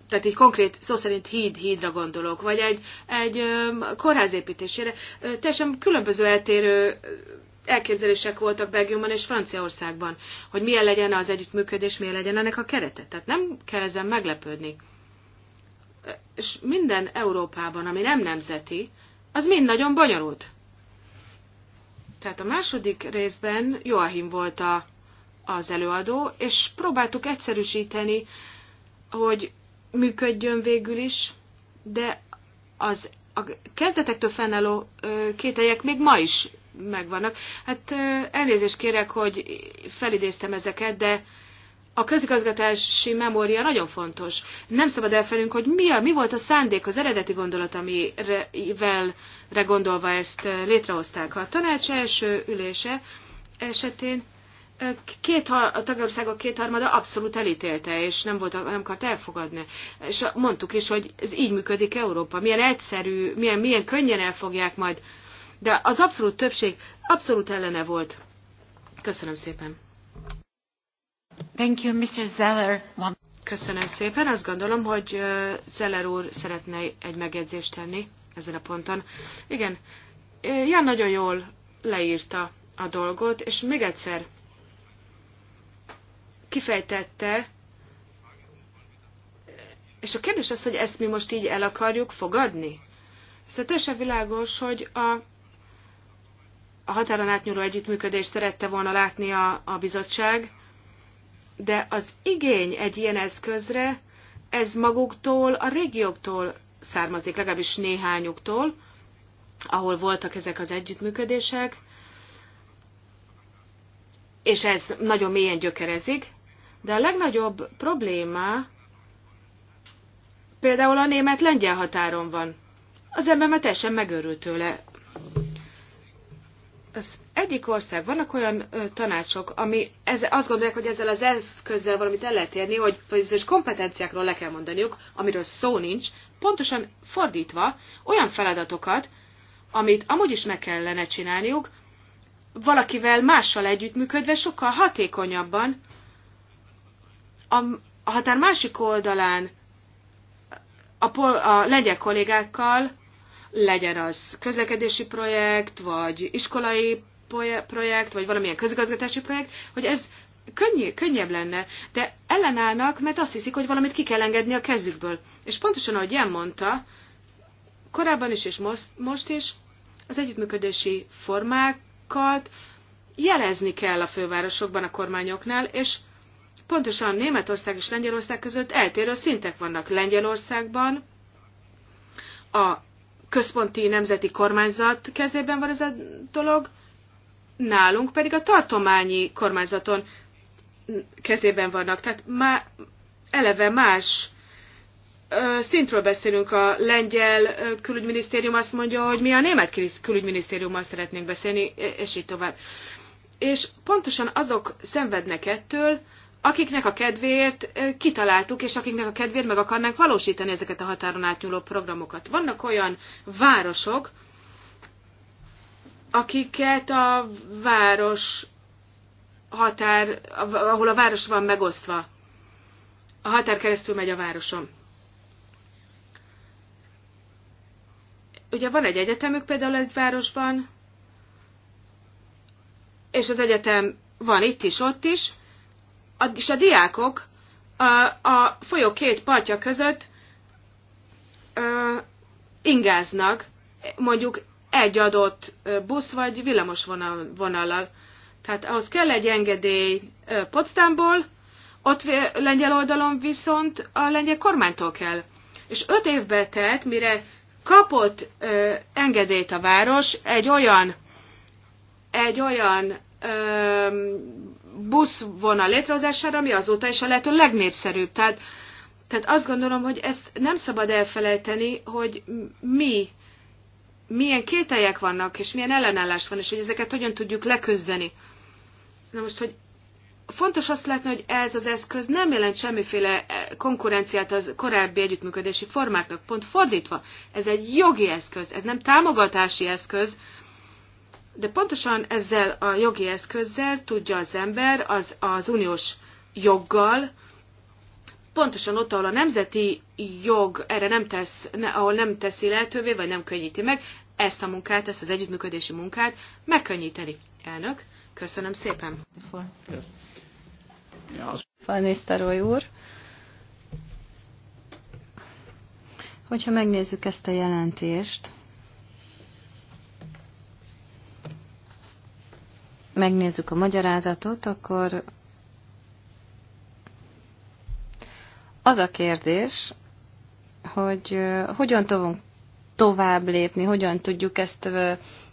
tehát így konkrét, szó szerint híd, hídra gondolok, vagy egy, egy kórház építésére. Teljesen különböző eltérő elképzelések voltak Belgiumban és Franciaországban, hogy milyen legyen az együttműködés, milyen legyen ennek a kerete. Tehát nem kell ezen meglepődni. És minden Európában, ami nem nemzeti, az mind nagyon bonyolult. Tehát a második részben Joachim volt a az előadó, és próbáltuk egyszerűsíteni, hogy működjön végül is, de az a kezdetektől fennálló kételyek még ma is megvannak. Hát elnézést kérek, hogy felidéztem ezeket, de a közigazgatási memória nagyon fontos. Nem szabad elfelünk, hogy mi, a, mi volt a szándék, az eredeti gondolat, amivel gondolva ezt létrehozták. A tanács első ülése esetén két, a tagországok kétharmada abszolút elítélte, és nem, volt, nem akart elfogadni. És mondtuk is, hogy ez így működik Európa. Milyen egyszerű, milyen, milyen könnyen elfogják majd. De az abszolút többség abszolút ellene volt. Köszönöm szépen. Thank you, Mr. Zeller. Köszönöm szépen. Azt gondolom, hogy Zeller úr szeretne egy megjegyzést tenni ezen a ponton. Igen, Jan nagyon jól leírta a dolgot, és még egyszer kifejtette, és a kérdés az, hogy ezt mi most így el akarjuk fogadni? Szóval teljesen világos, hogy a, a határon átnyúló együttműködést szerette volna látni a, a bizottság, de az igény egy ilyen eszközre, ez maguktól, a régióktól származik, legalábbis néhányuktól, ahol voltak ezek az együttműködések, és ez nagyon mélyen gyökerezik, de a legnagyobb probléma például a német-lengyel határon van. Az ember már teljesen megőrült tőle. Az egyik ország, vannak olyan ö, tanácsok, ami ez, azt gondolják, hogy ezzel az eszközzel valamit el lehet érni, hogy bizonyos kompetenciákról le kell mondaniuk, amiről szó nincs, pontosan fordítva olyan feladatokat, amit amúgy is meg kellene csinálniuk, valakivel mással együttműködve sokkal hatékonyabban, a, a határ másik oldalán a, pol, a lengyel kollégákkal, legyen az közlekedési projekt, vagy iskolai projekt, vagy valamilyen közigazgatási projekt, hogy ez könnyi, könnyebb lenne, de ellenállnak, mert azt hiszik, hogy valamit ki kell engedni a kezükből. És pontosan, ahogy Jan mondta, korábban is és most, most is, az együttműködési formákat jelezni kell a fővárosokban a kormányoknál, és pontosan Németország és Lengyelország között eltérő szintek vannak. Lengyelországban a központi nemzeti kormányzat kezében van ez a dolog, nálunk pedig a tartományi kormányzaton kezében vannak. Tehát már eleve más szintről beszélünk. A lengyel külügyminisztérium azt mondja, hogy mi a német külügyminisztériummal szeretnénk beszélni, és így tovább. És pontosan azok szenvednek ettől, akiknek a kedvéért kitaláltuk, és akiknek a kedvéért meg akarnánk valósítani ezeket a határon átnyúló programokat. Vannak olyan városok, akiket a város határ, ahol a város van megosztva. A határ keresztül megy a városom. Ugye van egy egyetemük például egy városban, és az egyetem van itt is, ott is, és a diákok a, a folyó két partja között a, ingáznak, mondjuk egy adott busz vagy villamos vonal, vonallal. Tehát ahhoz kell egy engedély Potsdamból, ott lengyel oldalon viszont a lengyel kormánytól kell. És öt évbe telt, mire kapott ö, engedélyt a város egy olyan, egy olyan ö, vonal létrehozására, ami azóta is a lehető legnépszerűbb. Tehát, tehát azt gondolom, hogy ezt nem szabad elfelejteni, hogy mi, milyen kételjek vannak, és milyen ellenállás van, és hogy ezeket hogyan tudjuk leküzdeni. Na most, hogy fontos azt látni, hogy ez az eszköz nem jelent semmiféle eh, konkurenciát az korábbi együttműködési formáknak. Pont fordítva, ez egy jogi eszköz, ez nem támogatási eszköz, de pontosan ezzel a jogi eszközzel tudja az ember az, az uniós joggal, pontosan ott, ahol a nemzeti jog erre nem tesz, ne, ahol nem teszi lehetővé, vagy nem könnyíti meg, ezt a munkát, ezt az együttműködési munkát megkönnyíteni. Elnök, köszönöm szépen. Falnésztároly úr, hogyha megnézzük ezt a jelentést, megnézzük a magyarázatot, akkor az a kérdés, hogy hogyan tudunk tovább lépni, hogyan tudjuk ezt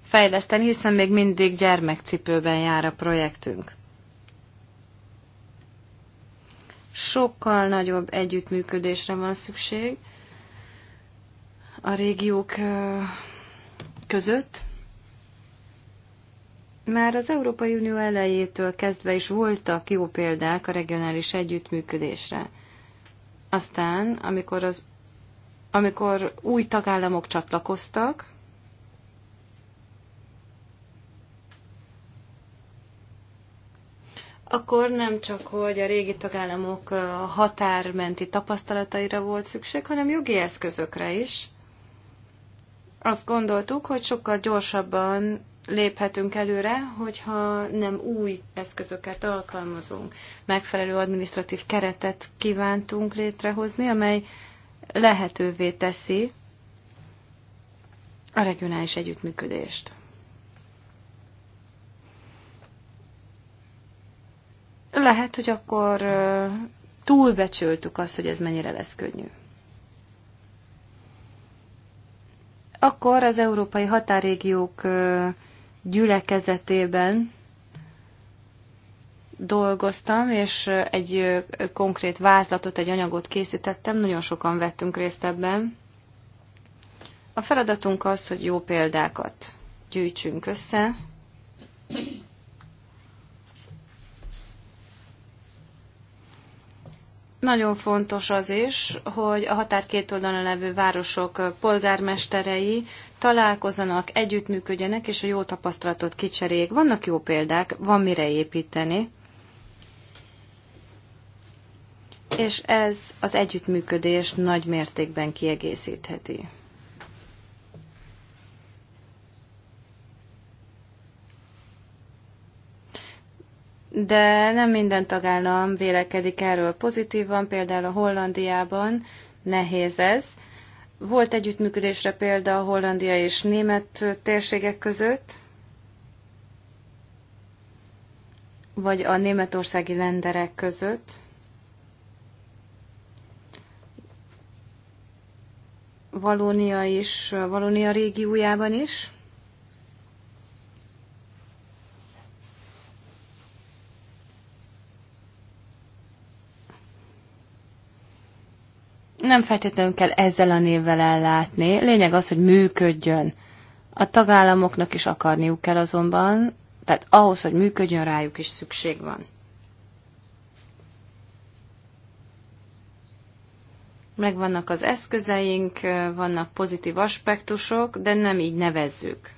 fejleszteni, hiszen még mindig gyermekcipőben jár a projektünk. Sokkal nagyobb együttműködésre van szükség a régiók között, már az Európai Unió elejétől kezdve is voltak jó példák a regionális együttműködésre. Aztán, amikor, az, amikor új tagállamok csatlakoztak, akkor nem csak, hogy a régi tagállamok határmenti tapasztalataira volt szükség, hanem jogi eszközökre is. Azt gondoltuk, hogy sokkal gyorsabban léphetünk előre, hogyha nem új eszközöket alkalmazunk. Megfelelő administratív keretet kívántunk létrehozni, amely lehetővé teszi a regionális együttműködést. Lehet, hogy akkor túlbecsültük azt, hogy ez mennyire lesz könnyű. Akkor az európai határégiók gyülekezetében dolgoztam, és egy konkrét vázlatot, egy anyagot készítettem, nagyon sokan vettünk részt ebben. A feladatunk az, hogy jó példákat gyűjtsünk össze, nagyon fontos az is, hogy a határ két oldalon levő városok polgármesterei találkozanak, együttműködjenek, és a jó tapasztalatot kicseréljék. Vannak jó példák, van mire építeni. És ez az együttműködés nagy mértékben kiegészítheti. de nem minden tagállam vélekedik erről pozitívan, például a Hollandiában nehéz ez. Volt együttműködésre példa a Hollandia és Német térségek között, vagy a németországi lenderek között. Valónia is, Valónia régiójában is. nem feltétlenül kell ezzel a névvel ellátni. Lényeg az, hogy működjön. A tagállamoknak is akarniuk kell azonban, tehát ahhoz, hogy működjön, rájuk is szükség van. Megvannak az eszközeink, vannak pozitív aspektusok, de nem így nevezzük.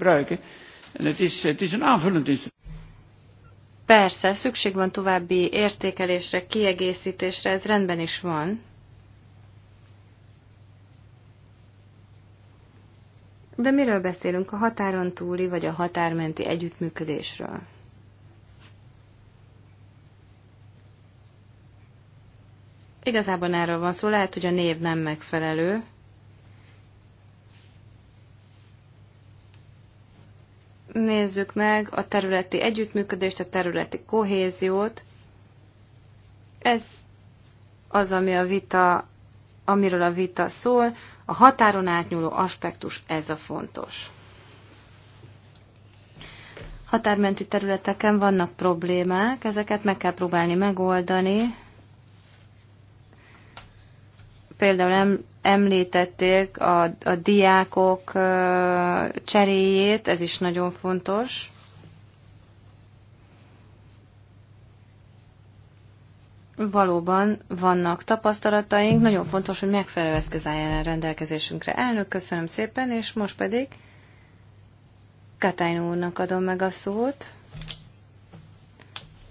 okay. En het is, het is een aanvullend instrument. Persze, szükség van további értékelésre, kiegészítésre, ez rendben is van. De miről beszélünk a határon túli vagy a határmenti együttműködésről? Igazából erről van szó, lehet, hogy a név nem megfelelő, nézzük meg a területi együttműködést, a területi kohéziót. Ez az, ami a vita, amiről a vita szól. A határon átnyúló aspektus ez a fontos. Határmenti területeken vannak problémák, ezeket meg kell próbálni megoldani. Például említették a, a diákok cseréjét, ez is nagyon fontos. Valóban vannak tapasztalataink, nagyon fontos, hogy megfelelő eszköz álljon rendelkezésünkre. Elnök, köszönöm szépen, és most pedig Katány úrnak adom meg a szót,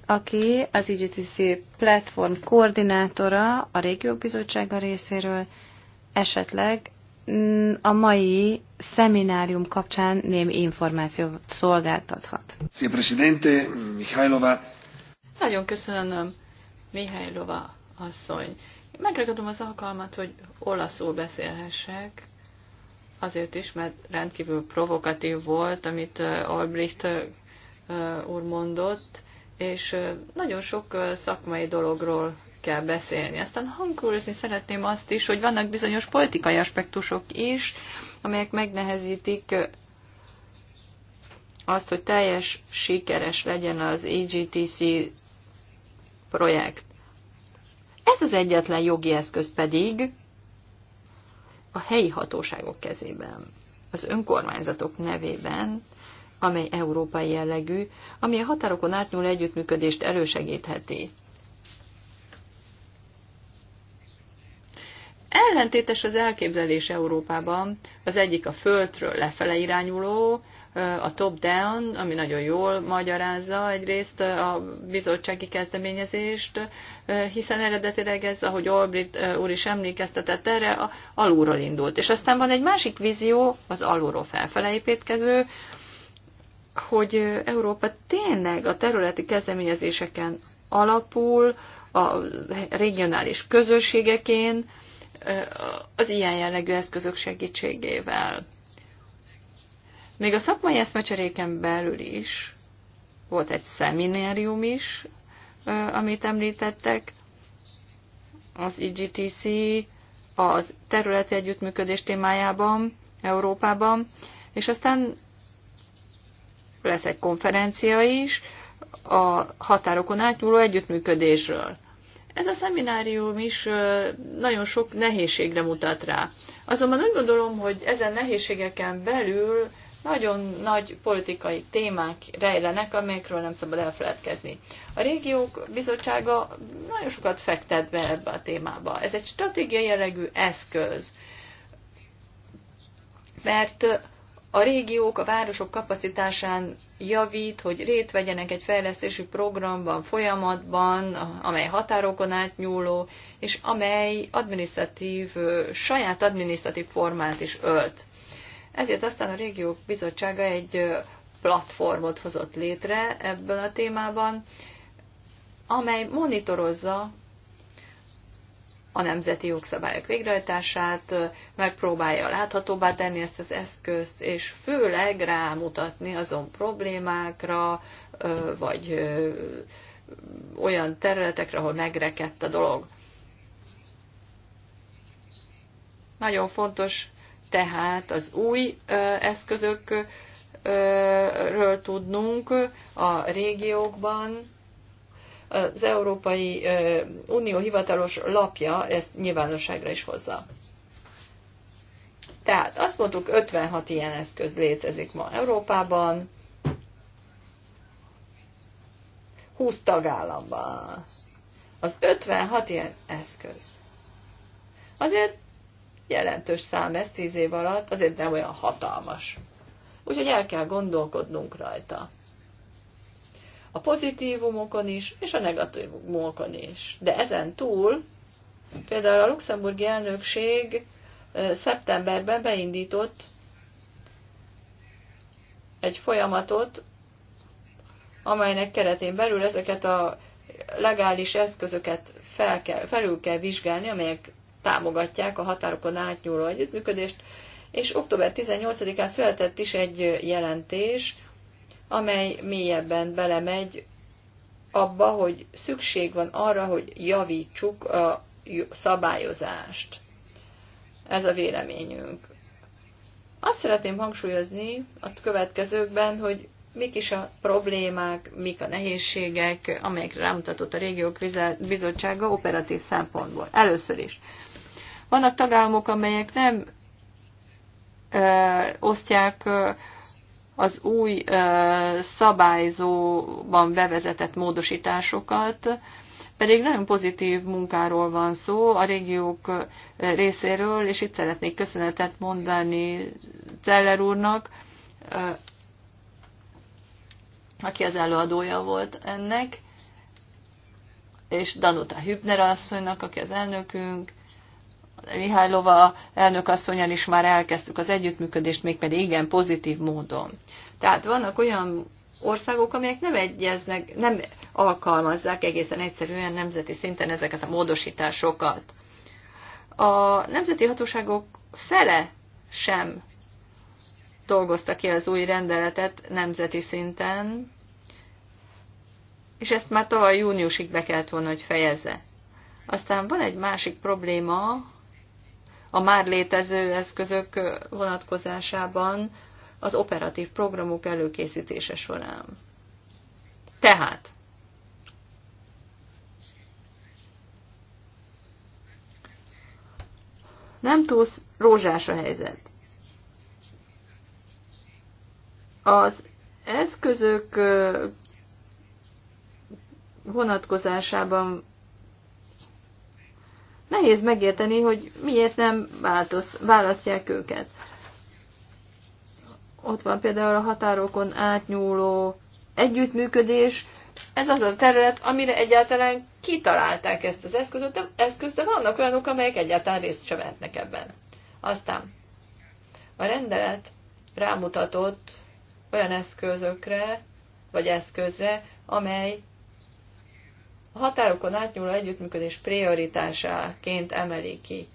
aki az IGTC platform koordinátora a Régiók Bizottsága részéről, esetleg mm, a mai szeminárium kapcsán némi információt szolgáltathat. Szia, Presidente, Mihailova. Nagyon köszönöm, Mihailova asszony. Megragadom az alkalmat, hogy olaszul beszélhessek, azért is, mert rendkívül provokatív volt, amit Albrecht úr mondott, és nagyon sok szakmai dologról kell beszélni. Aztán hangulni szeretném azt is, hogy vannak bizonyos politikai aspektusok is, amelyek megnehezítik azt, hogy teljes sikeres legyen az EGTC projekt. Ez az egyetlen jogi eszköz pedig a helyi hatóságok kezében, az önkormányzatok nevében, amely európai jellegű, ami a határokon átnyúló együttműködést elősegítheti. Ellentétes az elképzelés Európában. Az egyik a földről lefele irányuló, a top-down, ami nagyon jól magyarázza egyrészt a bizottsági kezdeményezést, hiszen eredetileg ez, ahogy Albrecht úr is emlékeztetett erre, alulról indult. És aztán van egy másik vízió, az alulról felfele építkező, hogy Európa tényleg a területi kezdeményezéseken alapul, a regionális közösségekén, az ilyen jellegű eszközök segítségével. Még a szakmai eszmecseréken belül is volt egy szeminárium is, amit említettek, az IGTC, az területi együttműködés témájában, Európában, és aztán lesz egy konferencia is a határokon átnyúló együttműködésről. Ez a szeminárium is nagyon sok nehézségre mutat rá. Azonban úgy gondolom, hogy ezen nehézségeken belül nagyon nagy politikai témák rejlenek, amelyekről nem szabad elfeledkezni. A régiók bizottsága nagyon sokat fektet be ebbe a témába. Ez egy stratégiai jellegű eszköz, mert a régiók, a városok kapacitásán javít, hogy rét vegyenek egy fejlesztési programban, folyamatban, amely határokon átnyúló, és amely adminisztratív, saját adminisztratív formát is ölt. Ezért aztán a régiók bizottsága egy platformot hozott létre ebben a témában, amely monitorozza a nemzeti jogszabályok végrehajtását, megpróbálja láthatóbbá tenni ezt az eszközt, és főleg rámutatni azon problémákra, vagy olyan területekre, ahol megrekedt a dolog. Nagyon fontos tehát az új eszközökről tudnunk a régiókban, az Európai Unió hivatalos lapja ezt nyilvánosságra is hozza. Tehát azt mondtuk, 56 ilyen eszköz létezik ma Európában, 20 tagállamban. Az 56 ilyen eszköz. Azért jelentős szám ez 10 év alatt, azért nem olyan hatalmas. Úgyhogy el kell gondolkodnunk rajta a pozitívumokon is, és a negatívumokon is. De ezen túl például a luxemburgi elnökség szeptemberben beindított egy folyamatot, amelynek keretén belül ezeket a legális eszközöket fel kell, felül kell vizsgálni, amelyek támogatják a határokon átnyúló együttműködést, és október 18-án született is egy jelentés, amely mélyebben belemegy abba, hogy szükség van arra, hogy javítsuk a szabályozást. Ez a véleményünk. Azt szeretném hangsúlyozni a következőkben, hogy mik is a problémák, mik a nehézségek, amelyekre rámutatott a régiók bizottsága operatív szempontból. Először is. Vannak tagállamok, amelyek nem ö, osztják ö, az új szabályzóban bevezetett módosításokat, pedig nagyon pozitív munkáról van szó a régiók részéről, és itt szeretnék köszönetet mondani Celler úrnak, aki az előadója volt ennek, és Danuta Hübner asszonynak, aki az elnökünk, Mihálylova elnökasszonyal is már elkezdtük az együttműködést, mégpedig igen pozitív módon. Tehát vannak olyan országok, amelyek nem egyeznek, nem alkalmazzák egészen egyszerűen nemzeti szinten ezeket a módosításokat. A nemzeti hatóságok fele sem dolgozta ki az új rendeletet nemzeti szinten, és ezt már tavaly júniusig be kellett volna, hogy fejezze. Aztán van egy másik probléma, a már létező eszközök vonatkozásában az operatív programok előkészítése során. Tehát, nem túl rózsás a helyzet. Az eszközök vonatkozásában Nehéz megérteni, hogy miért nem változ, választják őket. Ott van például a határokon átnyúló együttműködés. Ez az a terület, amire egyáltalán kitalálták ezt az eszközöt, de, eszközt, de vannak olyanok, amelyek egyáltalán részt sem vehetnek ebben. Aztán a rendelet rámutatott olyan eszközökre, vagy eszközre, amely a határokon átnyúló együttműködés prioritásáként emeli ki.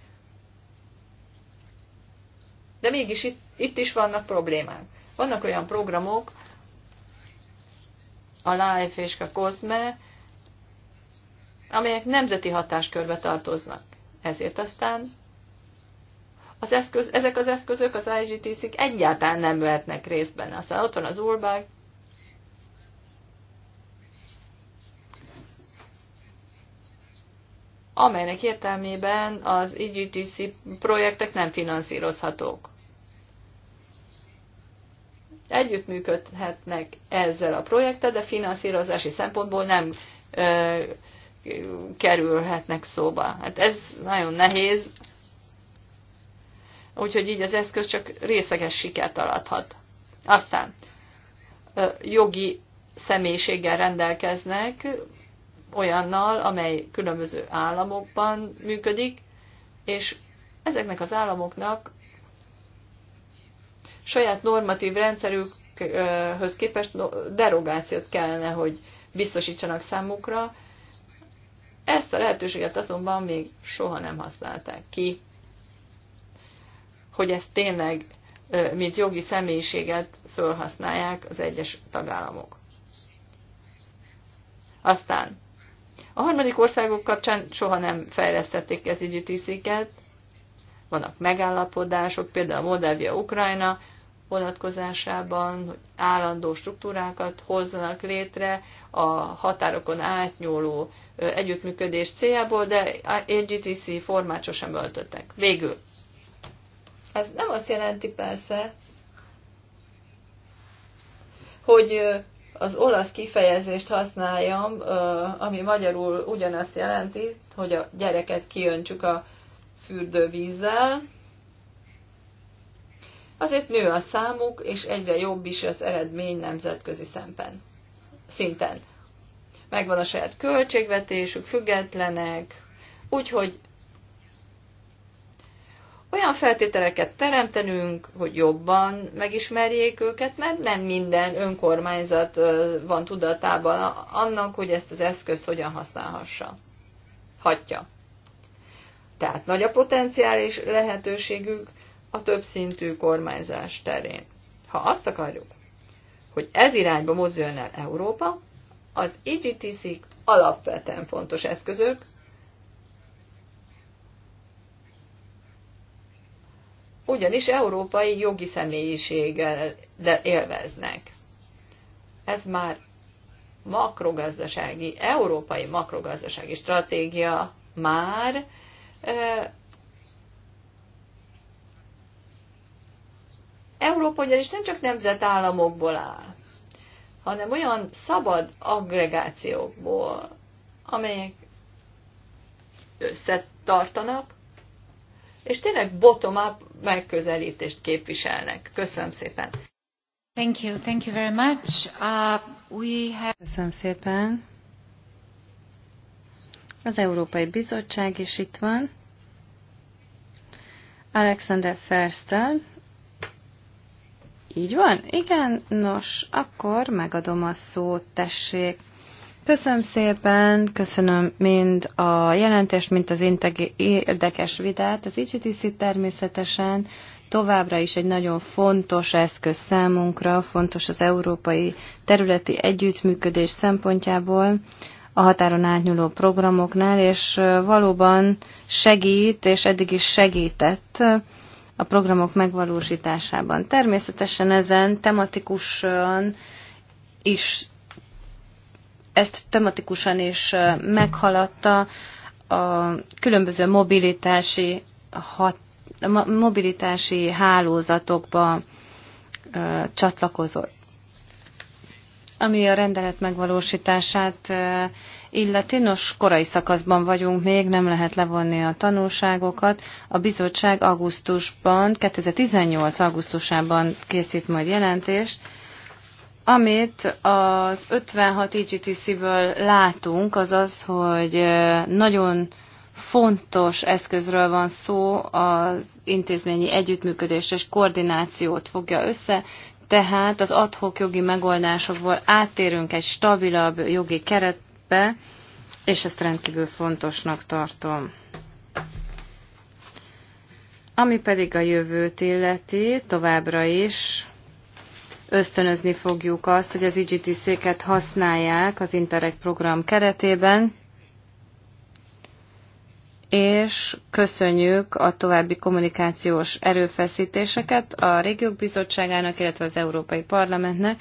De mégis itt, itt is vannak problémák. Vannak olyan programok, a Life és a Cosme, amelyek nemzeti hatáskörbe tartoznak. Ezért aztán az eszköz, ezek az eszközök, az IGTC-k egyáltalán nem vehetnek részt benne. Aztán ott van az Urbák amelynek értelmében az IGTC projektek nem finanszírozhatók. Együttműködhetnek ezzel a projekttel, de finanszírozási szempontból nem ö, kerülhetnek szóba. Hát ez nagyon nehéz, úgyhogy így az eszköz csak részeges sikert alathat. Aztán jogi személyiséggel rendelkeznek, olyannal, amely különböző államokban működik, és ezeknek az államoknak saját normatív rendszerükhöz képest derogációt kellene, hogy biztosítsanak számukra. Ezt a lehetőséget azonban még soha nem használták ki, hogy ezt tényleg, mint jogi személyiséget felhasználják az egyes tagállamok. Aztán a harmadik országok kapcsán soha nem fejlesztették az IGTC-ket, vannak megállapodások, például Moldávia, Ukrajna vonatkozásában, hogy állandó struktúrákat hozzanak létre a határokon átnyúló együttműködés céljából, de IGTC formát sosem öltöttek. Végül. Ez nem azt jelenti persze, hogy az olasz kifejezést használjam, ami magyarul ugyanazt jelenti, hogy a gyereket kiöntsük a fürdővízzel. Azért nő a számuk, és egyre jobb is az eredmény nemzetközi szempen. Szinten. Megvan a saját költségvetésük, függetlenek, úgyhogy olyan feltételeket teremtenünk, hogy jobban megismerjék őket, mert nem minden önkormányzat van tudatában annak, hogy ezt az eszközt hogyan használhassa. Hatja. Tehát nagy a potenciális lehetőségük a többszintű kormányzás terén. Ha azt akarjuk, hogy ez irányba mozduljon el Európa, az IGTC alapvetően fontos eszközök, ugyanis európai jogi személyiséggel élveznek. Ez már makrogazdasági, európai makrogazdasági stratégia már Európa ugyanis nem csak nemzetállamokból áll, hanem olyan szabad aggregációkból, amelyek összetartanak, és tényleg bottom-up megközelítést képviselnek. Köszönöm szépen. Thank you, thank you very much. Uh, we have... Köszönöm szépen. Az Európai Bizottság is itt van. Alexander Ferstel. Így van? Igen, nos, akkor megadom a szót, tessék. Köszönöm szépen, köszönöm mind a jelentést, mind az érdekes vidát. Az IGTC természetesen továbbra is egy nagyon fontos eszköz számunkra, fontos az európai területi együttműködés szempontjából a határon átnyúló programoknál, és valóban segít, és eddig is segített a programok megvalósításában. Természetesen ezen tematikusan is ezt tematikusan is meghaladta a különböző mobilitási, hat, mobilitási hálózatokba csatlakozott. Ami a rendelet megvalósítását illeti, nos, korai szakaszban vagyunk még, nem lehet levonni a tanulságokat. A bizottság augusztusban, 2018. augusztusában készít majd jelentést, amit az 56 IGTC-ből látunk, az az, hogy nagyon fontos eszközről van szó, az intézményi együttműködés és koordinációt fogja össze, tehát az adhok jogi megoldásokból áttérünk egy stabilabb jogi keretbe, és ezt rendkívül fontosnak tartom. Ami pedig a jövőt illeti, továbbra is ösztönözni fogjuk azt, hogy az IGT széket használják az Interreg program keretében, és köszönjük a további kommunikációs erőfeszítéseket a Régiók Bizottságának, illetve az Európai Parlamentnek.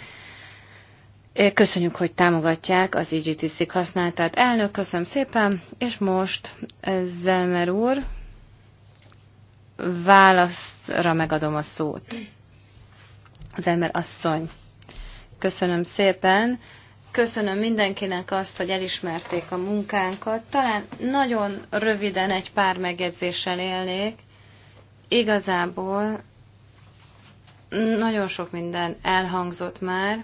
Köszönjük, hogy támogatják az IGT szék használatát. Elnök, köszönöm szépen, és most Zelmer úr, válaszra megadom a szót. Az ember asszony. Köszönöm szépen. Köszönöm mindenkinek azt, hogy elismerték a munkánkat. Talán nagyon röviden egy pár megjegyzéssel élnék. Igazából nagyon sok minden elhangzott már,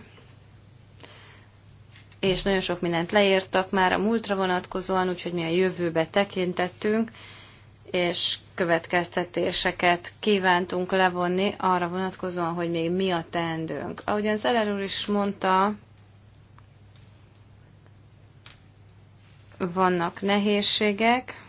és nagyon sok mindent leírtak már a múltra vonatkozóan, úgyhogy mi a jövőbe tekintettünk és következtetéseket kívántunk levonni arra vonatkozóan, hogy még mi a teendőnk. Ahogyan Zeller úr is mondta, vannak nehézségek.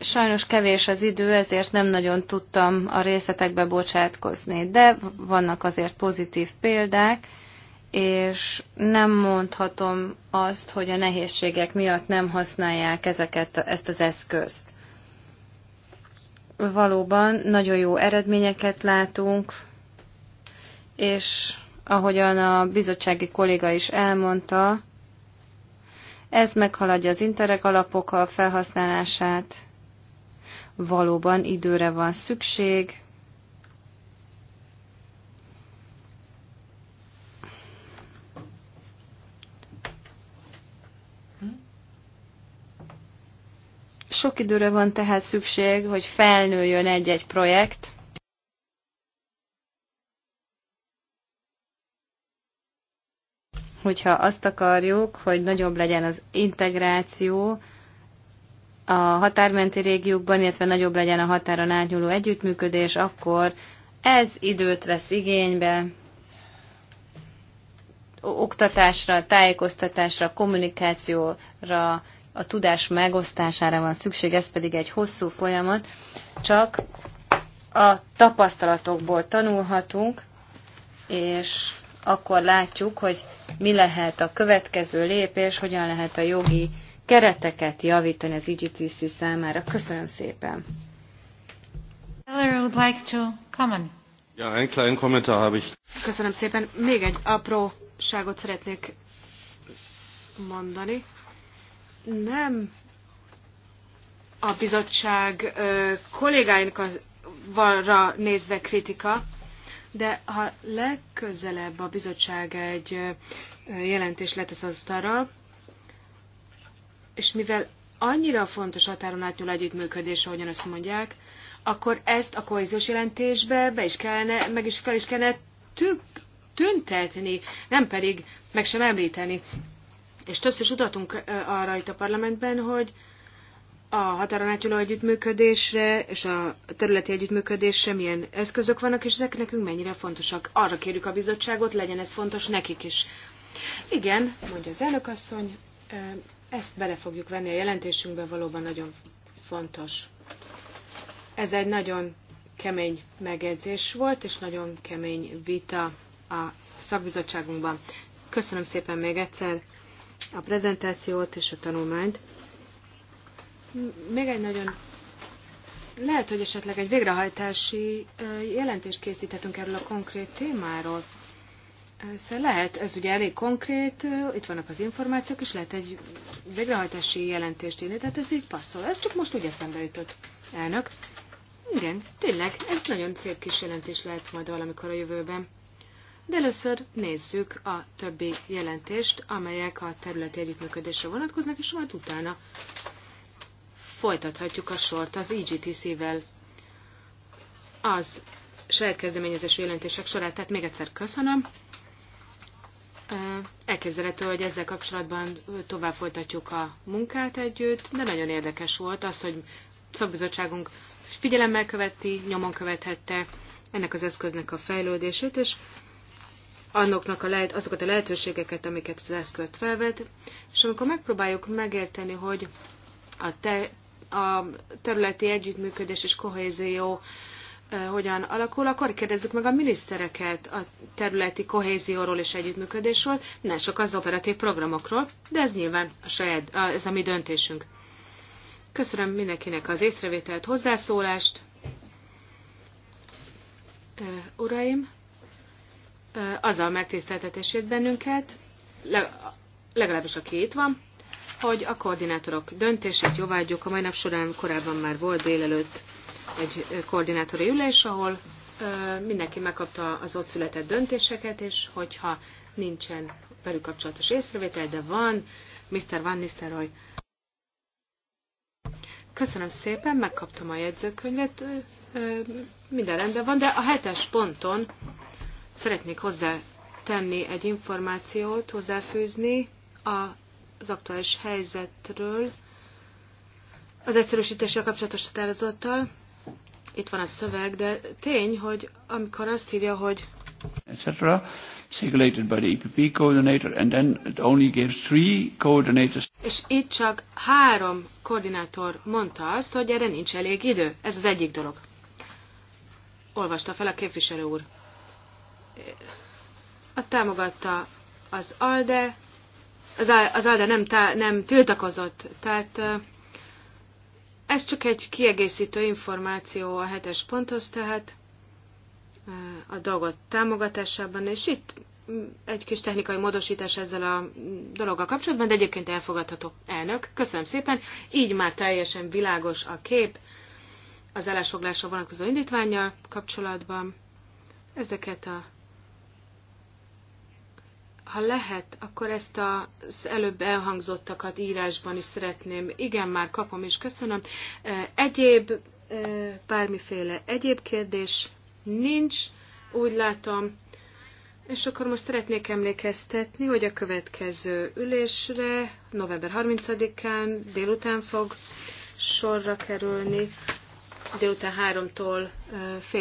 Sajnos kevés az idő, ezért nem nagyon tudtam a részletekbe bocsátkozni, de vannak azért pozitív példák, és nem mondhatom azt, hogy a nehézségek miatt nem használják ezeket, ezt az eszközt. Valóban nagyon jó eredményeket látunk, és ahogyan a bizottsági kolléga is elmondta, ez meghaladja az interreg alapok a felhasználását, valóban időre van szükség, Sok időre van tehát szükség, hogy felnőjön egy-egy projekt, hogyha azt akarjuk, hogy nagyobb legyen az integráció a határmenti régiókban, illetve nagyobb legyen a határon átnyúló együttműködés, akkor ez időt vesz igénybe oktatásra, tájékoztatásra, kommunikációra, a tudás megosztására van szükség, ez pedig egy hosszú folyamat, csak a tapasztalatokból tanulhatunk, és akkor látjuk, hogy mi lehet a következő lépés, hogyan lehet a jogi kereteket javítani az IGTC számára. Köszönöm szépen. Ja, Köszönöm szépen. Még egy apróságot szeretnék mondani nem a bizottság kollégáinkra nézve kritika, de ha legközelebb a bizottság egy jelentés letesz asztalra, és mivel annyira fontos határon átnyúl együttműködés, ahogyan azt mondják, akkor ezt a kohéziós jelentésbe be is kellene, meg is fel is kellene tük, tüntetni, nem pedig meg sem említeni. És többször utaltunk arra itt a parlamentben, hogy a határon átnyúló együttműködésre és a területi együttműködésre milyen eszközök vannak, és ezek nekünk mennyire fontosak. Arra kérjük a bizottságot, legyen ez fontos nekik is. Igen, mondja az elnökasszony, ezt bele fogjuk venni a jelentésünkbe, valóban nagyon fontos. Ez egy nagyon kemény megjegyzés volt, és nagyon kemény vita a szakbizottságunkban. Köszönöm szépen még egyszer a prezentációt és a tanulmányt. Még egy nagyon lehet, hogy esetleg egy végrehajtási jelentést készíthetünk erről a konkrét témáról. Ez lehet, ez ugye elég konkrét, itt vannak az információk, és lehet egy végrehajtási jelentést írni, tehát ez így passzol. Ez csak most úgy eszembe jutott, elnök. Igen, tényleg, ez nagyon szép kis jelentés lehet majd valamikor a jövőben. De először nézzük a többi jelentést, amelyek a területi együttműködésre vonatkoznak, és majd utána folytathatjuk a sort az IGTC-vel. E az saját jelentések sorát, tehát még egyszer köszönöm. Elképzelhető, hogy ezzel kapcsolatban tovább folytatjuk a munkát együtt, de nagyon érdekes volt az, hogy szakbizottságunk figyelemmel követi, nyomon követhette ennek az eszköznek a fejlődését, és annoknak a lehet, azokat a lehetőségeket, amiket az eszköz felvet, és amikor megpróbáljuk megérteni, hogy a, te, a területi együttműködés és kohézió hogyan alakul, akkor kérdezzük meg a minisztereket a területi kohézióról és együttműködésről, ne csak az operatív programokról, de ez nyilván a saját, ez a mi döntésünk. Köszönöm mindenkinek az észrevételt, hozzászólást. Uraim, azzal megtiszteltetését bennünket, legalábbis aki itt van, hogy a koordinátorok döntését jóvágyjuk. A mai nap során korábban már volt délelőtt egy koordinátori ülés, ahol mindenki megkapta az ott született döntéseket, és hogyha nincsen velük kapcsolatos észrevétel, de van, Mr. Van Nistelrooy. Köszönöm szépen, megkaptam a jegyzőkönyvet, minden rendben van, de a hetes ponton Szeretnék hozzá tenni egy információt, hozzáfűzni az aktuális helyzetről, az egyszerűsítéssel kapcsolatos határozottal. Itt van a szöveg, de tény, hogy amikor azt írja, hogy etc. circulated by the EPP coordinator, and then it only gives three coordinators. És itt csak három koordinátor mondta azt, hogy erre nincs elég idő. Ez az egyik dolog. Olvasta fel a képviselő úr a támogatta az ALDE, az, az ALDE nem, tá, nem tiltakozott, tehát ez csak egy kiegészítő információ a hetes ponthoz, tehát a dolgot támogatásában, és itt egy kis technikai módosítás ezzel a dologgal kapcsolatban, de egyébként elfogadható elnök. Köszönöm szépen. Így már teljesen világos a kép az állásfoglásra vonatkozó indítványjal kapcsolatban. Ezeket a ha lehet, akkor ezt az előbb elhangzottakat írásban is szeretném. Igen, már kapom és köszönöm. Egyéb, bármiféle egyéb kérdés nincs, úgy látom. És akkor most szeretnék emlékeztetni, hogy a következő ülésre november 30-án délután fog sorra kerülni, délután 3-tól fél